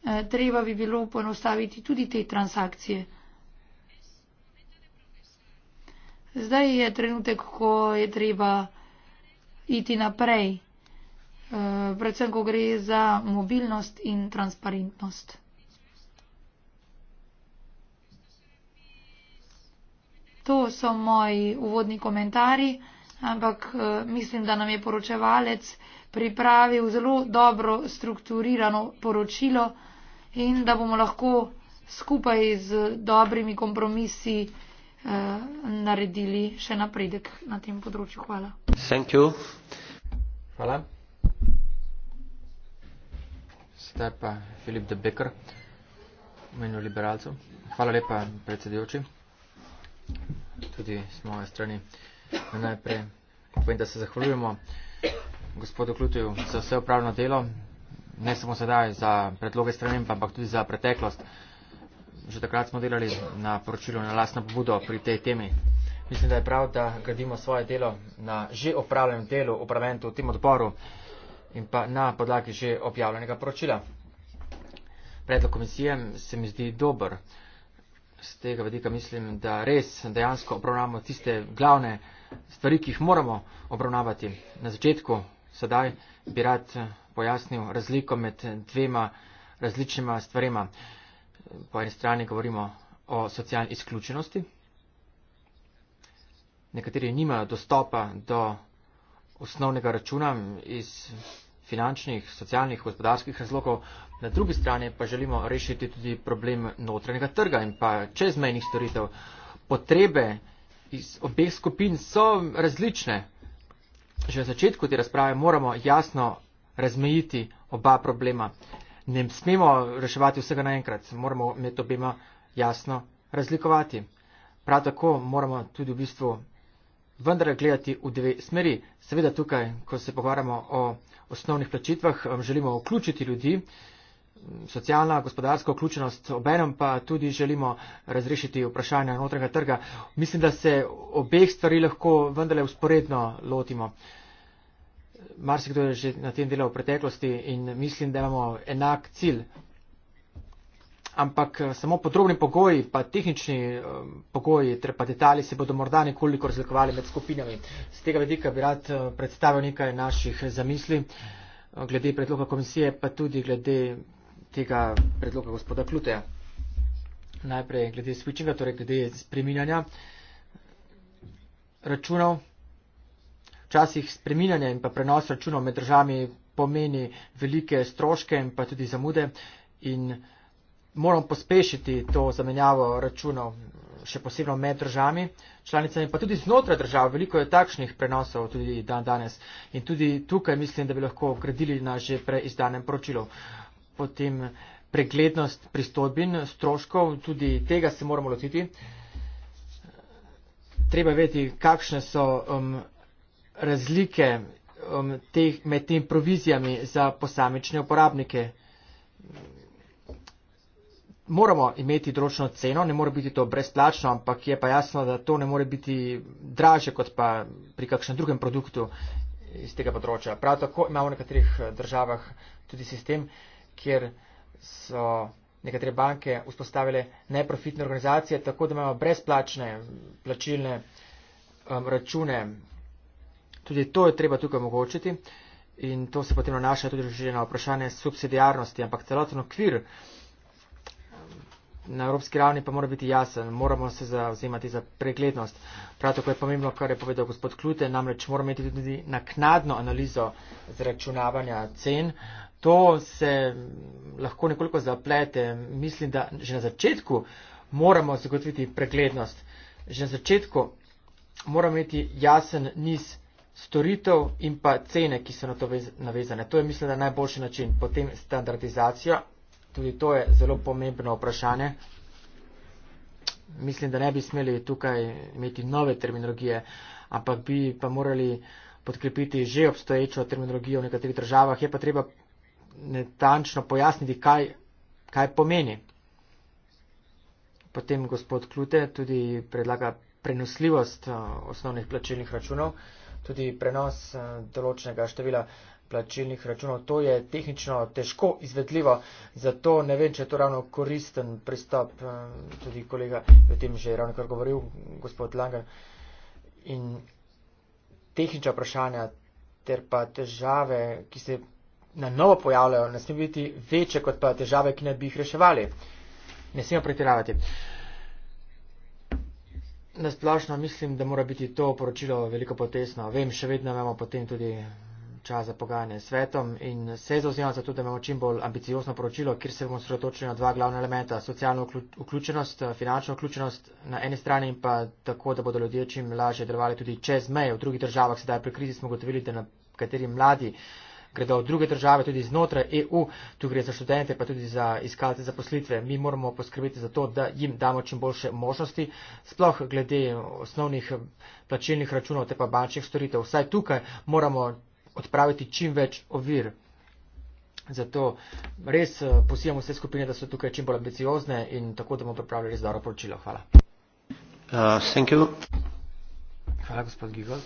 Eh, treba bi bilo ponostaviti tudi te transakcije. Zdaj je trenutek, ko je treba iti naprej, eh, predvsem, ko gre za mobilnost in transparentnost. To so moji uvodni komentarji, ampak eh, mislim, da nam je poročevalec pripravil zelo dobro strukturirano poročilo in da bomo lahko skupaj z dobrimi kompromisi Eh, naredili še napredek na tem področju. Hvala. Hvala. Zdaj pa Filip de Becker, menil liberalcev. Hvala lepa, predsedujoči. Tudi s moje strani najprej povem, da se zahvaljujemo gospodu Klutiju za vse upravno delo, ne samo sedaj za predloge strani, ampak tudi za preteklost. Že takrat smo delali na poročilu na lastno pobudo pri tej temi. Mislim, da je prav, da gradimo svoje delo na že opravljenem delu, upravljenem v tem odboru in pa na podlagi že objavljenega poročila. Predlog komisije se mi zdi dober. Z tega vedika mislim, da res dejansko obravnavamo tiste glavne stvari, ki jih moramo obravnavati. Na začetku, sedaj, bi rad pojasnil razliko med dvema različnima stvarima po eni strani govorimo o socialni izključenosti. Nekateri nimajo dostopa do osnovnega računa iz finančnih, socialnih, gospodarskih razlogov. Na drugi strani pa želimo rešiti tudi problem notranjega trga in pa čezmejnih storitev. Potrebe iz obeh skupin so različne. Že na začetku te razprave moramo jasno razmejiti oba problema ne smemo reševati vsega naenkrat, moramo med obima jasno razlikovati. Prav tako moramo tudi v bistvu vendar gledati v dve smeri. Seveda tukaj, ko se pogovarjamo o osnovnih plačitvah, um, želimo vključiti ljudi, socialna, gospodarska vključenost, obenem pa tudi želimo razrešiti vprašanja notranjega trga. Mislim, da se obeh stvari lahko vendarle usporedno lotimo marsikdo je že na tem delal v preteklosti in mislim, da imamo enak cilj. Ampak eh, samo podrobni pogoji, pa tehnični eh, pogoji, ter pa detali se bodo morda nekoliko razlikovali med skupinami. Z tega vedika bi rad eh, predstavil nekaj naših zamisli glede predloga komisije, pa tudi glede tega predloga gospoda Kluteja. Najprej glede switchinga, torej glede spreminjanja računov. Včasih spreminjanje in pa prenos računov med državami pomeni velike stroške in pa tudi zamude in moramo pospešiti to zamenjavo računov, še posebno med državami, članicami, pa tudi znotraj držav. Veliko je takšnih prenosov tudi dan danes in tudi tukaj mislim, da bi lahko gradili na že preizdanem poročilu. Potem preglednost pristojbin, stroškov, tudi tega se moramo lotiti. Treba vedeti, kakšne so um, razlike um, teh, med temi provizijami za posamične uporabnike. Moramo imeti določeno ceno, ne more biti to brezplačno, ampak je pa jasno, da to ne more biti draže kot pa pri kakšnem drugem produktu iz tega področja. Prav tako imamo v nekaterih eh, državah tudi sistem, kjer so nekatere banke vzpostavile neprofitne organizacije, tako da imamo brezplačne plačilne um, račune Tudi to je treba tukaj omogočiti in to se potem nanaša tudi že na vprašanje subsidijarnosti, ampak celoten okvir um, na evropski ravni pa mora biti jasen, moramo se zauzemati za preglednost. Prav tako je pomembno, kar je povedal gospod Klute, namreč moramo imeti tudi naknadno analizo zračunavanja cen. To se um, lahko nekoliko zaplete. Mislim, da že na začetku moramo zagotoviti preglednost. Že na začetku moramo imeti jasen niz storitev in pa cene, ki so na to navezane. To je, mislim, da najboljši način. Potem standardizacija, tudi to je zelo pomembno vprašanje. Mislim, da ne bi smeli tukaj imeti nove terminologije, ampak bi pa morali podkrepiti že obstoječo terminologijo v nekaterih državah. Je pa treba netančno pojasniti, kaj, kaj pomeni. Potem gospod Klute tudi predlaga prenosljivost eh, osnovnih plačilnih računov tudi prenos eh, določnega števila plačilnih računov. To je tehnično težko izvedljivo, zato ne vem, če je to ravno koristen pristop, eh, tudi kolega je o tem že ravno kar govoril, gospod Langer. In tehnična vprašanja ter pa težave, ki se na novo pojavljajo, ne smejo biti večje kot pa težave, ki ne bi jih reševali. Ne smemo pretiravati na splošno mislim, da mora biti to poročilo veliko potesno. Vem, še vedno imamo potem tudi čas za pogajanje s svetom in se zauzemam za to, da imamo čim bolj ambiciozno poročilo, kjer se bomo sredotočili na dva glavna elementa. Socialno vključenost, finančno vključenost na eni strani in pa tako, da bodo ljudje čim lažje delovali tudi čez meje. V drugih državah sedaj pri krizi smo gotovili, da na kateri mladi gredo v druge države, tudi znotraj EU, tu gre za študente, pa tudi za iskalce zaposlitve. Mi moramo poskrbeti za to, da jim damo čim boljše možnosti, sploh glede osnovnih plačilnih računov, te pa bančnih storitev. Vsaj tukaj moramo odpraviti čim več ovir. Zato res eh, posijamo vse skupine, da so tukaj čim bolj ambiciozne in tako, da bomo pripravili res dobro poročilo. Hvala. Uh, Hvala, gospod Gigold.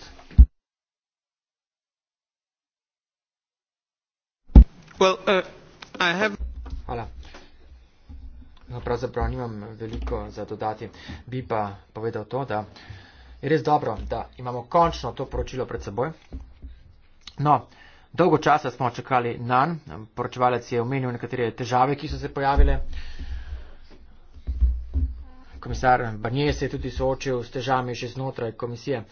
Well, uh, I have... Hvala. No, pravzaprav nimam veliko za dodati. Bi pa povedal to, da je res dobro, da imamo končno to poročilo pred seboj. No, dolgo časa smo čakali na nan. Poročevalec je omenil nekatere težave, ki so se pojavile. Komisar Barnier se je tudi soočil s težavami že znotraj komisije.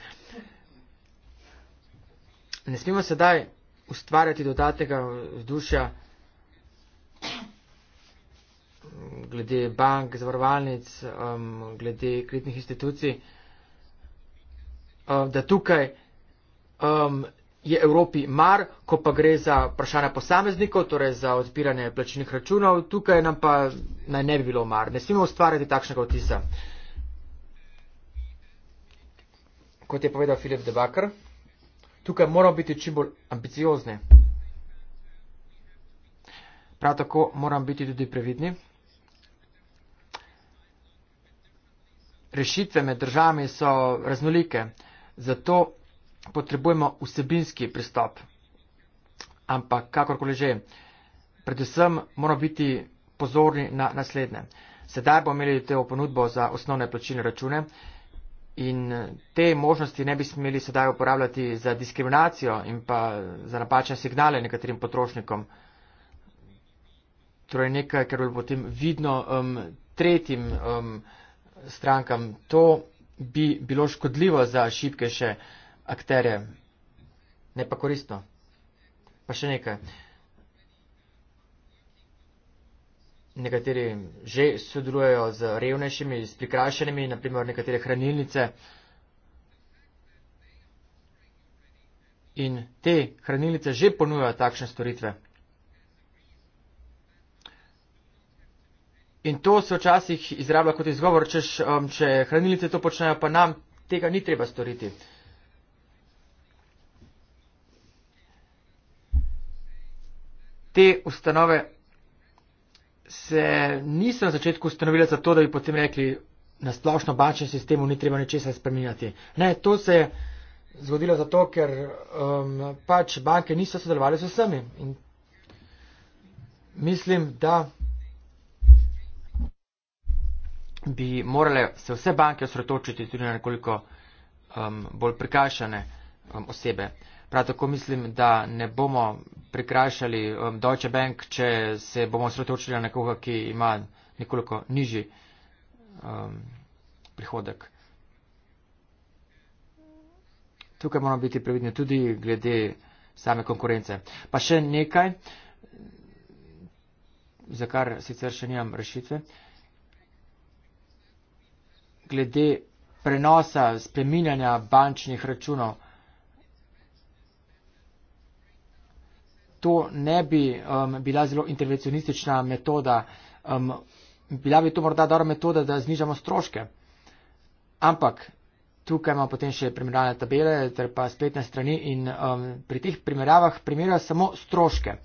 Ne smemo sedaj ustvarjati dodatnega vzdušja glede bank, zavarovalnic, um, glede kreditnih institucij, um, da tukaj um, je Evropi mar, ko pa gre za vprašanje posameznikov, torej za odpiranje plačnih računov, tukaj nam pa naj ne bi bilo mar. Ne smemo ustvarjati takšnega vtisa. Kot je povedal Filip Debaker tukaj moramo biti čim bolj ambiciozni. Prav tako moramo biti tudi previdni. Rešitve med državami so raznolike, zato potrebujemo vsebinski pristop. Ampak kakorkoli že, predvsem moramo biti pozorni na naslednje. Sedaj bomo imeli te ponudbo za osnovne plačilne račune, In eh, te možnosti ne bi smeli sedaj uporabljati za diskriminacijo in pa za napačne signale nekaterim potrošnikom. Torej nekaj, kar bi bilo potem vidno um, tretjim um, strankam. To bi bilo škodljivo za šibkejše akterje, ne pa koristno. Pa še nekaj. nekateri že sodelujejo z revnejšimi, s prikrašenimi, naprimer nekatere hranilnice. In te hranilnice že ponujajo takšne storitve. In to se včasih izrablja kot izgovor, češ, um, če hranilnice to počnejo, pa nam tega ni treba storiti. Te ustanove se nisem na začetku ustanovila zato, da bi potem rekli, na splošno bančnem sistemu ni treba ničesar spremenjati. Ne, to se je zgodilo zato, ker um, pač banke niso sodelovali z vsemi. In mislim, da bi morale se vse banke osredotočiti tudi na nekoliko um, bolj prikašane um, osebe. Prav tako mislim, da ne bomo prikrajšali um, Deutsche Bank, če se bomo sretočili na nekoga, ki ima nekoliko nižji um, prihodek. Tukaj moramo biti previdni tudi glede same konkurence. Pa še nekaj, za kar sicer še nimam rešitve. Glede prenosa, spreminjanja bančnih računov. to ne bi um, bila zelo intervencionistična metoda, um, bila bi to morda dobra metoda, da znižamo stroške. Ampak tukaj imamo potem še primerjalne tabele ter pa spletne strani in um, pri teh primerjavah primerjajo samo stroške,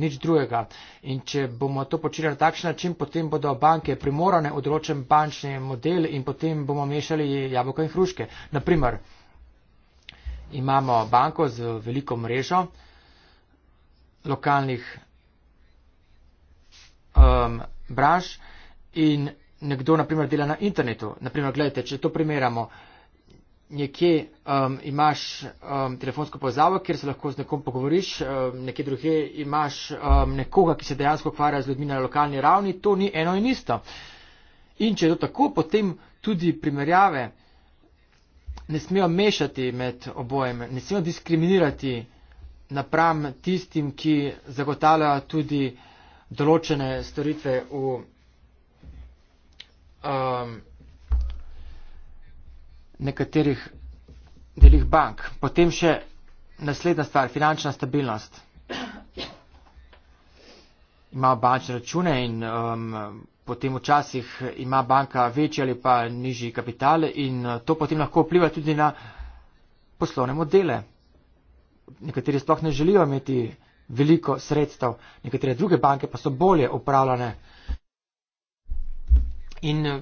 nič drugega. In če bomo to počeli na takšen način, potem bodo banke primorane v določen bančni model in potem bomo mešali jabolka in hruške. Naprimer, imamo banko z veliko mrežo, lokalnih um, branž in nekdo, naprimer, dela na internetu. Naprimer, gledajte, če to primerjamo, nekje um, imaš um, telefonsko povezavo, kjer se lahko z nekom pogovoriš, um, nekje druge imaš um, nekoga, ki se dejansko ukvarja z ljudmi na lokalni ravni, to ni eno in isto. In če je to tako, potem tudi primerjave ne smejo mešati med obojem, ne smejo diskriminirati napram tistim, ki zagotavljajo tudi določene storitve v um, nekaterih delih bank. Potem še naslednja stvar, finančna stabilnost. Ima bančne račune in um, potem včasih ima banka večji ali pa nižji kapital in uh, to potem lahko vpliva tudi na poslovne modele nekateri sploh ne želijo imeti veliko sredstev, nekatere druge banke pa so bolje upravljane. In eh,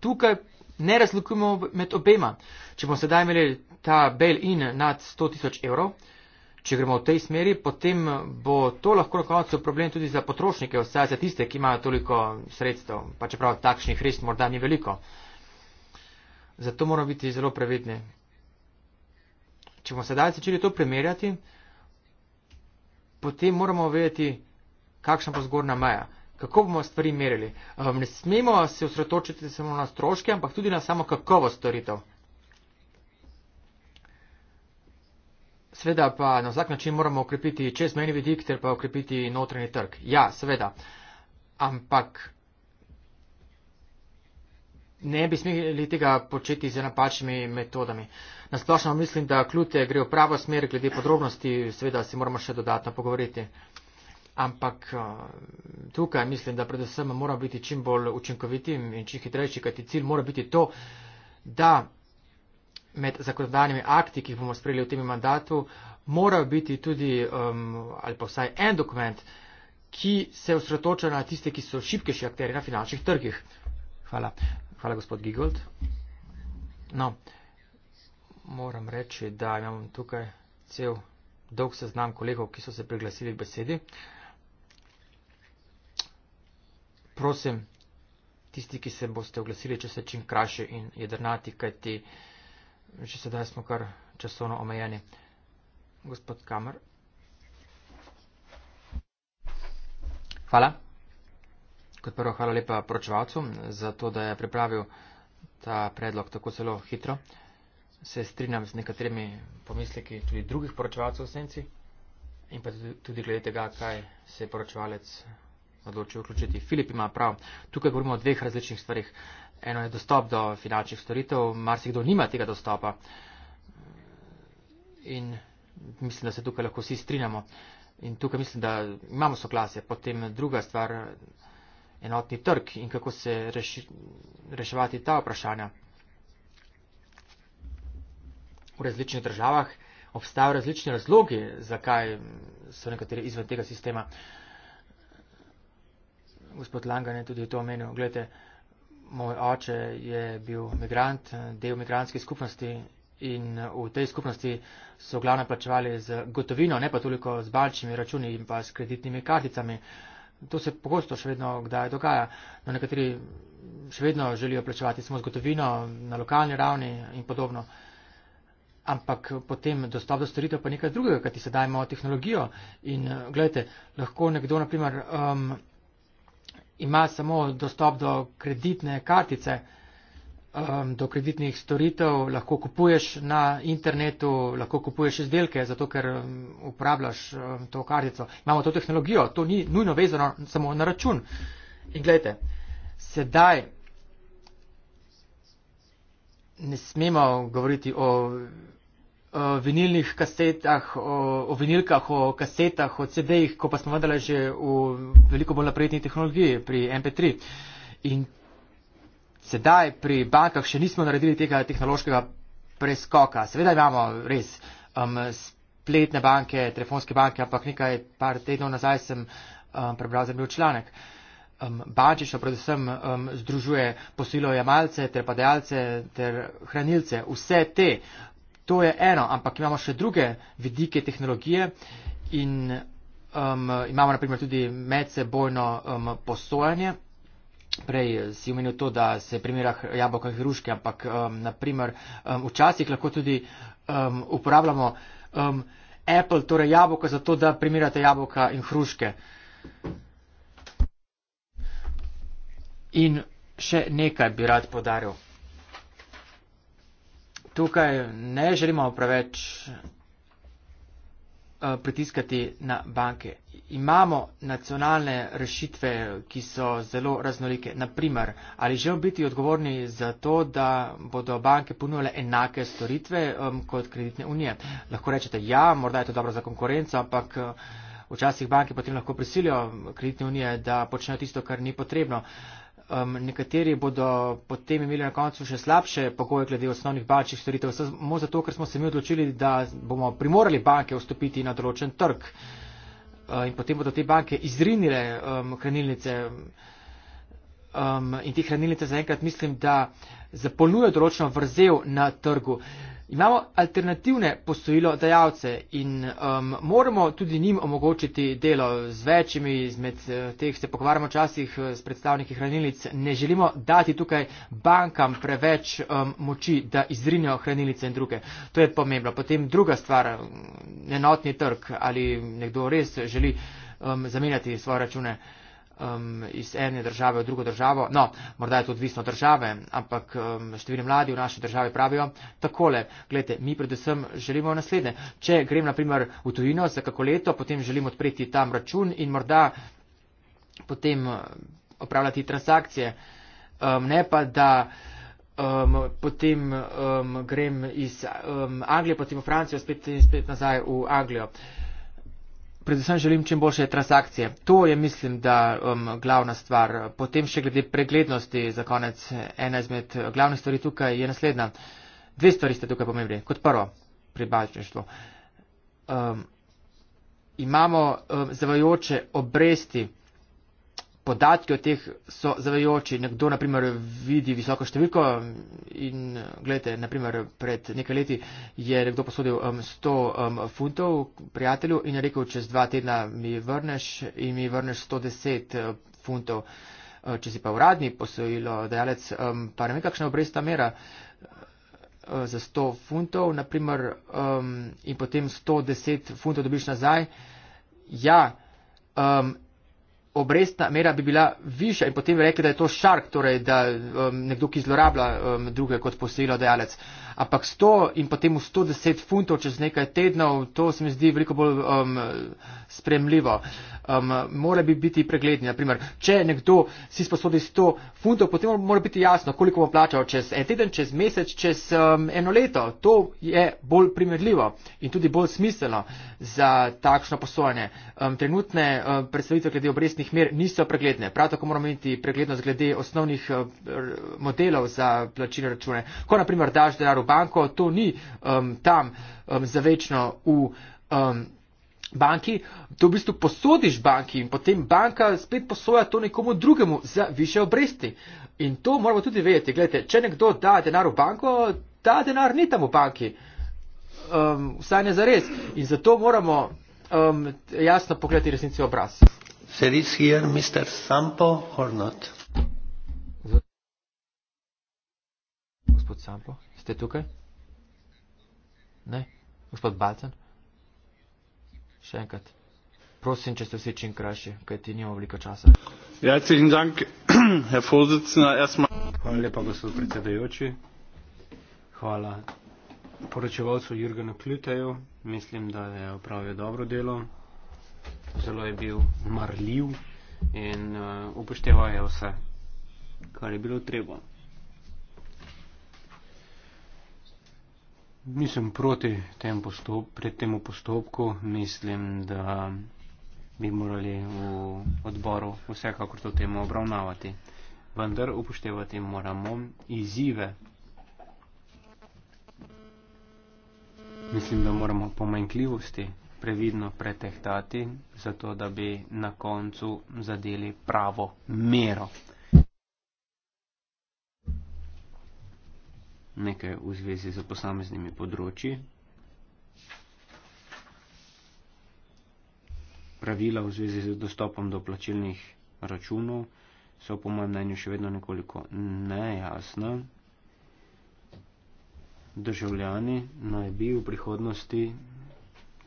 tukaj ne razlikujemo med obema. Če bomo sedaj imeli ta bail-in nad 100 tisoč evrov, če gremo v tej smeri, potem bo to lahko na koncu problem tudi za potrošnike, vsaj za tiste, ki imajo toliko sredstev, pa čeprav takšnih res morda ni veliko. Zato moramo biti zelo previdni če bomo sedaj začeli to primerjati, potem moramo vedeti, kakšna bo zgornja meja, kako bomo stvari merili. Um, ne smemo se osredotočiti samo na stroške, ampak tudi na samo kakovost storitev. Sveda pa na vsak način moramo okrepiti čezmejni vidik ter pa okrepiti notranji trg. Ja, seveda. Ampak ne bi smeli tega početi z napačnimi metodami. Nasplošno mislim, da klute gre v pravo smer, glede podrobnosti seveda si moramo še dodatno pogovoriti. Ampak eh, tukaj mislim, da predvsem moramo biti čim bolj učinkoviti in čim hitrejši, kajti cilj mora biti to, da med zakonodajnimi akti, ki jih bomo sprejeli v tem mandatu, mora biti tudi um, ali pa vsaj en dokument, ki se osredotoča na tiste, ki so šibkejši akteri na finančnih trgih. Hvala. Hvala, gospod Gigold. No, moram reči, da imam tukaj cel dolg seznam kolegov, ki so se priglasili k besedi. Prosim, tisti, ki se boste oglasili, če se čim kraše in jedrnati, kajti že sedaj smo kar časovno omejeni. Gospod Kamer. Hvala. Kot prvo, hvala lepa pročevalcu za to, da je pripravil ta predlog tako zelo hitro. Se strinjam z nekaterimi pomisleki tudi drugih pročevalcev v senci in pa tudi glede tega, kaj se je pročevalec odločil vključiti. Filip ima prav. Tukaj govorimo o dveh različnih stvarih. Eno je dostop do finančnih storitev, marsikdo nima tega dostopa in mislim, da se tukaj lahko vsi strinjamo. In tukaj mislim, da imamo soglasje. Potem druga stvar enotni trg in kako se reševati ta vprašanja. V različnih državah obstajajo različni razlogi, zakaj so nekateri izven tega sistema. Gospod Langan je tudi to omenil. Glede, moj oče je bil migrant, del migranske skupnosti in v tej skupnosti so glavno plačevali z gotovino, ne pa toliko z bančnimi računi in pa s kreditnimi karticami. Uh, To se pogosto še vedno kdaj dogaja. No, nekateri še vedno želijo plačevati samo zgodovino na lokalni ravni in podobno. Ampak potem dostop do storitev pa nekaj drugega, kaj ti sedaj imamo tehnologijo. In gledajte, lahko nekdo naprimer um, ima samo dostop do kreditne kartice um, do kreditnih storitev, lahko kupuješ na internetu, lahko kupuješ izdelke, zato ker um, uporabljaš um, to kartico. Imamo to tehnologijo, to ni nujno vezano samo na račun. In gledajte, sedaj ne smemo govoriti o, o vinilnih kasetah, o, o vinilkah, o kasetah, o CD-jih, ko pa smo vendarle že v veliko bolj napredni tehnologiji pri MP3. In sedaj pri bankah še nismo naredili tega tehnološkega preskoka. Seveda imamo res um, spletne banke, telefonske banke, ampak nekaj par tednov nazaj sem um, prebral zanimiv članek. Um, Bančišno predvsem um, združuje posilo jamalce, ter padajalce, ter hranilce. Vse te, to je eno, ampak imamo še druge vidike tehnologije in um, imamo naprimer tudi medsebojno um, posojanje. Prej eh, si omenil to, da se primerah jabolka in hruške, ampak um, naprimer um, včasih lahko tudi um, uporabljamo um, Apple, torej jabolka, za to, da primerjate jabolka in hruške. In še nekaj bi rad podaril. Tukaj ne želimo preveč Eh, pritiskati na banke. Imamo nacionalne rešitve, ki so zelo raznolike. Naprimer, ali želijo biti odgovorni za to, da bodo banke ponujale enake storitve um, kot kreditne unije? Lahko rečete, ja, morda je to dobro za konkurenco, ampak eh, včasih banke potem lahko prisilijo kreditne unije, da počnejo tisto, kar ni potrebno. Uh, um, nekateri bodo potem imeli na koncu še slabše pogoje glede osnovnih bančnih storitev, samo zato, ker smo se mi odločili, da bomo primorali banke vstopiti na določen trg um, in potem bodo te banke izrinile um, hranilnice. Um, in te hranilnice zaenkrat mislim, da zapolnjujejo določeno vrzel na trgu. Imamo alternativne posojilodajalce in um, moramo tudi njim omogočiti delo z večjimi, izmed eh, teh se pogovarjamo včasih eh, s predstavniki hranilnic. Ne želimo dati tukaj bankam preveč um, moči, da izrinjo hranilnice in druge. To je pomembno. Potem druga stvar, um, enotni trg ali nekdo res želi um, zamenjati svoje račune. Uh, um, iz ene države v drugo državo. No, morda je to odvisno od države, ampak um, številni mladi v naši državi pravijo takole. Glede, mi predvsem želimo naslednje. Če grem naprimer v tujino za kako leto, potem želim odpreti tam račun in morda potem uh, opravljati transakcije. Um, ne pa, da um, potem um, grem iz um, Anglije, potem v Francijo, spet in spet nazaj v Anglijo. Uh, predvsem želim čim boljše transakcije. To je, mislim, da um, glavna stvar. Potem še glede preglednosti za konec. Ena izmed eh, glavnih stvari tukaj je naslednja. Dve stvari ste tukaj pomembni. Kot prvo, pri bančništvu. Um, imamo um, zavajoče obresti podatki o teh so zavajajoči. Nekdo, na primer, vidi visoko številko in gledajte, na primer, pred nekaj leti je nekdo posodil um, 100 um, funtov prijatelju in je rekel, čez dva tedna mi vrneš in mi vrneš 110 uh, funtov. Uh, če si pa uradni posojilo dejalec, um, pa ne vem, kakšna obresta mera uh, za 100 funtov, na primer, um, in potem 110 funtov dobiš nazaj. Ja, um, obrestna mera bi bila višja in potem bi rekli, da je to šark, torej da um, nekdo, ki zlorablja um, druge kot posojilo dejalec. Ampak 100 in potem 110 funtov čez nekaj tednov, to se mi zdi veliko bolj um, spremljivo. Um, mora bi biti pregledni. Naprimer, če nekdo si sposodi 100 funtov, potem mora biti jasno, koliko bo plačal čez en teden, čez mesec, čez um, eno leto. To je bolj primerljivo in tudi bolj smiselno za takšno posojanje. Um, trenutne um, predstavitve glede obrestnih tehničnih mer niso pregledne. Prav tako moramo imeti preglednost glede osnovnih eh, modelov za plačilne račune. Ko naprimer daš denar v banko, to ni um, tam um, zavečno v um, banki, to v bistvu posodiš banki in potem banka spet posoja to nekomu drugemu za više obresti. In to moramo tudi vedeti. Gledajte, če nekdo da denar v banko, ta denar ni tam v banki. Um, vsaj ne zares. In zato moramo um, jasno pogledati resnici v obraz there is here Mr. Sampo or not? Gospod Sampo, ste tukaj? Ne? Gospod Balcen? Še enkrat. Prosim, če ste vsi čim krajši, kaj ti nimamo veliko časa. Ja, herzlichen Dank, Herr Vorsitzender, erstmal. Hvala lepa, gospod predsedajoči. Hvala poročevalcu Jurgenu Kljuteju. Mislim, da je opravil dobro delo zelo je bil marljiv in uh, upošteval je vse, kar je bilo treba. Nisem proti tem postop, pred temu postopku, mislim, da bi morali v odboru vsekakor to temo obravnavati, vendar upoštevati moramo izzive. Mislim, da moramo pomanjkljivosti previdno pretehtati, zato da bi na koncu zadeli pravo mero. Nekaj v zvezi z posameznimi področji. Pravila v zvezi z dostopom do plačilnih računov so po mojem mnenju še vedno nekoliko nejasna. Državljani naj bi v prihodnosti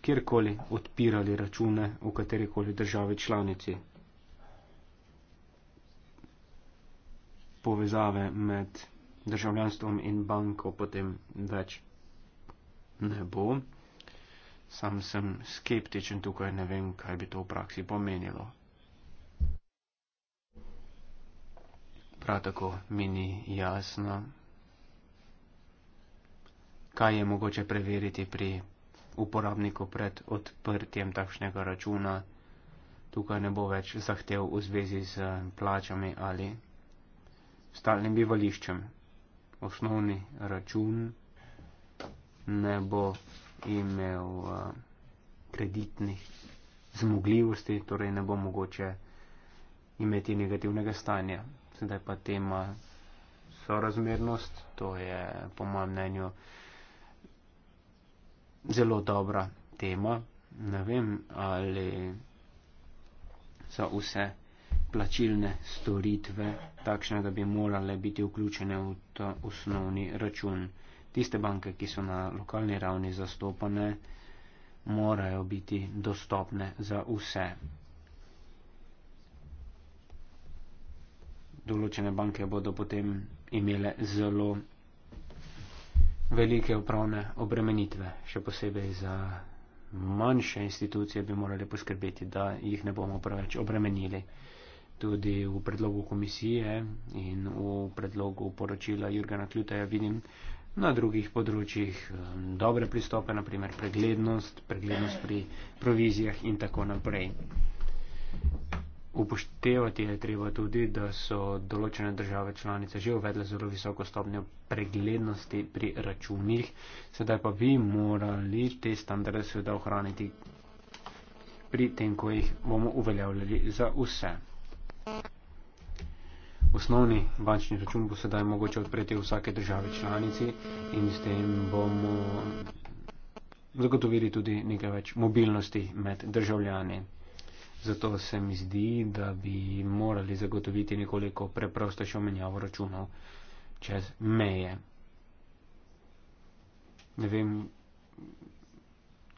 kjerkoli odpirali račune v katerikoli državi članici. Povezave med državljanstvom in banko potem več ne bo. Sam sem skeptičen tukaj, ne vem, kaj bi to v praksi pomenilo. Prav tako mi ni jasno, kaj je mogoče preveriti pri uporabniku pred odprtjem takšnega računa. Tukaj ne bo več zahtev v zvezi z plačami ali stalnim bivališčem. Osnovni račun ne bo imel uh, kreditnih zmogljivosti, torej ne bo mogoče imeti negativnega stanja. Sedaj pa tema sorazmernost, to je po mojem mnenju zelo dobra tema. Ne vem, ali so vse plačilne storitve takšne, da bi morale biti vključene v ta osnovni račun. Tiste banke, ki so na lokalni ravni zastopane, morajo biti dostopne za vse. Določene banke bodo potem imele zelo velike upravne obremenitve, še posebej za manjše institucije bi morali poskrbeti, da jih ne bomo preveč obremenili. Tudi v predlogu komisije in v predlogu poročila Jurgena Kljuteja vidim na drugih področjih um, dobre pristope, naprimer preglednost, preglednost pri provizijah in tako naprej. Upoštevati je treba tudi, da so določene države članice že uvedle zelo visoko stopnjo preglednosti pri računih, sedaj pa bi morali te standarde seveda ohraniti pri tem, ko jih bomo uveljavljali za vse. Osnovni bančni račun bo sedaj mogoče odpreti v vsake države članici in s tem bomo zagotovili tudi nekaj več mobilnosti med državljani. Zato se mi zdi, da bi morali zagotoviti nekoliko preprostejšo menjavo računov čez meje. Ne vem,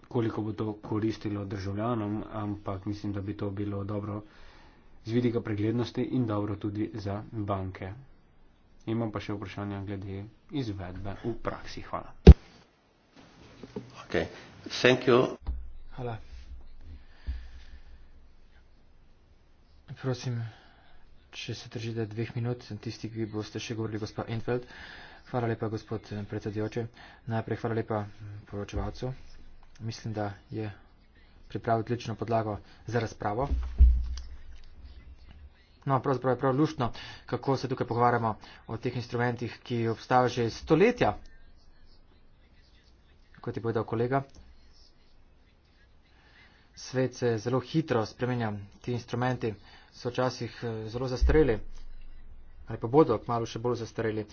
koliko bo to koristilo državljanom, ampak mislim, da bi to bilo dobro z vidika preglednosti in dobro tudi za banke. Imam pa še vprašanja glede izvedbe v praksi. Hvala. Okay. Thank you. Hvala. Prosim, če se držite dveh minut, tisti, ki boste še govorili, gospa Enfeld. Hvala lepa, gospod eh, predsedujoče. Najprej hvala lepa mm, poročevalcu. Mislim, da je pripravil odlično podlago za razpravo. No, pravzaprav je prav luštno, kako se tukaj pogovarjamo o teh instrumentih, ki obstajajo že stoletja, kot je povedal kolega svet se zelo hitro spremenja, ti instrumenti so včasih eh, zelo zastreli ali pa bodo kmalo še bolj zastreli.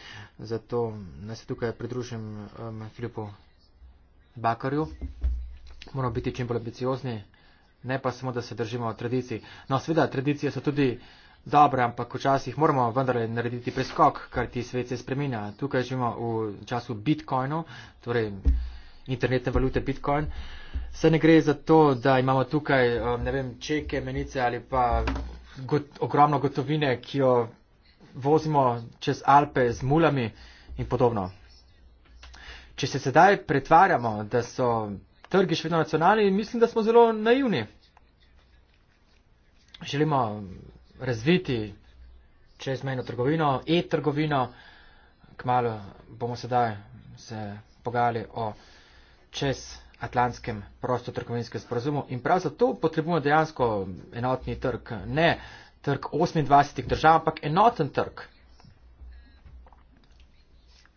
Zato naj se tukaj pridružim um, Filipu Bakarju. Moramo biti čim bolj ambiciozni, ne pa samo, da se držimo tradicij. No, sveda, tradicije so tudi dobre, ampak včasih moramo vendarle narediti preskok, kar ti svet se spremenja. Tukaj živimo v času bitcoinov, torej internetne valute bitcoin. Uh, Se ne gre za to, da imamo tukaj um, vem, čeke, menice ali pa got, ogromno gotovine, ki jo vozimo čez Alpe z mulami in podobno. Če se sedaj pretvarjamo, da so trgi še vedno nacionalni, mislim, da smo zelo naivni. Želimo razviti čezmejno trgovino, e-trgovino, kmalo bomo sedaj se pogajali o čezmejno trgovino. Atlantskem prostotrkovinskem sporazumu in prav zato potrebujemo dejansko enotni trg, ne trg 28 držav, ampak enoten trg.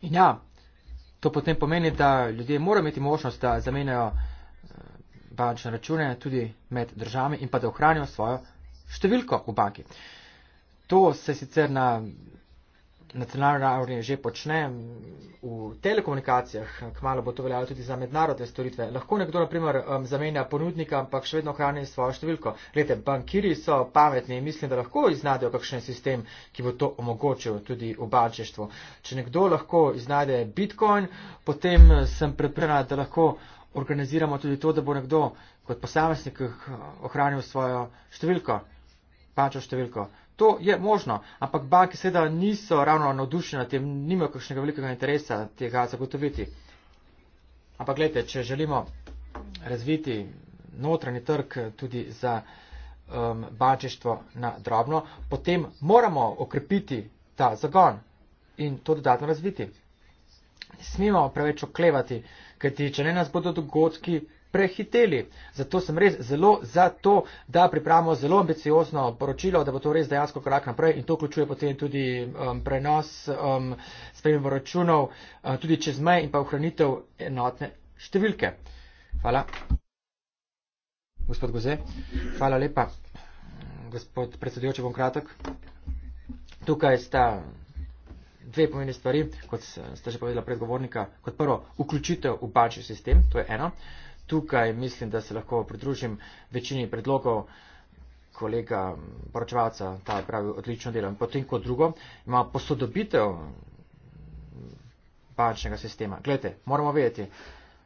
In ja, to potem pomeni, da ljudje morajo imeti možnost, da zamenjajo eh, bančne račune tudi med državami in pa da ohranijo svojo številko v banki. To se sicer na nacionalni ravni že počne v telekomunikacijah, kmalo bo to veljalo tudi za mednarodne storitve. Lahko nekdo, na primer, um, zamenja ponudnika, ampak še vedno hrani svojo številko. Glede, bankiri so pametni in mislim, da lahko iznajdejo kakšen sistem, ki bo to omogočil tudi v bančeštvu. Če nekdo lahko iznajde bitcoin, potem sem prepričana, da lahko organiziramo tudi to, da bo nekdo kot posameznik eh, ohranil svojo številko, bančo številko. To je možno, ampak banke seveda niso ravno navdušene tem, nimajo kakšnega velikega interesa tega zagotoviti. Ampak gledajte, če želimo razviti notranji trg tudi za um, bančeštvo na drobno, potem moramo okrepiti ta zagon in to dodatno razviti. Smimo preveč oklevati, kajti če ne nas bodo dogodki prehiteli. Zato sem res zelo za to, da pripravimo zelo ambiciozno poročilo, da bo to res dejansko korak naprej in to vključuje potem tudi um, prenos um, spremembo računov, uh, tudi čez mej in pa ohranitev enotne številke. Hvala. Gospod Goze, hvala lepa. Gospod predsedujoči, bom kratek. Tukaj sta dve pomeni stvari, kot ste že povedala predgovornika. Kot prvo, vključitev v bančni sistem, to je eno tukaj mislim, da se lahko pridružim večini predlogov kolega mm, poročevalca, ta je pravi odlično delo. In potem kot drugo, ima posodobitev mm, bančnega sistema. Glede, moramo vedeti,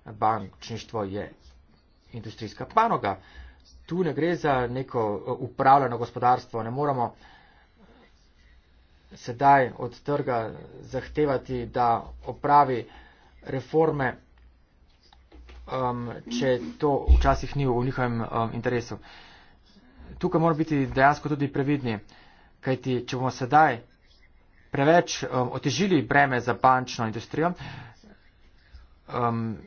bančništvo je industrijska panoga. Tu ne gre za neko e, upravljeno gospodarstvo, ne moramo mm, sedaj od trga zahtevati, da opravi reforme um, če to včasih ni v njihovem um, interesu. Tukaj moramo biti dejansko tudi previdni, kajti če bomo sedaj preveč um, otežili breme za bančno industrijo um,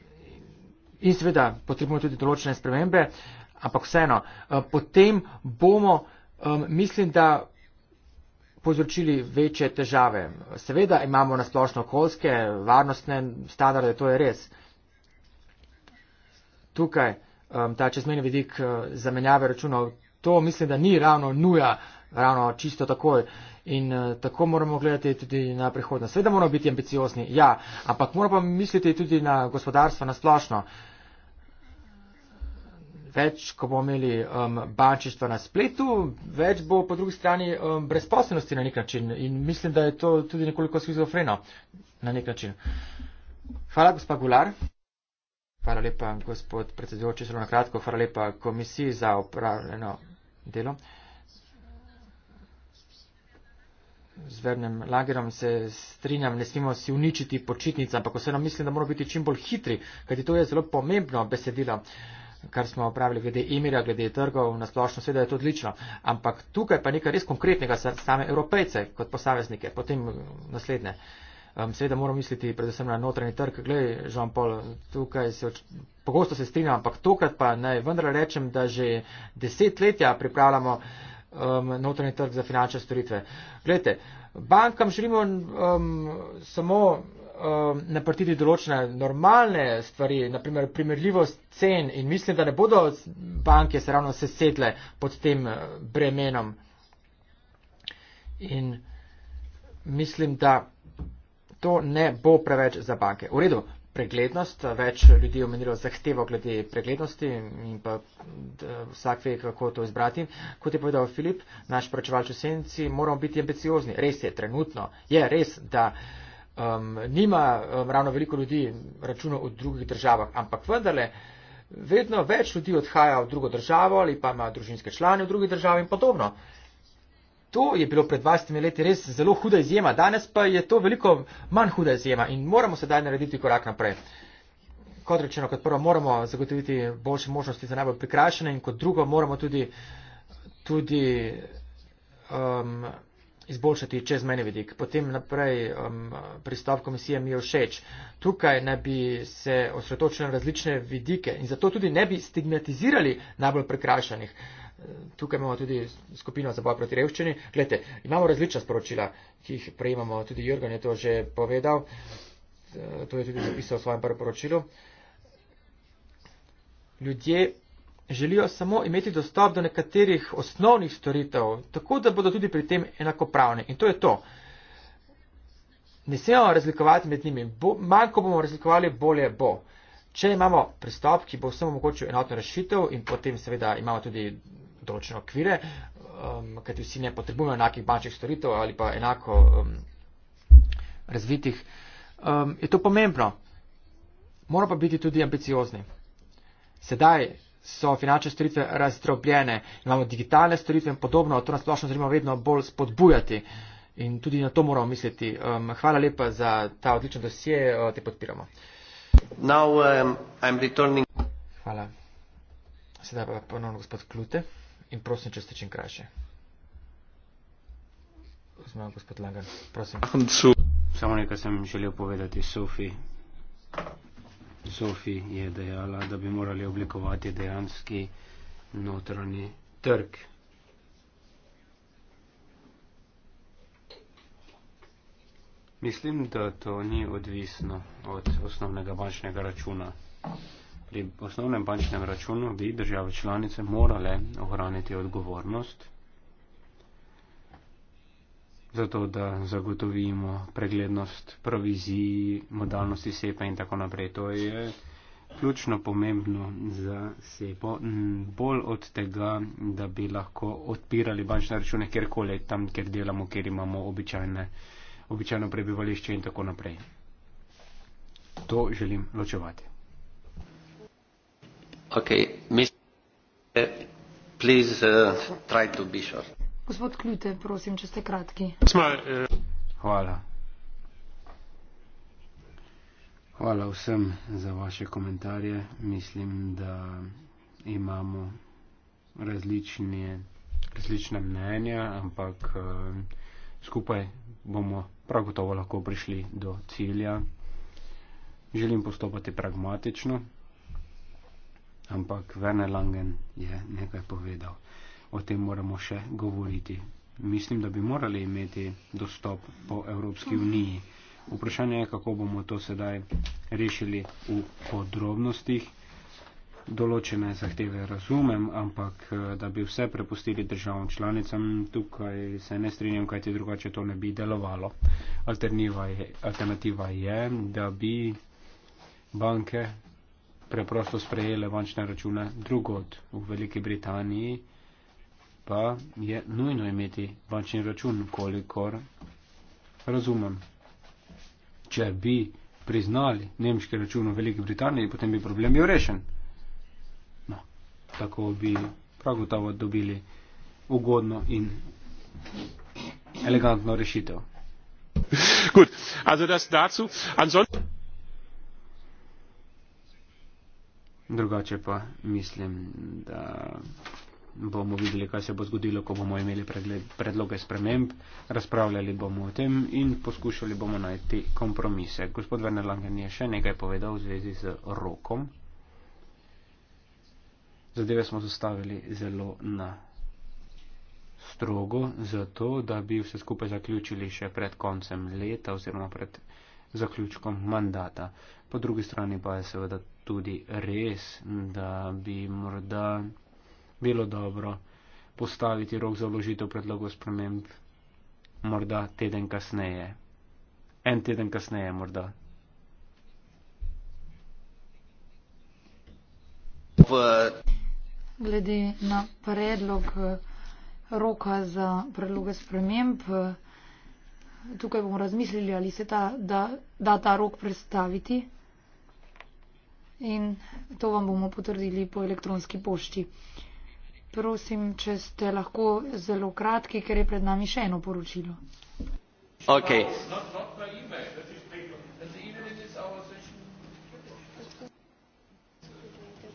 in seveda potrebujemo tudi določene spremembe, ampak vseeno, um, potem bomo, um, mislim, da povzročili večje težave. Seveda imamo nasplošno okoljske, varnostne standarde, to je res tukaj um, ta čezmejni vidik uh, zamenjave računov, to mislim, da ni ravno nuja, ravno čisto takoj. In uh, tako moramo gledati tudi na prihodnost. Seveda moramo biti ambiciozni, ja, ampak moramo pa misliti tudi na gospodarstvo na splošno. Več, ko bomo imeli um, bančištva na spletu, več bo po drugi strani um, brezposobnosti na nek način. In mislim, da je to tudi nekoliko schizofreno na nek način. Hvala, gospa Gular. Hvala lepa, gospod predsedujoči, zelo na kratko. Hvala lepa komisiji za upravljeno delo. Z vernem lagerom se strinjam, ne smemo si uničiti počitnica, ampak vseeno mislim, da moramo biti čim bolj hitri, kajti to je zelo pomembno besedilo, kar smo opravili glede emirja, glede trgov, na splošno seveda je to odlično. Ampak tukaj pa nekaj res konkretnega za same evropejce kot posameznike. Potem naslednje. Uh, um, seveda moramo misliti predvsem na notranji trg. Glej, Jean-Paul, tukaj se oč... pogosto se strinjam, ampak tokrat pa naj vendar rečem, da že desetletja pripravljamo um, notranji trg za finančne storitve. Glejte, bankam želimo um, samo naprtiti določene normalne stvari, naprimer primerljivost cen in mislim, da ne bodo banke se ravno sesedle pod tem eh, bremenom. In mislim, da to ne bo preveč za banke. V redu, preglednost, več ljudi je omenilo zahtevo glede preglednosti in pa vsak ve, kako to izbrati. Kot je povedal Filip, naš poročevalč v senci, moramo biti ambiciozni. Res je, trenutno je res, da. Um, nima um, ravno veliko ljudi računov v drugih državah, ampak vendarle vedno več ljudi odhaja v drugo državo ali pa ima družinske člane v drugi državi in podobno. To je bilo pred 20 leti res zelo huda izjema, danes pa je to veliko manj huda izjema in moramo sedaj narediti korak naprej. Kot rečeno, kot prvo moramo zagotoviti boljše možnosti za najbolj prikrašene in kot drugo moramo tudi, tudi um, izboljšati čezmeni vidik. Potem naprej um, pristop komisije mi je všeč. Tukaj ne bi se osredotočili na različne vidike in zato tudi ne bi stigmatizirali najbolj prikrašenih. Uh, tukaj imamo tudi skupino za boj proti revščini. Glede, imamo različna sporočila, ki jih prejemamo, tudi Jurgen je to že povedal, to je tudi zapisal v svojem prvem poročilu. Ljudje želijo samo imeti dostop do nekaterih osnovnih storitev, tako da bodo tudi pri tem enakopravni. In to je to. Ne smemo razlikovati med njimi. Bo, manj, ko bomo razlikovali, bolje bo. Če imamo pristop, ki bo vsem omogočil enotno rešitev in potem seveda imamo tudi določene okvire, um, kajti vsi ne potrebujemo enakih bančnih storitev ali pa enako um, razvitih. Um, je to pomembno. Moramo pa biti tudi ambiciozni. Sedaj so finančne storitve razdrobljene, imamo digitalne storitve in podobno, to nas plošno želimo vedno bolj spodbujati in tudi na to moramo misliti. Um, hvala lepa za ta odličen dosje, uh, te podpiramo. Now, um, hvala. Sedaj pa ponovno gospod Klute in prosim, če ste čim krajše. Zmaj, gospod Langer, prosim. Samo nekaj sem želel povedati Sofi. Sofi je dejala, da bi morali oblikovati dejanski notranji trg. Mislim, da to ni odvisno od osnovnega bančnega računa. Pri osnovnem bančnem računu bi države članice morale ohraniti odgovornost, zato da zagotovimo preglednost provizij, modalnosti sepa in tako naprej. To je ključno pomembno za sepo, bolj od tega, da bi lahko odpirali bančne račune kjerkoli, tam, kjer delamo, kjer imamo običajne, običajno prebivališče in tako naprej. To želim ločevati. Uh, uh, gospod klute prosim če ste kratki eh. hvala hvala vsem za vaše komentarje mislim da imamo različne različna mnenja ampak eh, skupaj bomo prav gotovo lahko prišli do cilja želim postopati pragmatično ampak Vene Langen je nekaj povedal. O tem moramo še govoriti. Mislim, da bi morali imeti dostop po Evropski uniji. Vprašanje je, kako bomo to sedaj rešili v podrobnostih. Določene zahteve razumem, ampak eh, da bi vse prepustili državam članicam, tukaj se ne strinjam, kajti drugače to ne bi delovalo. Je, alternativa je, da bi banke preprosto sprejele bančne račune, drugod v Veliki Britaniji pa je nujno imeti bančni račun, kolikor razumem. Če bi priznali nemški račun v Veliki Britaniji, potem bi problem bil rešen. No, tako bi prav gotovo dobili ugodno in elegantno rešitev. Gut, also das dazu. Ansonsten. Drugače pa mislim, da bomo videli, kaj se bo zgodilo, ko bomo imeli pregled, predloge sprememb, razpravljali bomo o tem in poskušali bomo najti kompromise. Gospod Werner Langen je še nekaj povedal v zvezi z rokom. Zadeve smo zastavili zelo na strogo, zato da bi vse skupaj zaključili še pred koncem leta oziroma pred zaključkom mandata. Po drugi strani pa je seveda tudi res, da bi morda bilo dobro postaviti rok za vložitev predlogov sprememb morda teden kasneje. En teden kasneje morda. Glede na predlog eh, roka za predloge sprememb, eh, tukaj bomo razmislili, ali se ta, da, da ta rok predstaviti in to vam bomo potrdili po elektronski pošti. Prosim, če ste lahko zelo kratki, ker je pred nami še eno poročilo. Okay.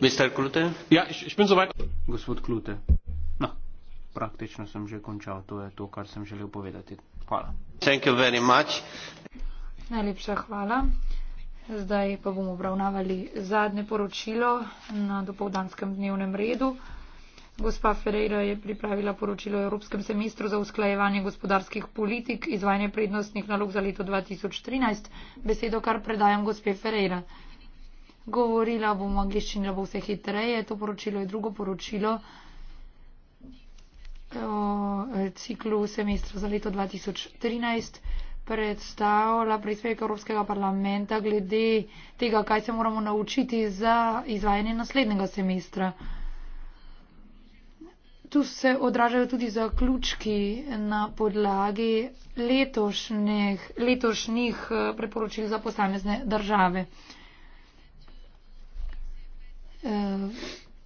Mr. Klute? Ja, špin zovaj. Gospod Klute, no, praktično sem že končal, to je to, kar sem želel povedati. Hvala. Thank you very much. Najlepša hvala. Zdaj pa bomo obravnavali zadnje poročilo na dopoldanskem dnevnem redu. Gospa Ferreira je pripravila poročilo o Evropskem semestru za usklajevanje gospodarskih politik, izvajanje prednostnih nalog za leto 2013. Besedo kar predajam gospe Ferreira. Govorila bom v angliščini, da bo vse hitreje. To poročilo je drugo poročilo o eh, ciklu semestra za leto 2013 predstavila predsednik Evropskega parlamenta glede tega, kaj se moramo naučiti za izvajanje naslednjega semestra. Tu se odražajo tudi zaključki na podlagi letošnjih, letošnjih eh, preporočil za posamezne države. Eh,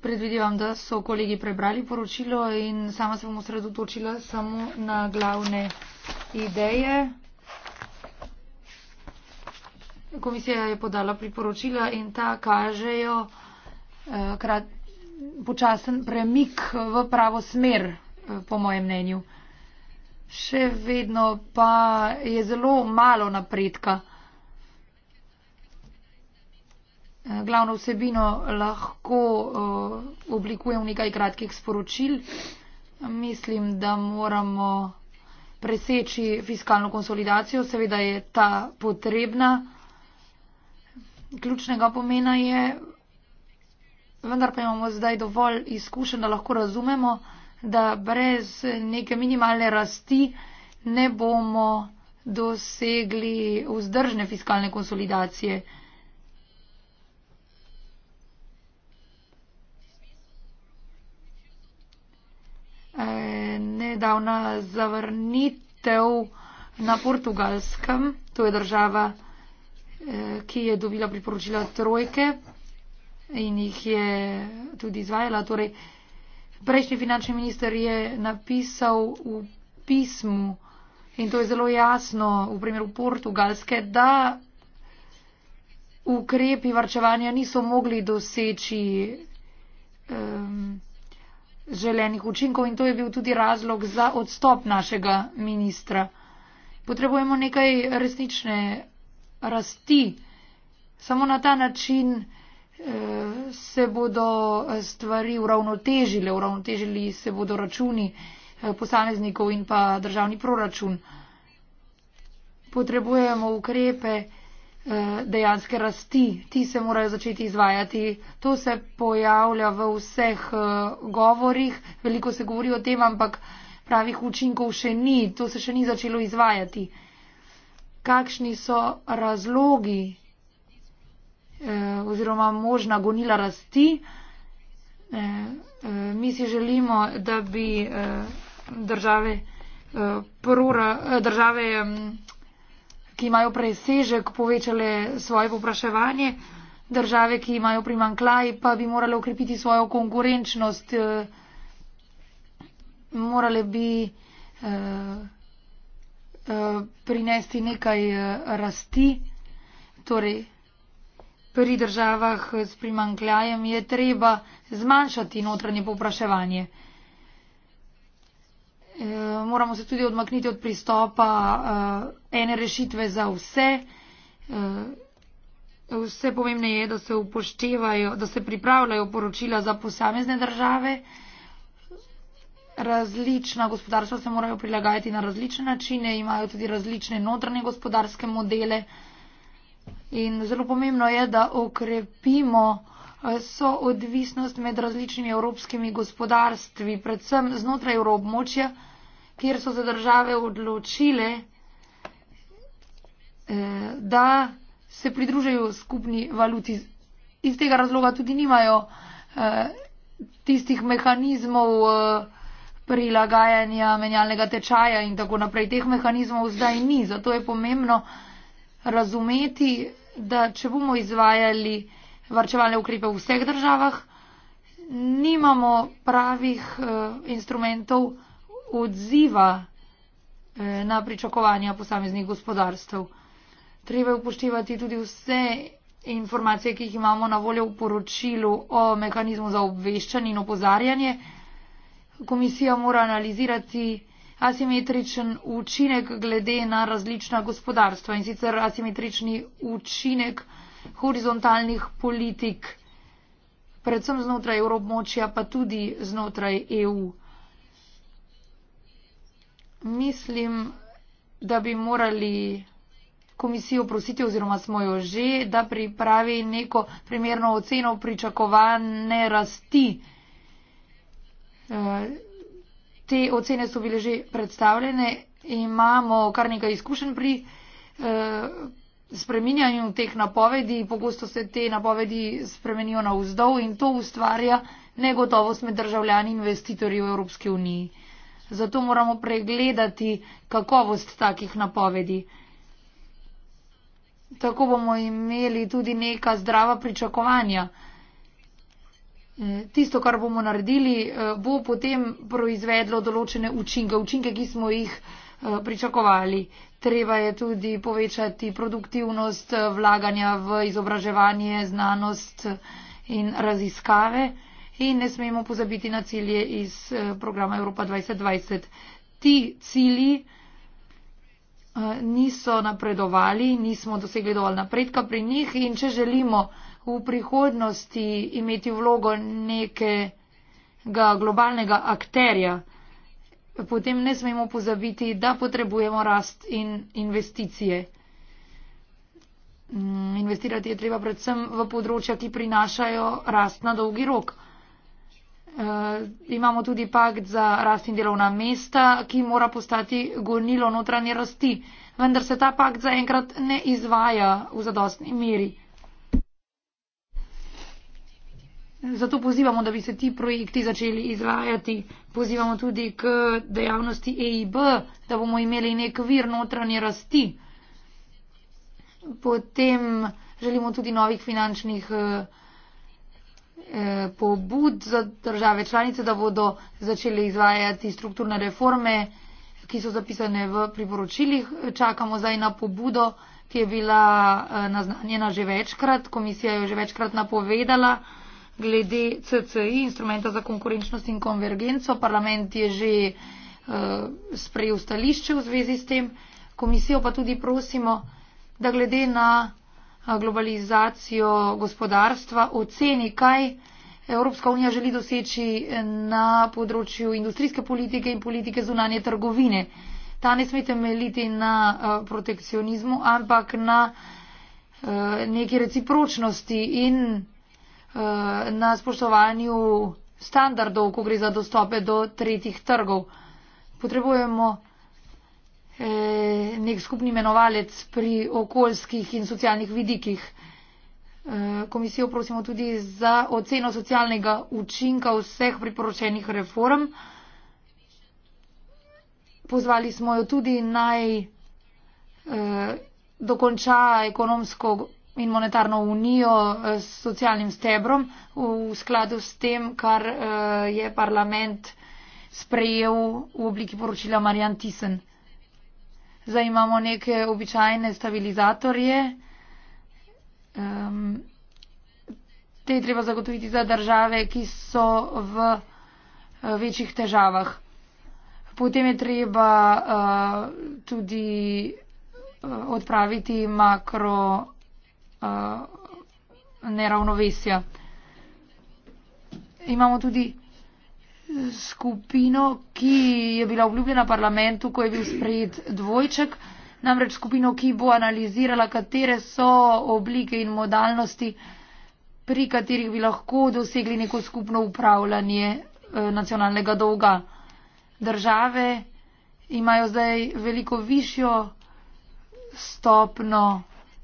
predvidevam, da so kolegi prebrali poročilo in sama se bom osredotočila samo na glavne ideje komisija je podala priporočila in ta kažejo eh, krat, počasen premik v pravo smer, eh, po mojem mnenju. Še vedno pa je zelo malo napredka. Eh, glavno vsebino lahko uh, oblikujem v nekaj kratkih sporočil. Mislim, da moramo preseči fiskalno konsolidacijo. Seveda je ta potrebna. Uh, ključnega pomena je, vendar pa imamo zdaj dovolj izkušen, da lahko razumemo, da brez neke minimalne rasti ne bomo dosegli vzdržne fiskalne konsolidacije. E, nedavna zavrnitev na portugalskem, to je država. Eh, ki je dobila priporočila trojke in jih je tudi izvajala. Torej, prejšnji finančni minister je napisal v pismu, in to je zelo jasno v primeru Portugalske, da ukrepi varčevanja niso mogli doseči um, želenih učinkov in to je bil tudi razlog za odstop našega ministra. Potrebujemo nekaj resnične rasti. Samo na ta način eh, se bodo eh, stvari uravnotežile, uravnotežili se bodo računi eh, posameznikov in pa državni proračun. Potrebujemo ukrepe dejanske rasti, ti se morajo začeti izvajati. To se pojavlja v vseh govorih, veliko se govori o tem, ampak pravih učinkov še ni, to se še ni začelo izvajati kakšni so razlogi eh, oziroma možna gonila rasti. Eh, eh, mi si želimo, da bi eh, države, eh, prora, eh, države eh, ki imajo presežek, povečale svoje popraševanje, države, ki imajo primankljaj, pa bi morale ukrepiti svojo konkurenčnost, eh, morale bi. Eh, Eh, prinesti nekaj eh, rasti, torej pri državah s primankljajem je treba zmanjšati notranje popraševanje. Eh, moramo se tudi odmakniti od pristopa ene rešitve za vse. Vse pomembne je, da se upoštevajo, da se pripravljajo poročila za posamezne države različna gospodarstva se morajo prilagajati na različne načine, imajo tudi različne notranje gospodarske modele. In zelo pomembno je, da okrepimo eh, so odvisnost med različnimi evropskimi gospodarstvi, predvsem znotraj evroobmočja, kjer so se države odločile, eh, da se pridružajo skupni valuti. Iz tega razloga tudi nimajo eh, tistih mehanizmov, prilagajanja menjalnega tečaja in tako naprej. Teh mehanizmov zdaj ni, zato je pomembno razumeti, da če bomo izvajali varčevalne ukrepe v vseh državah, nimamo pravih eh, instrumentov odziva eh, na pričakovanja posameznih gospodarstv. Treba upoštevati tudi vse informacije, ki jih imamo na voljo v poročilu o mehanizmu za obveščanje in opozarjanje komisija mora analizirati asimetričen učinek glede na različna gospodarstva in sicer asimetrični učinek horizontalnih politik, predvsem znotraj Evropmočja, pa tudi znotraj EU. Mislim, da bi morali komisijo prositi oziroma smo jo že, da pripravi neko primerno oceno pričakovane rasti te ocene so bile že predstavljene. Imamo kar nekaj izkušenj pri eh, spreminjanju teh napovedi. Pogosto se te napovedi spremenijo na vzdolj in to ustvarja negotovost med državljani in investitorji v Evropski uniji. Zato moramo pregledati kakovost takih napovedi. Tako bomo imeli tudi neka zdrava pričakovanja. Eh, tisto, kar bomo naredili, eh, bo potem proizvedlo določene učinke, učinke, ki smo jih eh, pričakovali. Treba je tudi povečati produktivnost vlaganja v izobraževanje, znanost in raziskave in ne smemo pozabiti na cilje iz programa Evropa 2020. Ti cilji niso napredovali, nismo dosegli dovolj napredka pri njih in če želimo, v prihodnosti imeti vlogo nekega globalnega akterja, potem ne smemo pozabiti, da potrebujemo rast in investicije. Mm, investirati je treba predvsem v področja, ki prinašajo rast na dolgi rok. E, imamo tudi pakt za rast in delovna mesta, ki mora postati gonilo notranje rasti, vendar se ta pakt zaenkrat ne izvaja v zadostni meri. Zato pozivamo, da bi se ti projekti začeli izvajati. Pozivamo tudi k dejavnosti EIB, da bomo imeli nek vir notranje rasti. Potem želimo tudi novih finančnih eh, eh, pobud za države članice, da bodo začele izvajati strukturne reforme, ki so zapisane v priporočilih. Čakamo zdaj na pobudo, ki je bila eh, naznanjena že večkrat. Komisija jo je že večkrat napovedala glede CCI, instrumenta za konkurenčnost in konvergenco. Parlament je že uh, sprejel stališče v zvezi s tem. Komisijo pa tudi prosimo, da glede na eh, globalizacijo gospodarstva oceni, kaj Evropska unija želi doseči na področju industrijske politike in politike zunanje trgovine. Ta ne sme temeljiti na eh, protekcionizmu, ampak na neki recipročnosti in Eh, na spoštovanju standardov, ko gre za dostope do tretjih trgov. Potrebujemo eh, nek skupni menovalec pri okoljskih in socialnih vidikih. Eh, komisijo prosimo tudi za oceno socialnega učinka vseh priporočenih reform. Pozvali smo jo tudi naj dokonča ekonomsko in monetarno unijo eh, s socialnim stebrom v skladu s tem, kar eh, je parlament sprejel v obliki poročila Marjan Tisen. Zdaj imamo neke običajne stabilizatorje. Um, te je treba zagotoviti za države, ki so v eh, večjih težavah. Potem je treba uh, tudi odpraviti makro neravnovesja. Imamo tudi skupino, ki je bila obljubljena parlamentu, ko je bil sprejet dvojček, namreč skupino, ki bo analizirala, katere so oblike in modalnosti, pri katerih bi lahko dosegli neko skupno upravljanje e, nacionalnega dolga. Države imajo zdaj veliko višjo stopno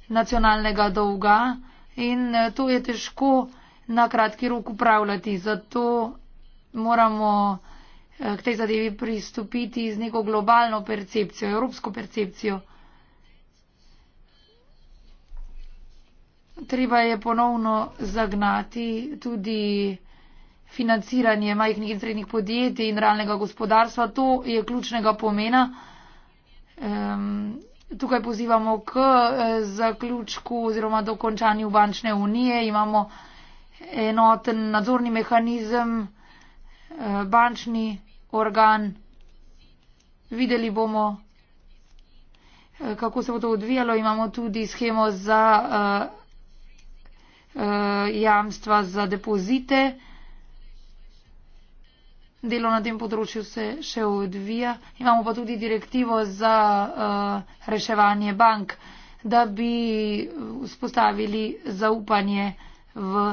nacionalnega dolga in eh, to je težko na kratki rok upravljati. Zato moramo eh, k tej zadevi pristopiti z neko globalno percepcijo, evropsko percepcijo. Treba je ponovno zagnati tudi financiranje majhnih in srednjih podjetij in realnega gospodarstva. To je ključnega pomena. Um, Tukaj pozivamo k eh, zaključku oziroma dokončanju bančne unije. Imamo enoten nadzorni mehanizem, eh, bančni organ. Videli bomo, eh, kako se bo to odvijalo. Imamo tudi schemo za uh, uh, jamstva za depozite. Uh, Delo na tem področju se še odvija. Imamo pa tudi direktivo za uh, reševanje bank, da bi vzpostavili zaupanje v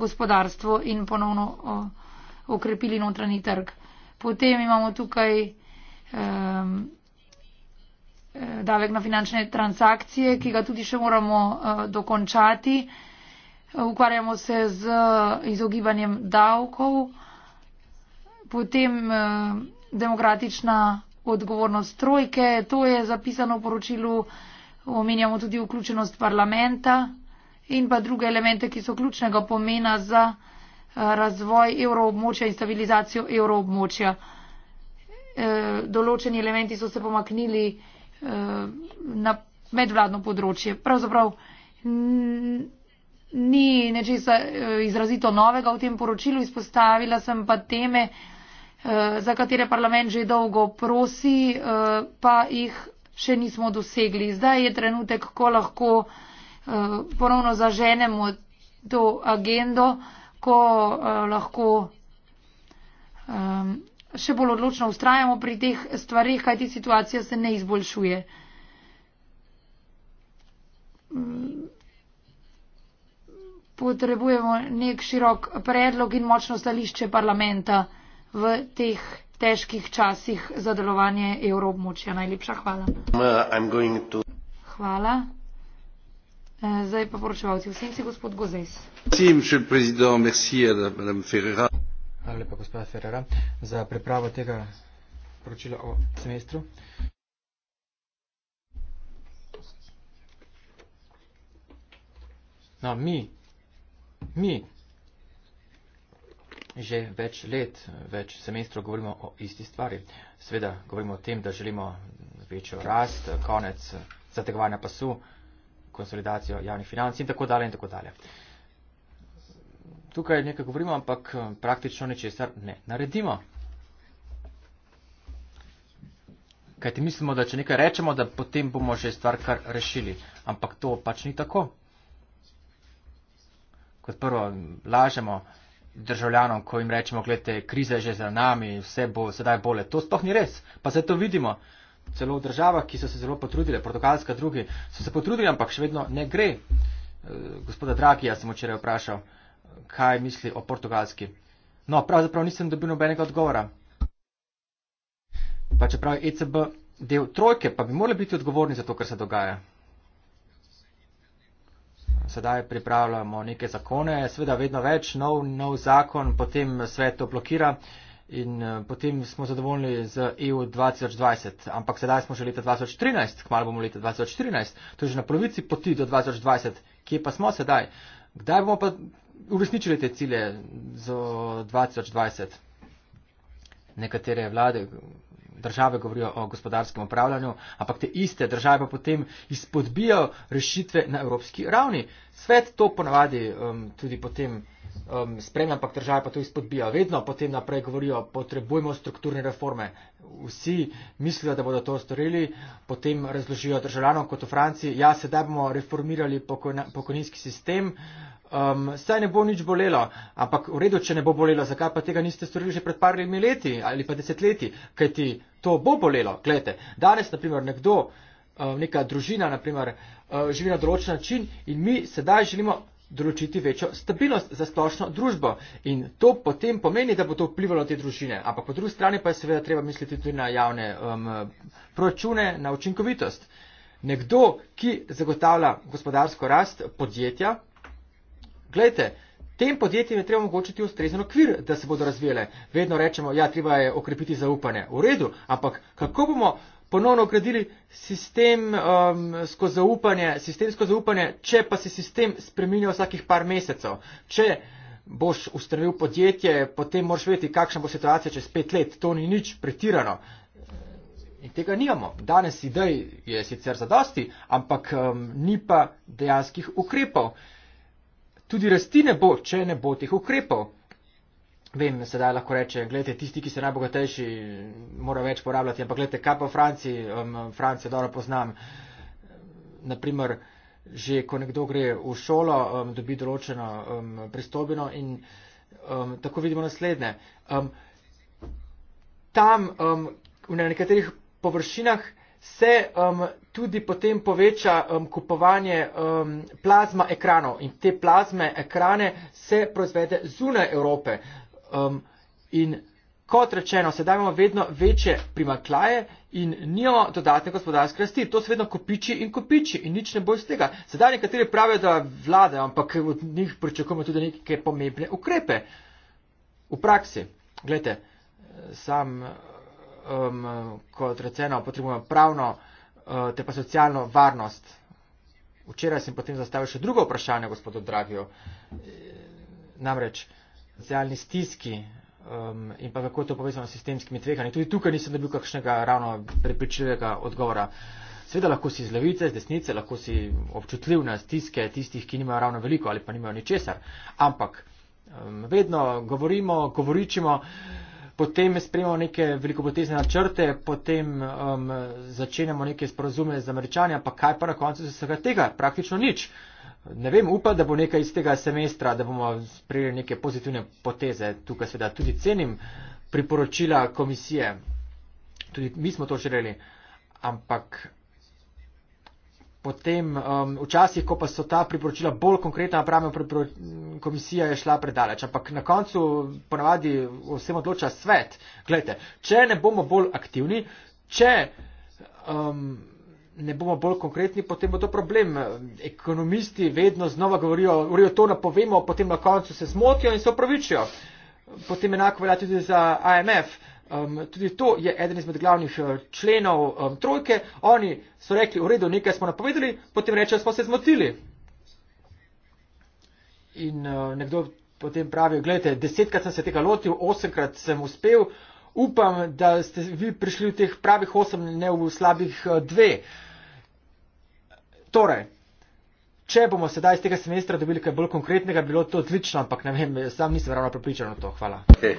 gospodarstvo in ponovno uh, okrepili notranji trg. Potem imamo tukaj um, davek na finančne transakcije, ki ga tudi še moramo uh, dokončati. Ukvarjamo se z izogibanjem davkov potem eh, demokratična odgovornost trojke, to je zapisano v poročilu, omenjamo tudi vključenost parlamenta in pa druge elemente, ki so ključnega pomena za eh, razvoj evroobmočja in stabilizacijo evroobmočja. Eh, določeni elementi so se pomaknili eh, na medvladno področje. Pravzaprav ni nečesa eh, izrazito novega v tem poročilu, izpostavila sem pa teme, Eh, za katere parlament že dolgo prosi, eh, pa jih še nismo dosegli. Zdaj je trenutek, ko lahko eh, ponovno zaženemo to agendo, ko lahko še bolj odločno ustrajamo pri teh stvarih, kajti situacija se ne izboljšuje. Potrebujemo nek širok predlog in močno stališče parlamenta v teh težkih časih za delovanje evroobmočja. Najlepša hvala. Hvala. E, zdaj pa poročevalci v senci, gospod Gozes. Hvala lepa, gospod Ferrara, za pripravo tega poročila o semestru. No, mi, mi, že več let, več semestrov govorimo o isti stvari. Sveda govorimo o tem, da želimo večjo rast, konec zategovanja pasu, konsolidacijo javnih financ in tako dalje in tako dalje. Tukaj nekaj govorimo, ampak eh, praktično ničesar ne naredimo. Kaj ti mislimo, da če nekaj rečemo, da potem bomo že stvar kar rešili. Ampak to pač ni tako. Kot prvo, lažemo, državljanom, ko jim rečemo, gledajte, kriza je že za nami, vse bo sedaj bolje. To sploh ni res, pa se to vidimo. Celo v državah, ki so se zelo potrudile, portugalska, drugi so se potrudili, ampak še vedno ne gre. Eh, gospoda Dragi, jaz sem včeraj vprašal, kaj misli o portugalski. No, pravzaprav nisem dobil nobenega odgovora. Pa čeprav je ECB del trojke, pa bi morali biti odgovorni za to, kar se dogaja sedaj pripravljamo neke zakone, seveda vedno več, nov, nov zakon, potem svet to blokira in eh, potem smo zadovoljni z EU 2020. Ampak sedaj smo že leta 2013, kmalo bomo leta 2014, to je že na polovici poti do 2020. Kje pa smo sedaj? Kdaj bomo pa uresničili te cilje za 2020? Nekatere vlade države govorijo o gospodarskem upravljanju, ampak te iste države pa potem izpodbijajo rešitve na evropski ravni. Svet to ponavadi um, tudi potem um, spremlja, ampak države pa to izpodbijajo. Vedno potem naprej govorijo, potrebujemo strukturne reforme. Vsi mislijo, da bodo to storili, potem razložijo državljanom kot v Franciji, ja, sedaj bomo reformirali pokojninski sistem um, saj ne bo nič bolelo, ampak v redu, če ne bo bolelo, zakaj pa tega niste storili že pred parimi leti ali pa desetletji, kaj ti to bo bolelo. Glede, danes, naprimer, nekdo, um, neka družina, naprimer, um, ehm, živi na določen način in mi sedaj želimo določiti večjo stabilnost za splošno družbo. In to potem pomeni, da bo to vplivalo te družine. Ampak po drugi strani pa je seveda treba misliti tudi na javne um, proračune, na učinkovitost. Nekdo, ki zagotavlja gospodarsko rast podjetja, Glejte, tem podjetjem je treba omogočiti ustrezen okvir, da se bodo razvijale. Vedno rečemo, ja, treba je okrepiti zaupanje. V redu, ampak kako bomo ponovno ugradili sistem, um, skozi zaupanje, sistemsko zaupanje, če pa se sistem spremenja vsakih par mesecev? Če boš ustanovil podjetje, potem moraš vedeti, kakšna bo situacija čez pet let. To ni nič pretirano. In tega nimamo. Danes idej je sicer zadosti, ampak um, ni pa dejanskih ukrepov tudi rasti ne bo, če ne bo teh ukrepov. Vem, sedaj lahko reče, gledajte, tisti, ki so najbogatejši, mora več porabljati, ampak gledajte, kaj pa Franciji, um, Francijo dobro poznam. Naprimer, že ko nekdo gre v šolo, um, dobi določeno um, pristobino in um, tako vidimo naslednje. Um, tam, um, na nekaterih površinah, se um, tudi potem poveča um, kupovanje um, plazma ekranov in te plazme ekrane se proizvede zunaj Evrope. Um, in kot rečeno, sedaj imamo vedno večje primaklaje in nimamo dodatne gospodarske rasti. To se vedno kopiči in kopiči in nič ne bo iz tega. Sedaj nekateri pravijo, da vlade, ampak od njih pričakujemo tudi neke pomembne ukrepe. V praksi, gledajte, sam. Uh, um, kot rečeno, potrebujemo pravno uh, te pa socialno varnost. Včeraj sem potem zastavil še drugo vprašanje, gospodu Dragijo, namreč socialni stiski um, in pa kako je to povezano s sistemskimi tveganji. Tudi tukaj nisem dobil kakšnega ravno prepričljivega odgovora. Seveda lahko si iz levice, iz desnice, lahko si občutljiv na stiske tistih, ki nimajo ravno veliko ali pa nimajo ničesar. Ampak um, vedno govorimo, govoričimo potem sprejemamo neke velikopotezne načrte, potem um, začenjamo neke sporozume z američanja, pa kaj pa na koncu z vsega tega? Praktično nič. Ne vem, upam, da bo nekaj iz tega semestra, da bomo sprejeli neke pozitivne poteze. Tukaj seveda tudi cenim priporočila komisije. Tudi mi smo to želeli. Ampak potem um, včasih, ko pa so ta priporočila bolj konkretna, pravimo, komisija je šla predaleč, ampak na koncu ponavadi vsem odloča svet. Glejte, če ne bomo bolj aktivni, če um, ne bomo bolj konkretni, potem bo to problem. Ekonomisti vedno znova govorijo, urijo to napovemo, potem na koncu se zmotijo in se opravičijo. Potem enako velja tudi za IMF. Um, tudi to je eden izmed glavnih uh, členov um, trojke. Oni so rekli, v redu, nekaj smo napovedali, potem rečejo, smo se zmotili. In uh, nekdo potem pravi, gledajte, desetkrat sem se tega lotil, osemkrat sem uspel, upam, da ste vi prišli v teh pravih osem, ne v slabih uh, dve. Torej, če bomo sedaj iz tega semestra dobili kaj bolj konkretnega, bilo to odlično, ampak ne vem, sam nisem ravno prepričan o to. Hvala. Okay.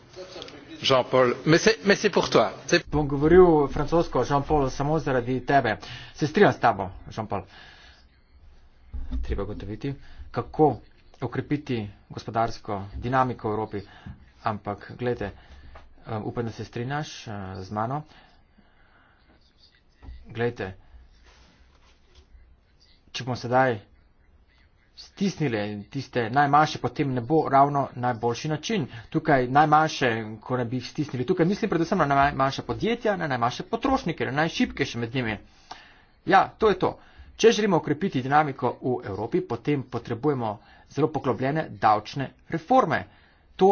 jean paul merci pour toi bom govoril francosko jean paul samo zaradi tebe se strinjam s tabo jean paul treba ugotoviti kako okrepiti gospodarsko dinamiko v evropi ampak glejte eh, upam da se strinjaš eh, z mano glejte če bomo sedaj stisnile in tiste najmanjše potem ne bo ravno najboljši način. Tukaj najmanjše, ko ne bi jih stisnili, tukaj mislim predvsem na najmanjša podjetja, na najmanjše potrošnike, na najšipkejše med njimi. Ja, to je to. Če želimo okrepiti dinamiko v Evropi, potem potrebujemo zelo poglobljene davčne reforme. To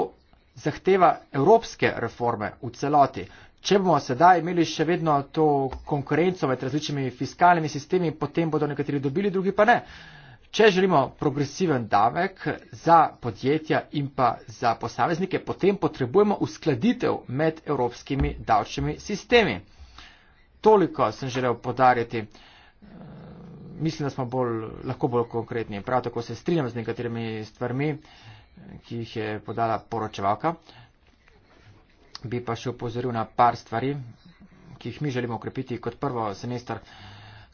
zahteva evropske reforme v celoti. Če bomo sedaj imeli še vedno to konkurenco med različnimi fiskalnimi sistemi, potem bodo nekateri dobili, drugi pa ne. Uh, Če želimo progresiven davek za podjetja in pa za posameznike, potem potrebujemo uskladitev med evropskimi davčnimi sistemi. Toliko sem želel podarjati. Mislim, da smo bolj, lahko bolj konkretni. Prav tako se strinjam z nekaterimi stvarmi, ki jih je podala poročevalka. Bi pa še upozoril na par stvari, ki jih mi želimo ukrepiti kot prvo semester.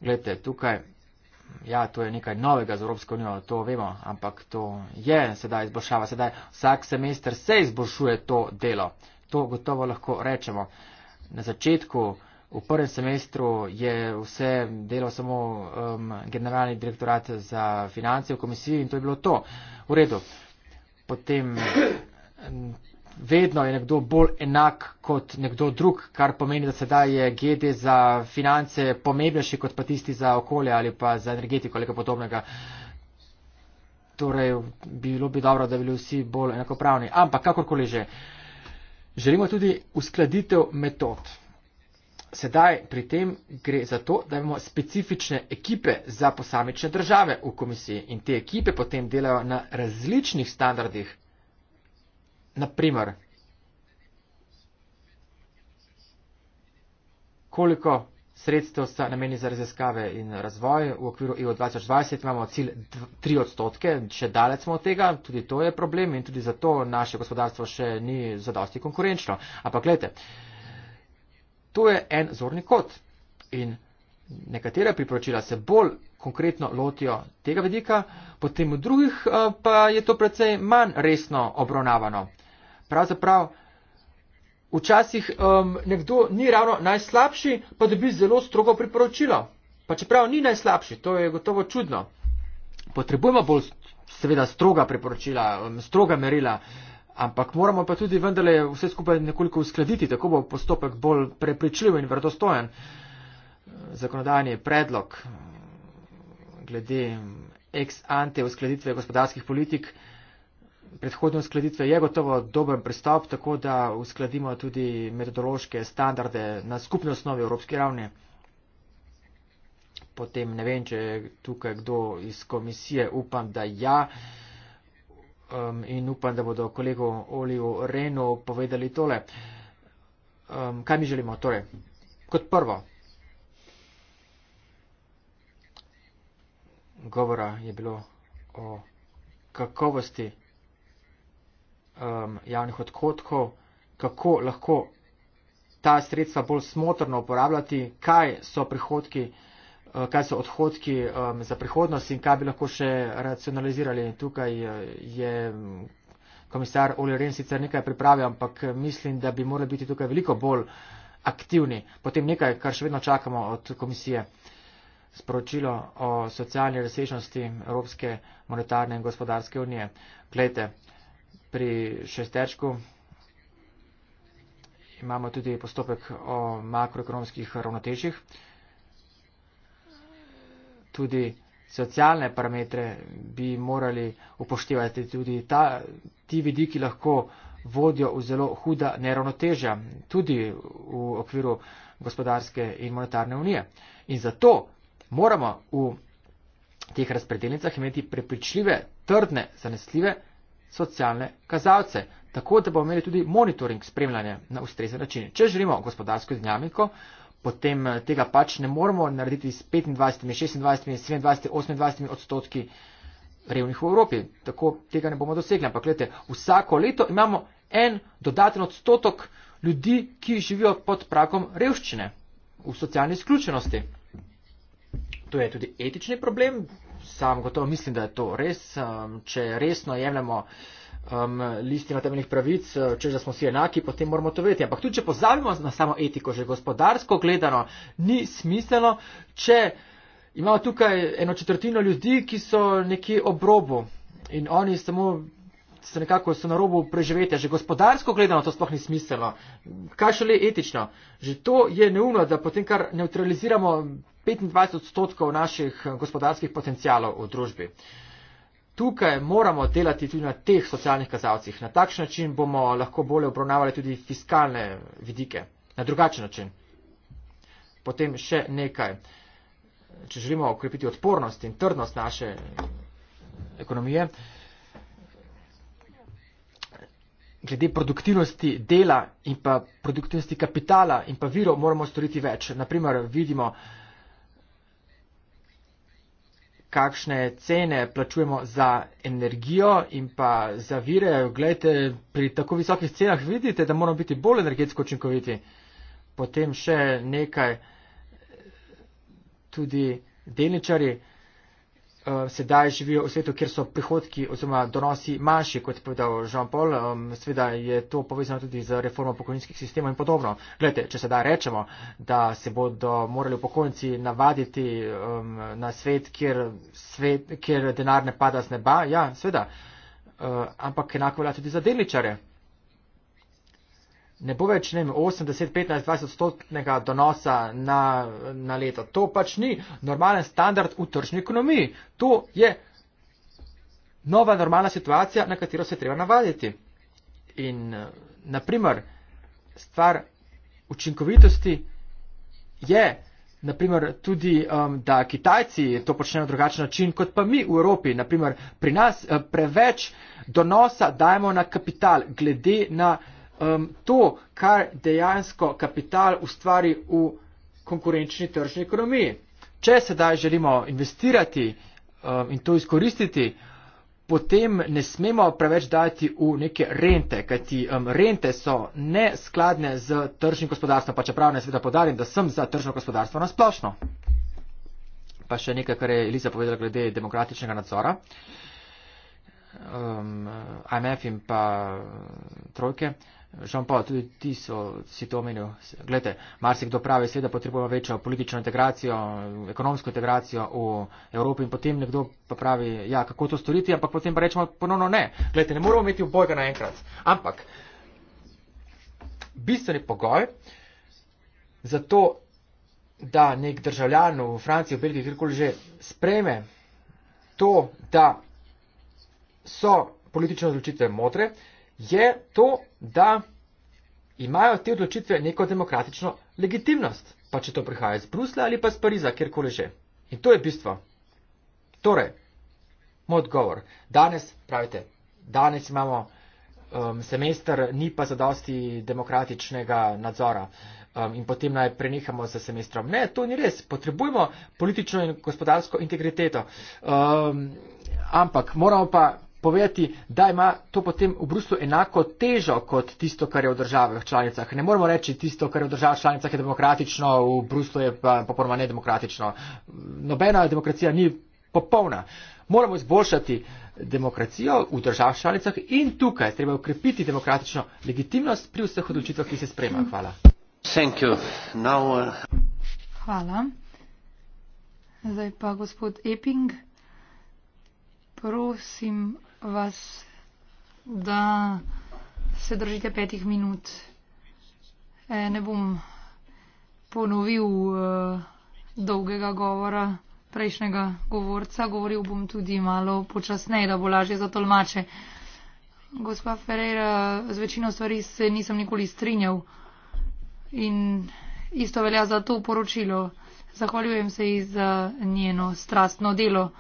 Glede, tukaj ja, to je nekaj novega za Evropsko unijo, to vemo, ampak to je sedaj izboljšava. Sedaj vsak semester se izboljšuje to delo. To gotovo lahko rečemo. Na začetku, v prvem semestru, je vse delo samo um, generalni direktorat za finance v komisiji in to je bilo to. V redu. Potem vedno je nekdo bolj enak kot nekdo drug, kar pomeni, da sedaj je GD za finance pomembnejši kot pa tisti za okolje ali pa za energetiko ali kaj podobnega. Torej, bilo bi dobro, da bi bili vsi bolj enakopravni. Ampak, kakorkoli že, želimo tudi uskladitev metod. Sedaj pri tem gre za to, da imamo specifične ekipe za posamične države v komisiji in te ekipe potem delajo na različnih standardih naprimer, koliko sredstev se nameni za raziskave in razvoj. V okviru EU 2020 imamo cilj 3 odstotke, še daleč smo od tega, tudi to je problem in tudi zato naše gospodarstvo še ni zadosti konkurenčno. Ampak gledajte, to je en zorni kot in nekatera priporočila se bolj konkretno lotijo tega vedika, potem v drugih eh, pa je to precej manj resno obravnavano pravzaprav včasih um, nekdo ni ravno najslabši, pa dobi zelo strogo priporočilo. Pa čeprav ni najslabši, to je gotovo čudno. Potrebujemo bolj seveda stroga priporočila, um, stroga merila, ampak moramo pa tudi vendarle vse skupaj nekoliko uskladiti, tako bo postopek bolj prepričljiv in vredostojen. Zakonodajni predlog um, glede um, ex ante uskladitve gospodarskih politik predhodne uskladitve je gotovo dober pristop, tako da uskladimo tudi metodološke standarde na skupni osnovi evropske ravni. Potem ne vem, če je tukaj kdo iz komisije, upam, da ja. Um, in upam, da bodo kolegu Oliju Renu povedali tole. Um, kaj mi želimo? Torej, kot prvo, govora je bilo o kakovosti um, javnih odhodkov, kako lahko ta sredstva bolj smotrno uporabljati, kaj so prihodki, uh, kaj so odhodki um, za prihodnost in kaj bi lahko še racionalizirali. Tukaj uh, je um, komisar Oli Ren sicer nekaj pripravil, ampak mislim, da bi morali biti tukaj veliko bolj aktivni. Potem nekaj, kar še vedno čakamo od komisije. Sporočilo o socialni razsežnosti Evropske monetarne in gospodarske unije. Glejte, pri šesterčku. Imamo tudi postopek o makroekonomskih ravnotežjih. Tudi socialne parametre bi morali upoštevati. Tudi ta, ti vidiki lahko vodijo v zelo huda neravnotežja, tudi v okviru gospodarske in monetarne unije. In zato moramo v teh razpredelnicah imeti prepričljive, trdne, zanesljive socialne kazalce, tako da bomo imeli tudi monitoring spremljanja na ustrezen način. Če želimo gospodarsko dinamiko, potem eh, tega pač ne moramo narediti s 25, 26, 27, 28 odstotki revnih v Evropi. Tako tega ne bomo dosegli. Ampak gledajte, vsako leto imamo en dodaten odstotek ljudi, ki živijo pod prakom revščine, v socialni izključenosti. To je tudi etični problem, sam gotovo mislim, da je to res. Um, če resno jemljemo um, listino temeljnih pravic, eh, če že smo vsi enaki, potem moramo to vedeti. Ampak tudi, če pozabimo na samo etiko, že gospodarsko gledano, ni smiselno, če imamo tukaj eno četrtino ljudi, ki so nekje ob robu in oni samo so nekako so na robu preživetja. Že gospodarsko gledano to sploh ni smiselno. Kaj šele etično? Že to je neumno, da potem kar neutraliziramo 25 odstotkov naših eh, gospodarskih potencijalov v družbi. Tukaj moramo delati tudi na teh socialnih kazalcih. Na takšen način bomo lahko bolje obravnavali tudi fiskalne vidike. Na drugačen način. Potem še nekaj. Če želimo okrepiti odpornost in trdnost naše eh, ekonomije, glede produktivnosti dela in pa produktivnosti kapitala in pa virov moramo storiti več. Naprimer, vidimo, kakšne cene plačujemo za energijo in pa za vire. Glejte, pri tako visokih cenah vidite, da moramo biti bolj energetsko učinkoviti. Potem še nekaj, tudi delničari uh, sedaj živijo v svetu, kjer so prihodki oziroma donosi manjši, kot je povedal Jean-Paul. Um, sveda je to povezano tudi z reformo pokojninskih sistemov in podobno. Glede, če sedaj rečemo, da se bodo morali pokojnici navaditi um, na svet kjer, svet, kjer denar ne pada z neba, ja, sveda. Uh, eh, ampak enako velja tudi za delničare ne bo več, ne vem, 80, 15, 20 odstotnega donosa na, na leto. To pač ni normalen standard v tržni ekonomiji. To je nova normalna situacija, na katero se treba navaditi. In, eh, naprimer, stvar učinkovitosti je, naprimer, tudi, um, da Kitajci to počnejo na drugačen način, kot pa mi v Evropi. Naprimer, pri nas uh, preveč donosa dajemo na kapital, glede na um, to, kar dejansko kapital ustvari v konkurenčni tržni ekonomiji. Če sedaj želimo investirati um, in to izkoristiti, potem ne smemo preveč dajati v neke rente, kajti um, rente so neskladne z tržnim gospodarstvom, pa čeprav ne sveda podarim, da sem za tržno gospodarstvo nasplošno. Pa še nekaj, kar je Eliza povedala glede demokratičnega nadzora, um, IMF in pa trojke. Žanpo, tudi ti so, si to omenil. Glede, marsikdo pravi, seveda potrebujemo večjo politično integracijo, ekonomsko integracijo v Evropi in potem nekdo pa pravi, ja, kako to storiti, ampak potem pa rečemo ponovno ne. Glede, ne moramo imeti obojga naenkrat. Ampak bistveni pogoj za to, da nek državljan v Franciji, v Belgiji, kjerkoli že sprejme to, da so politične odločitve modre, je to, da imajo te odločitve neko demokratično legitimnost, pa če to prihaja iz Brusla ali pa iz Pariza, kjerkoli že. In to je bistvo. Torej, moj odgovor. Danes, pravite, danes imamo um, semester, ni pa zadosti demokratičnega nadzora um, in potem naj prenehamo z semestrom. Ne, to ni res. Potrebujemo politično in gospodarsko integriteto. Um, ampak moramo pa povedati, da ima to potem v Bruslu enako težo kot tisto, kar je v državah članicah. Ne moramo reči tisto, kar je v državah članicah je demokratično, v Bruslu je pa popolnoma nedemokratično. Nobena demokracija ni popolna. Moramo izboljšati demokracijo v državah članicah in tukaj treba ukrepiti demokratično legitimnost pri vseh odločitvah, ki se sprema. Hvala. Now, uh... Hvala. Zdaj pa gospod Epping. Prosim, vas, da se držite petih minut. E, ne bom ponovil uh, dolgega govora prejšnjega govorca, govoril bom tudi malo počasneje, da bo lažje za tolmače. Gospa Ferreira, z večino stvari se nisem nikoli strinjal in isto velja za to poročilo. Zahvaljujem se ji za njeno strastno delo.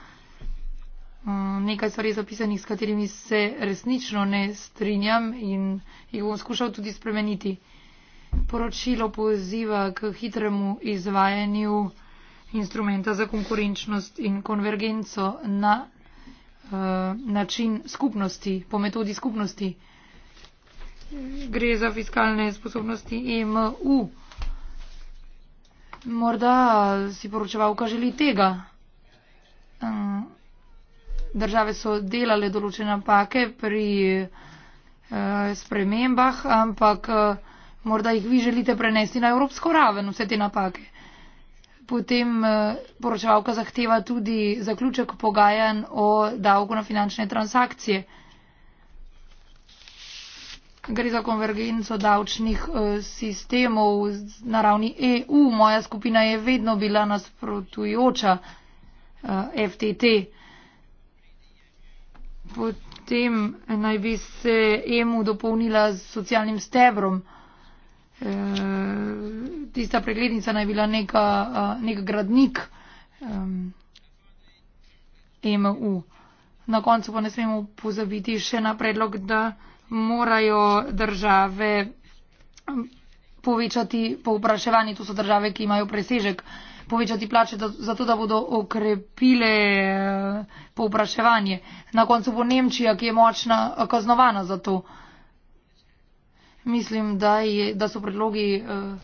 Mm, nekaj stvari zapisanih, s katerimi se resnično ne strinjam in jih bom skušal tudi spremeniti. Poročilo poziva k hitremu izvajanju instrumenta za konkurenčnost in konvergenco na uh, način skupnosti, po metodi skupnosti. Gre za fiskalne sposobnosti EMU. Morda si poročevalka želi tega. Uh, države so delale določene napake pri eh, spremembah, ampak eh, morda jih vi želite prenesti na evropsko raven, vse te napake. Potem eh, poročevalka zahteva tudi zaključek pogajanj o davku na finančne transakcije. Gre za konvergenco davčnih eh, sistemov na ravni EU. Moja skupina je vedno bila nasprotujoča eh, FTT potem naj bi se EMU dopolnila s socialnim stebrom. E, tista preglednica naj bila neka, nek gradnik EMU. Na koncu pa ne smemo pozabiti še na predlog, da morajo države povečati povpraševanje, to so države, ki imajo presežek povečati plače, zato da bodo okrepile eh, povpraševanje. Na koncu bo Nemčija, ki je močna, eh, kaznovana za to. Mislim, da, je, da so predlogi eh,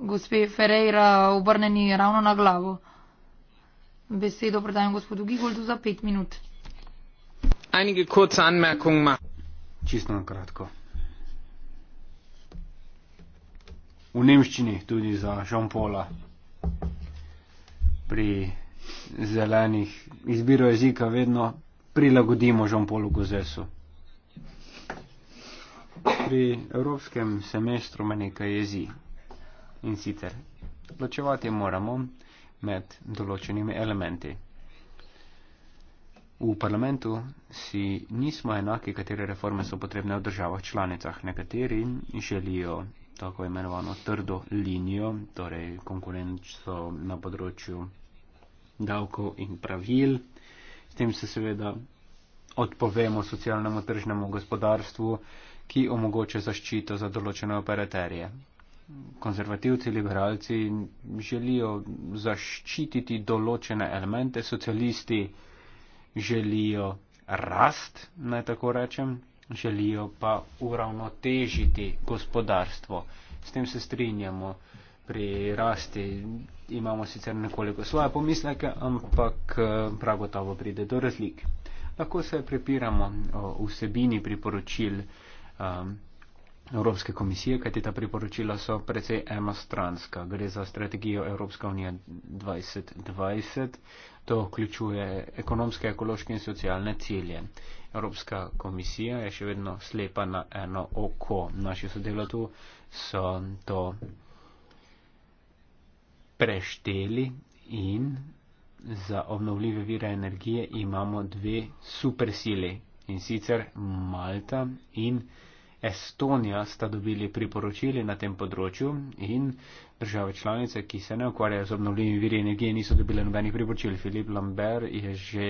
gospe Ferreira obrneni ravno na glavo. Besedo predajam gospodu Gigoldu za pet minut. Čisto na kratko. V nemščini tudi za Jean-Paula pri zelenih izbiro jezika vedno prilagodimo Žonpolu Gozesu. Pri evropskem semestru me nekaj jezi in sicer ločevati moramo med določenimi elementi. V parlamentu si nismo enaki, katere reforme so potrebne v državah članicah. Nekateri želijo tako imenovano trdo linijo, torej konkurenco na področju davkov in pravil. S tem se seveda odpovemo socialnemu tržnemu gospodarstvu, ki omogoča zaščito za določene operaterje. Konzervativci, liberalci želijo zaščititi določene elemente, socialisti želijo rast, naj tako rečem, želijo pa uravnotežiti gospodarstvo. S tem se strinjamo pri rasti. Imamo sicer nekoliko svoje pomisleke, ampak eh, prav gotovo pride do razlik. Lahko se prepiramo o vsebini priporočil um, Evropske komisije, kajti ta priporočila so precej enostranska. Gre za strategijo Evropska unija 2020. To vključuje ekonomske, ekološke in socialne cilje. Evropska komisija je še vedno slepa na eno oko. Naši sodelavci so to prešteli in za obnovljive vire energije imamo dve supersili in sicer Malta in Estonija sta dobili priporočili na tem področju in države članice, ki se ne ukvarjajo z obnovljivimi viri energije, niso dobile nobenih priporočil. Filip Lambert je že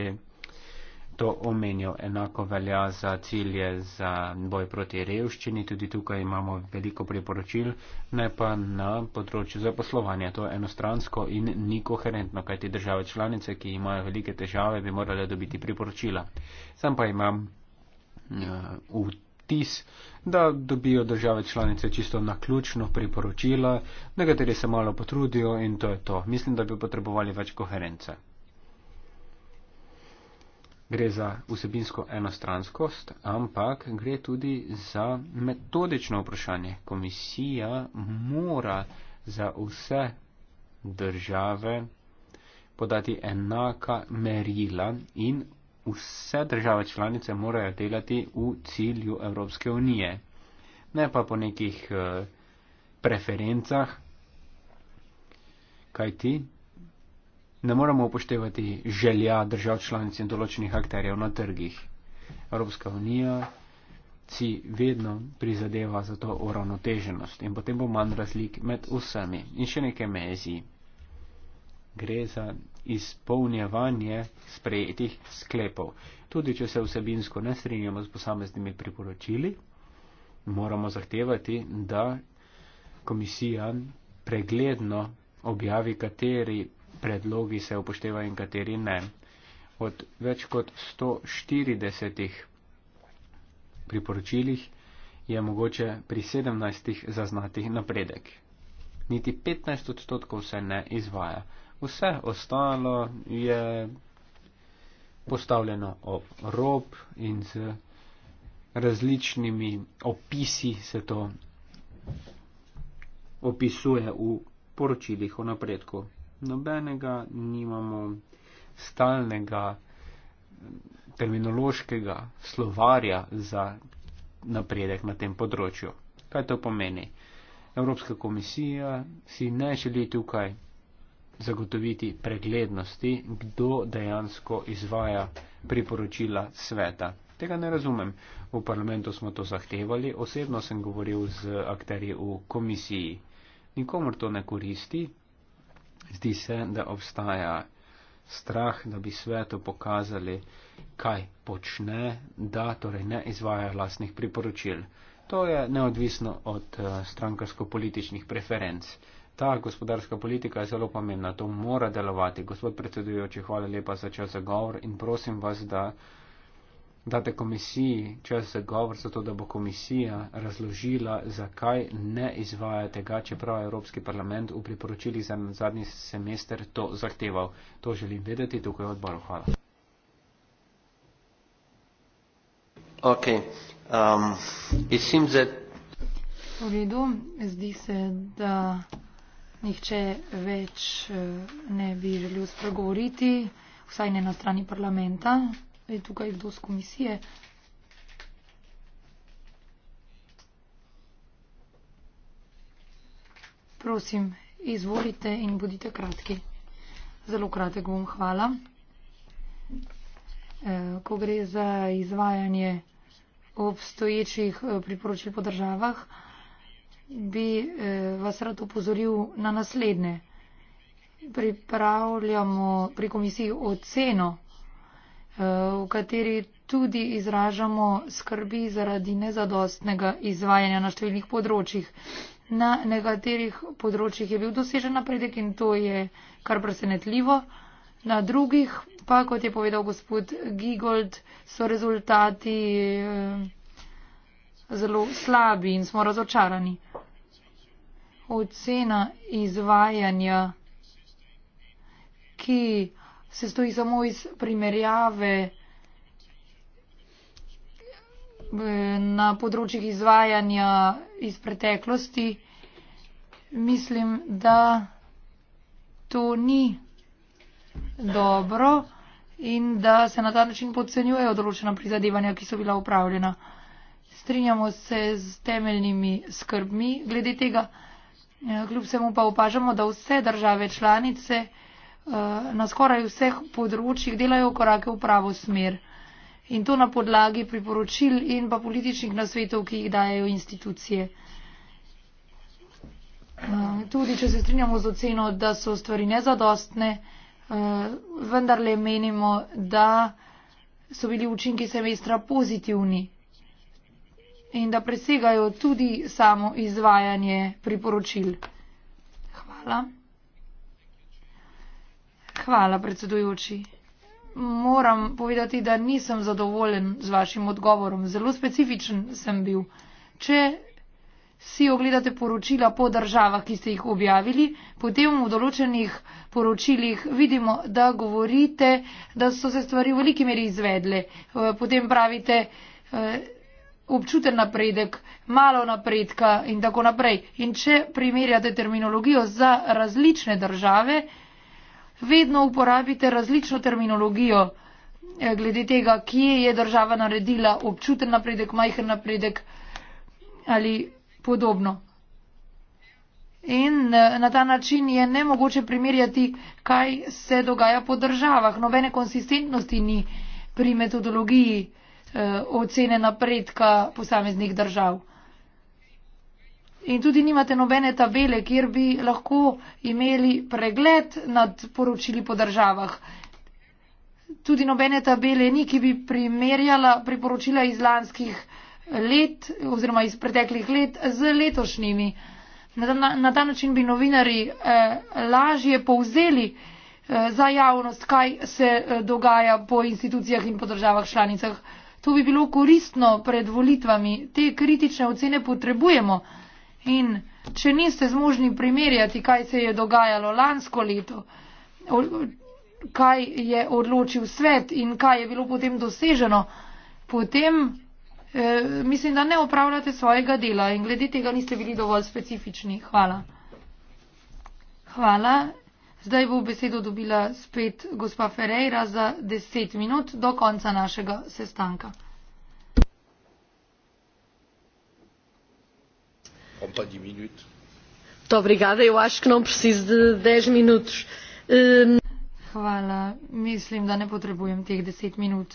to omenil. Enako velja za cilje za boj proti revščini. Tudi tukaj imamo veliko priporočil, ne pa na področju zaposlovanja. To je enostransko in ni koherentno, kajti države članice, ki imajo velike težave, bi morale dobiti priporočila. Sam pa imam uh, vtis, da dobijo države članice čisto naključno priporočila, nekateri se malo potrudijo in to je to. Mislim, da bi potrebovali več koherence gre za vsebinsko enostranskost, ampak gre tudi za metodično vprašanje. Komisija mora za vse države podati enaka merila in vse države članice morajo delati v cilju Evropske unije, ne pa po nekih eh, preferencah, kajti ne moremo upoštevati želja držav članic in določenih akterjev na trgih. Evropska unija si vedno prizadeva za to uravnoteženost in potem bo manj razlik med vsemi in še nekaj mezi. Gre za izpolnjevanje sprejetih sklepov. Tudi če se vsebinsko ne strinjamo z posameznimi priporočili, moramo zahtevati, da komisija pregledno objavi, kateri predlogi se upoštevajo in kateri ne. Od več kot 140 priporočilih je mogoče pri 17 zaznati napredek. Niti 15 odstotkov se ne izvaja. Vse ostalo je postavljeno ob rob in z različnimi opisi se to opisuje v poročilih o napredku nobenega, nimamo stalnega terminološkega slovarja za napredek na tem področju. Kaj to pomeni? Evropska komisija si ne želi tukaj zagotoviti preglednosti, kdo dejansko izvaja priporočila sveta. Tega ne razumem. V parlamentu smo to zahtevali, osebno sem govoril z akterji v komisiji. Nikomor to ne koristi, Zdi se, da obstaja strah, da bi svetu pokazali, kaj počne, da torej ne izvaja vlastnih priporočil. To je neodvisno od eh, strankarsko-političnih preferenc. Ta gospodarska politika je zelo pomembna, to mora delovati. Gospod predsedujoči, hvala lepa za čas za govor in prosim vas, da date komisiji čas za govor, zato da bo komisija razložila, zakaj ne izvaja tega, čeprav je Evropski parlament v priporočili za zadnji semester to zahteval. To želim vedeti tukaj v odboru. Hvala. Okay. Um, that... V redu, zdi se, da nihče več eh, ne bi želel spregovoriti, vsaj ne na strani parlamenta. Je tukaj kdo z komisije? Prosim, izvolite in bodite kratki. Zelo kratek bom, hvala. Eh, ko gre za izvajanje obstoječih eh, priporočil po državah, bi eh, vas rad upozoril na naslednje. Pripravljamo pri komisiji oceno Eh, v kateri tudi izražamo skrbi zaradi nezadostnega izvajanja na številnih področjih. Na nekaterih področjih je bil dosežen napredek in to je kar presenetljivo. Na drugih pa, kot je povedal gospod Gigold, so rezultati eh, zelo slabi in smo razočarani. Ocena izvajanja, ki se stoji samo iz primerjave eh, na področjih izvajanja iz preteklosti, mislim, da to ni dobro in da se na ta način podcenjujejo določena prizadevanja, ki so bila upravljena. Strinjamo se z temeljnimi skrbmi glede tega, eh, kljub vsemu pa opažamo, da vse države članice Eh, na skoraj vseh področjih delajo korake v pravo smer. In to na podlagi priporočil in pa političnih nasvetov, ki jih dajo institucije. Eh, tudi, če se strinjamo z oceno, da so stvari nezadostne, eh, vendarle menimo, da so bili učinki semestra pozitivni in da presegajo tudi samo izvajanje priporočil. Hvala. Hvala, predsedujoči. Moram povedati, da nisem zadovoljen z vašim odgovorom. Zelo specifičen sem bil. Če si ogledate poročila po državah, ki ste jih objavili, potem v določenih poročilih vidimo, da govorite, da so se stvari v veliki meri izvedle. Eh, potem pravite eh, občuten napredek, malo napredka in tako naprej. In če primerjate terminologijo za različne države, vedno uporabite različno terminologijo eh, glede tega, kje je država naredila občuten napredek, majhen napredek ali podobno. In eh, na ta način je nemogoče primerjati, kaj se dogaja po državah. Nobene konsistentnosti ni pri metodologiji eh, ocene napredka posameznih držav. In tudi nimate nobene tabele, kjer bi lahko imeli pregled nad poročili po državah. Tudi nobene tabele ni, ki bi primerjala priporočila iz lanskih let oziroma iz preteklih let z letošnjimi. Na, na, na ta način bi novinari eh, lažje povzeli eh, za javnost, kaj se eh, dogaja po institucijah in po državah članicah. To bi bilo koristno pred volitvami. Te kritične ocene potrebujemo. In če niste zmožni primerjati, kaj se je dogajalo lansko leto, kaj je odločil svet in kaj je bilo potem doseženo, potem eh, mislim, da ne opravljate svojega dela in glede tega niste bili dovolj specifični. Hvala. Hvala. Zdaj bo besedo dobila spet gospa Ferreira za deset minut do konca našega sestanka. prendre dix minutes. Muito obrigada. Eu acho que não preciso de 10 minutos. Hvala. Mislim, da ne potrebujem teh 10 minut.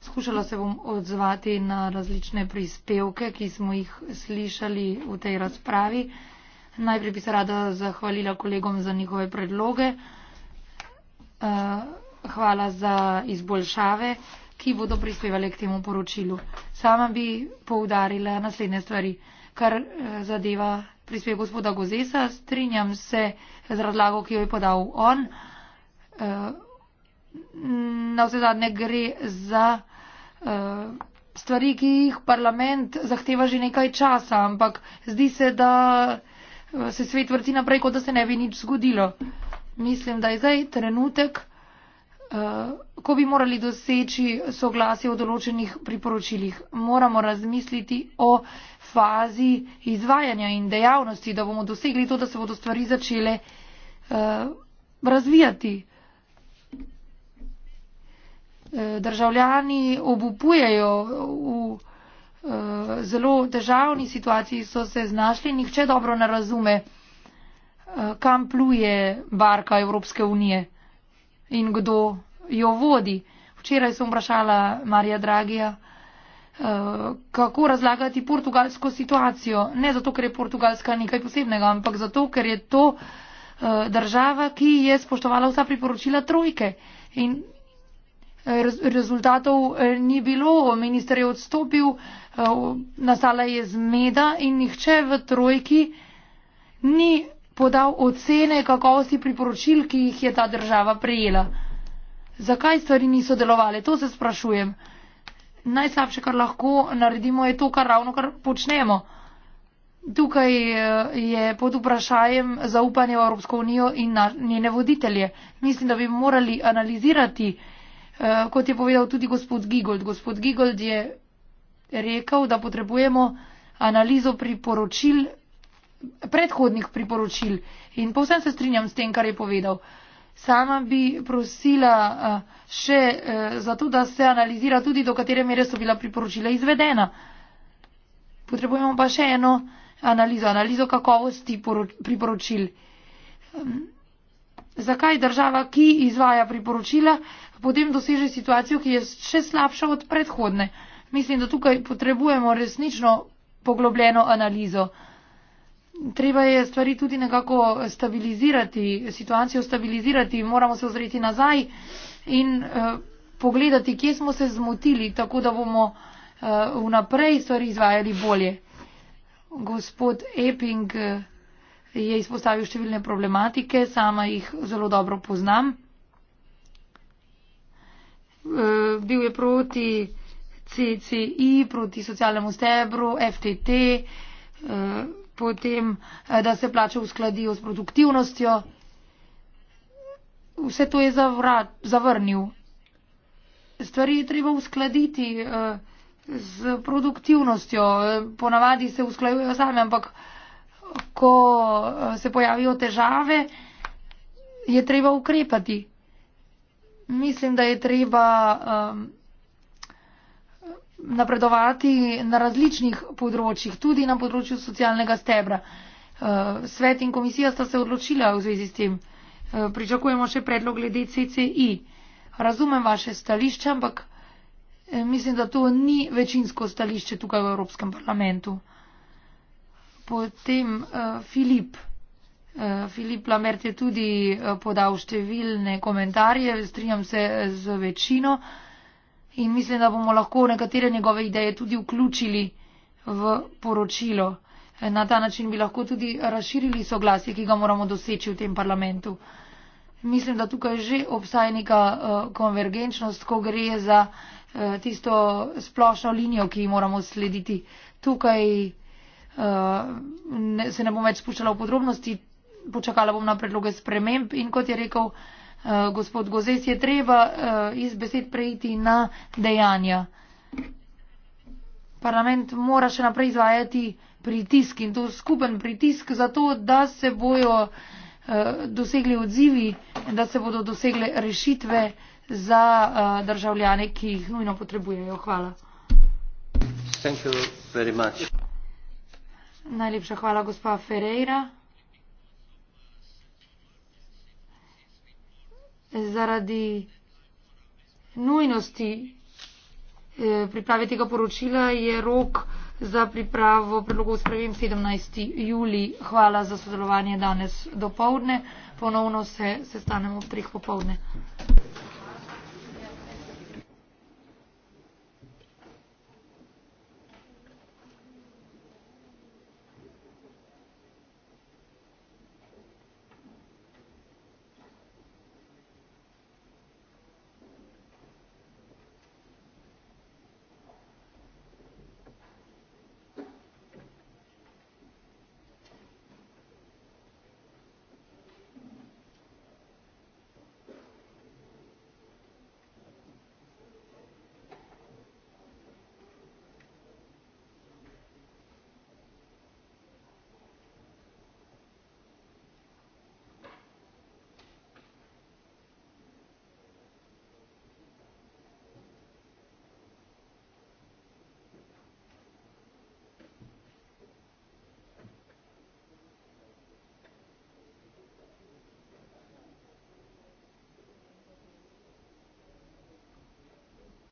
Skušala se bom odzvati na različne prispevke, ki smo jih slišali v tej razpravi. Najprej bi se rada zahvalila kolegom za njihove predloge. Eh, hvala za izboljšave, ki bodo prispevali k temu poročilu. Sama bi poudarila naslednje stvari kar eh, zadeva prispev gospoda Gozesa. Strinjam se z razlago, ki jo je podal on. Eh, na vse zadnje gre za eh, stvari, ki jih parlament zahteva že nekaj časa, ampak zdi se, da se svet vrti naprej, kot da se ne bi nič zgodilo. Mislim, da je zdaj trenutek, Eh, ko bi morali doseči soglasje v določenih priporočilih. Moramo razmisliti o fazi izvajanja in dejavnosti, da bomo dosegli to, da se bodo stvari začele eh, razvijati. Eh, državljani obupujejo v zelo težavni situaciji, so se znašli, nihče dobro ne razume, kam pluje barka Evropske unije in kdo jo vodi. Včeraj sem vprašala Marija Dragija, eh, kako razlagati portugalsko situacijo. Ne zato, ker je portugalska nekaj posebnega, ampak zato, ker je to eh, država, ki je spoštovala vsa priporočila trojke. In eh, rezultatov ni bilo, minister je odstopil, nastala je zmeda in nihče v trojki ni podal ocene kakovosti priporočil, ki jih je ta država prejela. Zakaj stvari niso delovale, to se sprašujem. Najslabše, kar lahko naredimo, je to, kar ravno kar počnemo. Tukaj eh, je pod vprašajem zaupanje v Evropsko unijo in na, njene voditelje. Mislim, da bi morali analizirati, eh, kot je povedal tudi gospod Gigold. Gospod Gigold je rekel, da potrebujemo analizo priporočil predhodnih priporočil in povsem se strinjam s tem, kar je povedal. Sama bi prosila eh, še eh, za to, da se analizira tudi, do katere mere so bila priporočila izvedena. Potrebujemo pa še eno analizo, analizo kakovosti priporočil. Ehm, zakaj država, ki izvaja priporočila, potem doseže situacijo, ki je še slabša od predhodne? Mislim, da tukaj potrebujemo resnično poglobljeno analizo treba je stvari tudi nekako stabilizirati, situacijo stabilizirati, moramo se ozreti nazaj in eh, pogledati, kje smo se zmotili, tako da bomo eh, vnaprej stvari izvajali bolje. Gospod Epping eh, je izpostavil številne problematike, sama jih zelo dobro poznam. Bil je proti CCI, proti socialnemu stebru, FTT, potem, eh, da se plače uskladijo s produktivnostjo. Vse to je zavrnil. Stvari je treba uskladiti z eh, produktivnostjo. Ponavadi se usklajujejo sami, ampak ko eh, se pojavijo težave, je treba ukrepati. Mislim, da je treba. Um, napredovati na različnih področjih, tudi na področju socialnega stebra. Eh, svet in komisija sta se odločila v zvezi s tem. Eh, pričakujemo še predlog glede CCI. Razumem vaše stališče, ampak eh, mislim, da to ni večinsko stališče tukaj v Evropskem parlamentu. Potem Filip. Filip Lamert je tudi podal številne komentarje, strinjam se z večino in mislim, da bomo lahko nekatere njegove ideje tudi vključili v poročilo. Na ta način bi lahko tudi razširili soglasje, ki ga moramo doseči v tem parlamentu. Mislim, da tukaj že obstaja neka uh, konvergenčnost, ko gre za uh, tisto splošno linijo, ki moramo slediti. Tukaj uh, ne, se ne bom več spuščala v podrobnosti, počakala bom na predloge sprememb in kot je rekel, uh, Eh, gospod Gozes, je treba eh, iz besed preiti na dejanja. Parlament mora še naprej izvajati pritisk in to skupen pritisk za to, da se bojo eh, dosegli odzivi in da se bodo dosegle rešitve za državljane, ki jih nujno potrebujejo. Hvala. Najlepša hvala, gospa Ferreira. zaradi nujnosti eh, pripravi tega poročila je rok za pripravo predlogov sprejem 17. juli. Hvala za sodelovanje danes do povdne. Ponovno se sestanemo ob treh popovdne.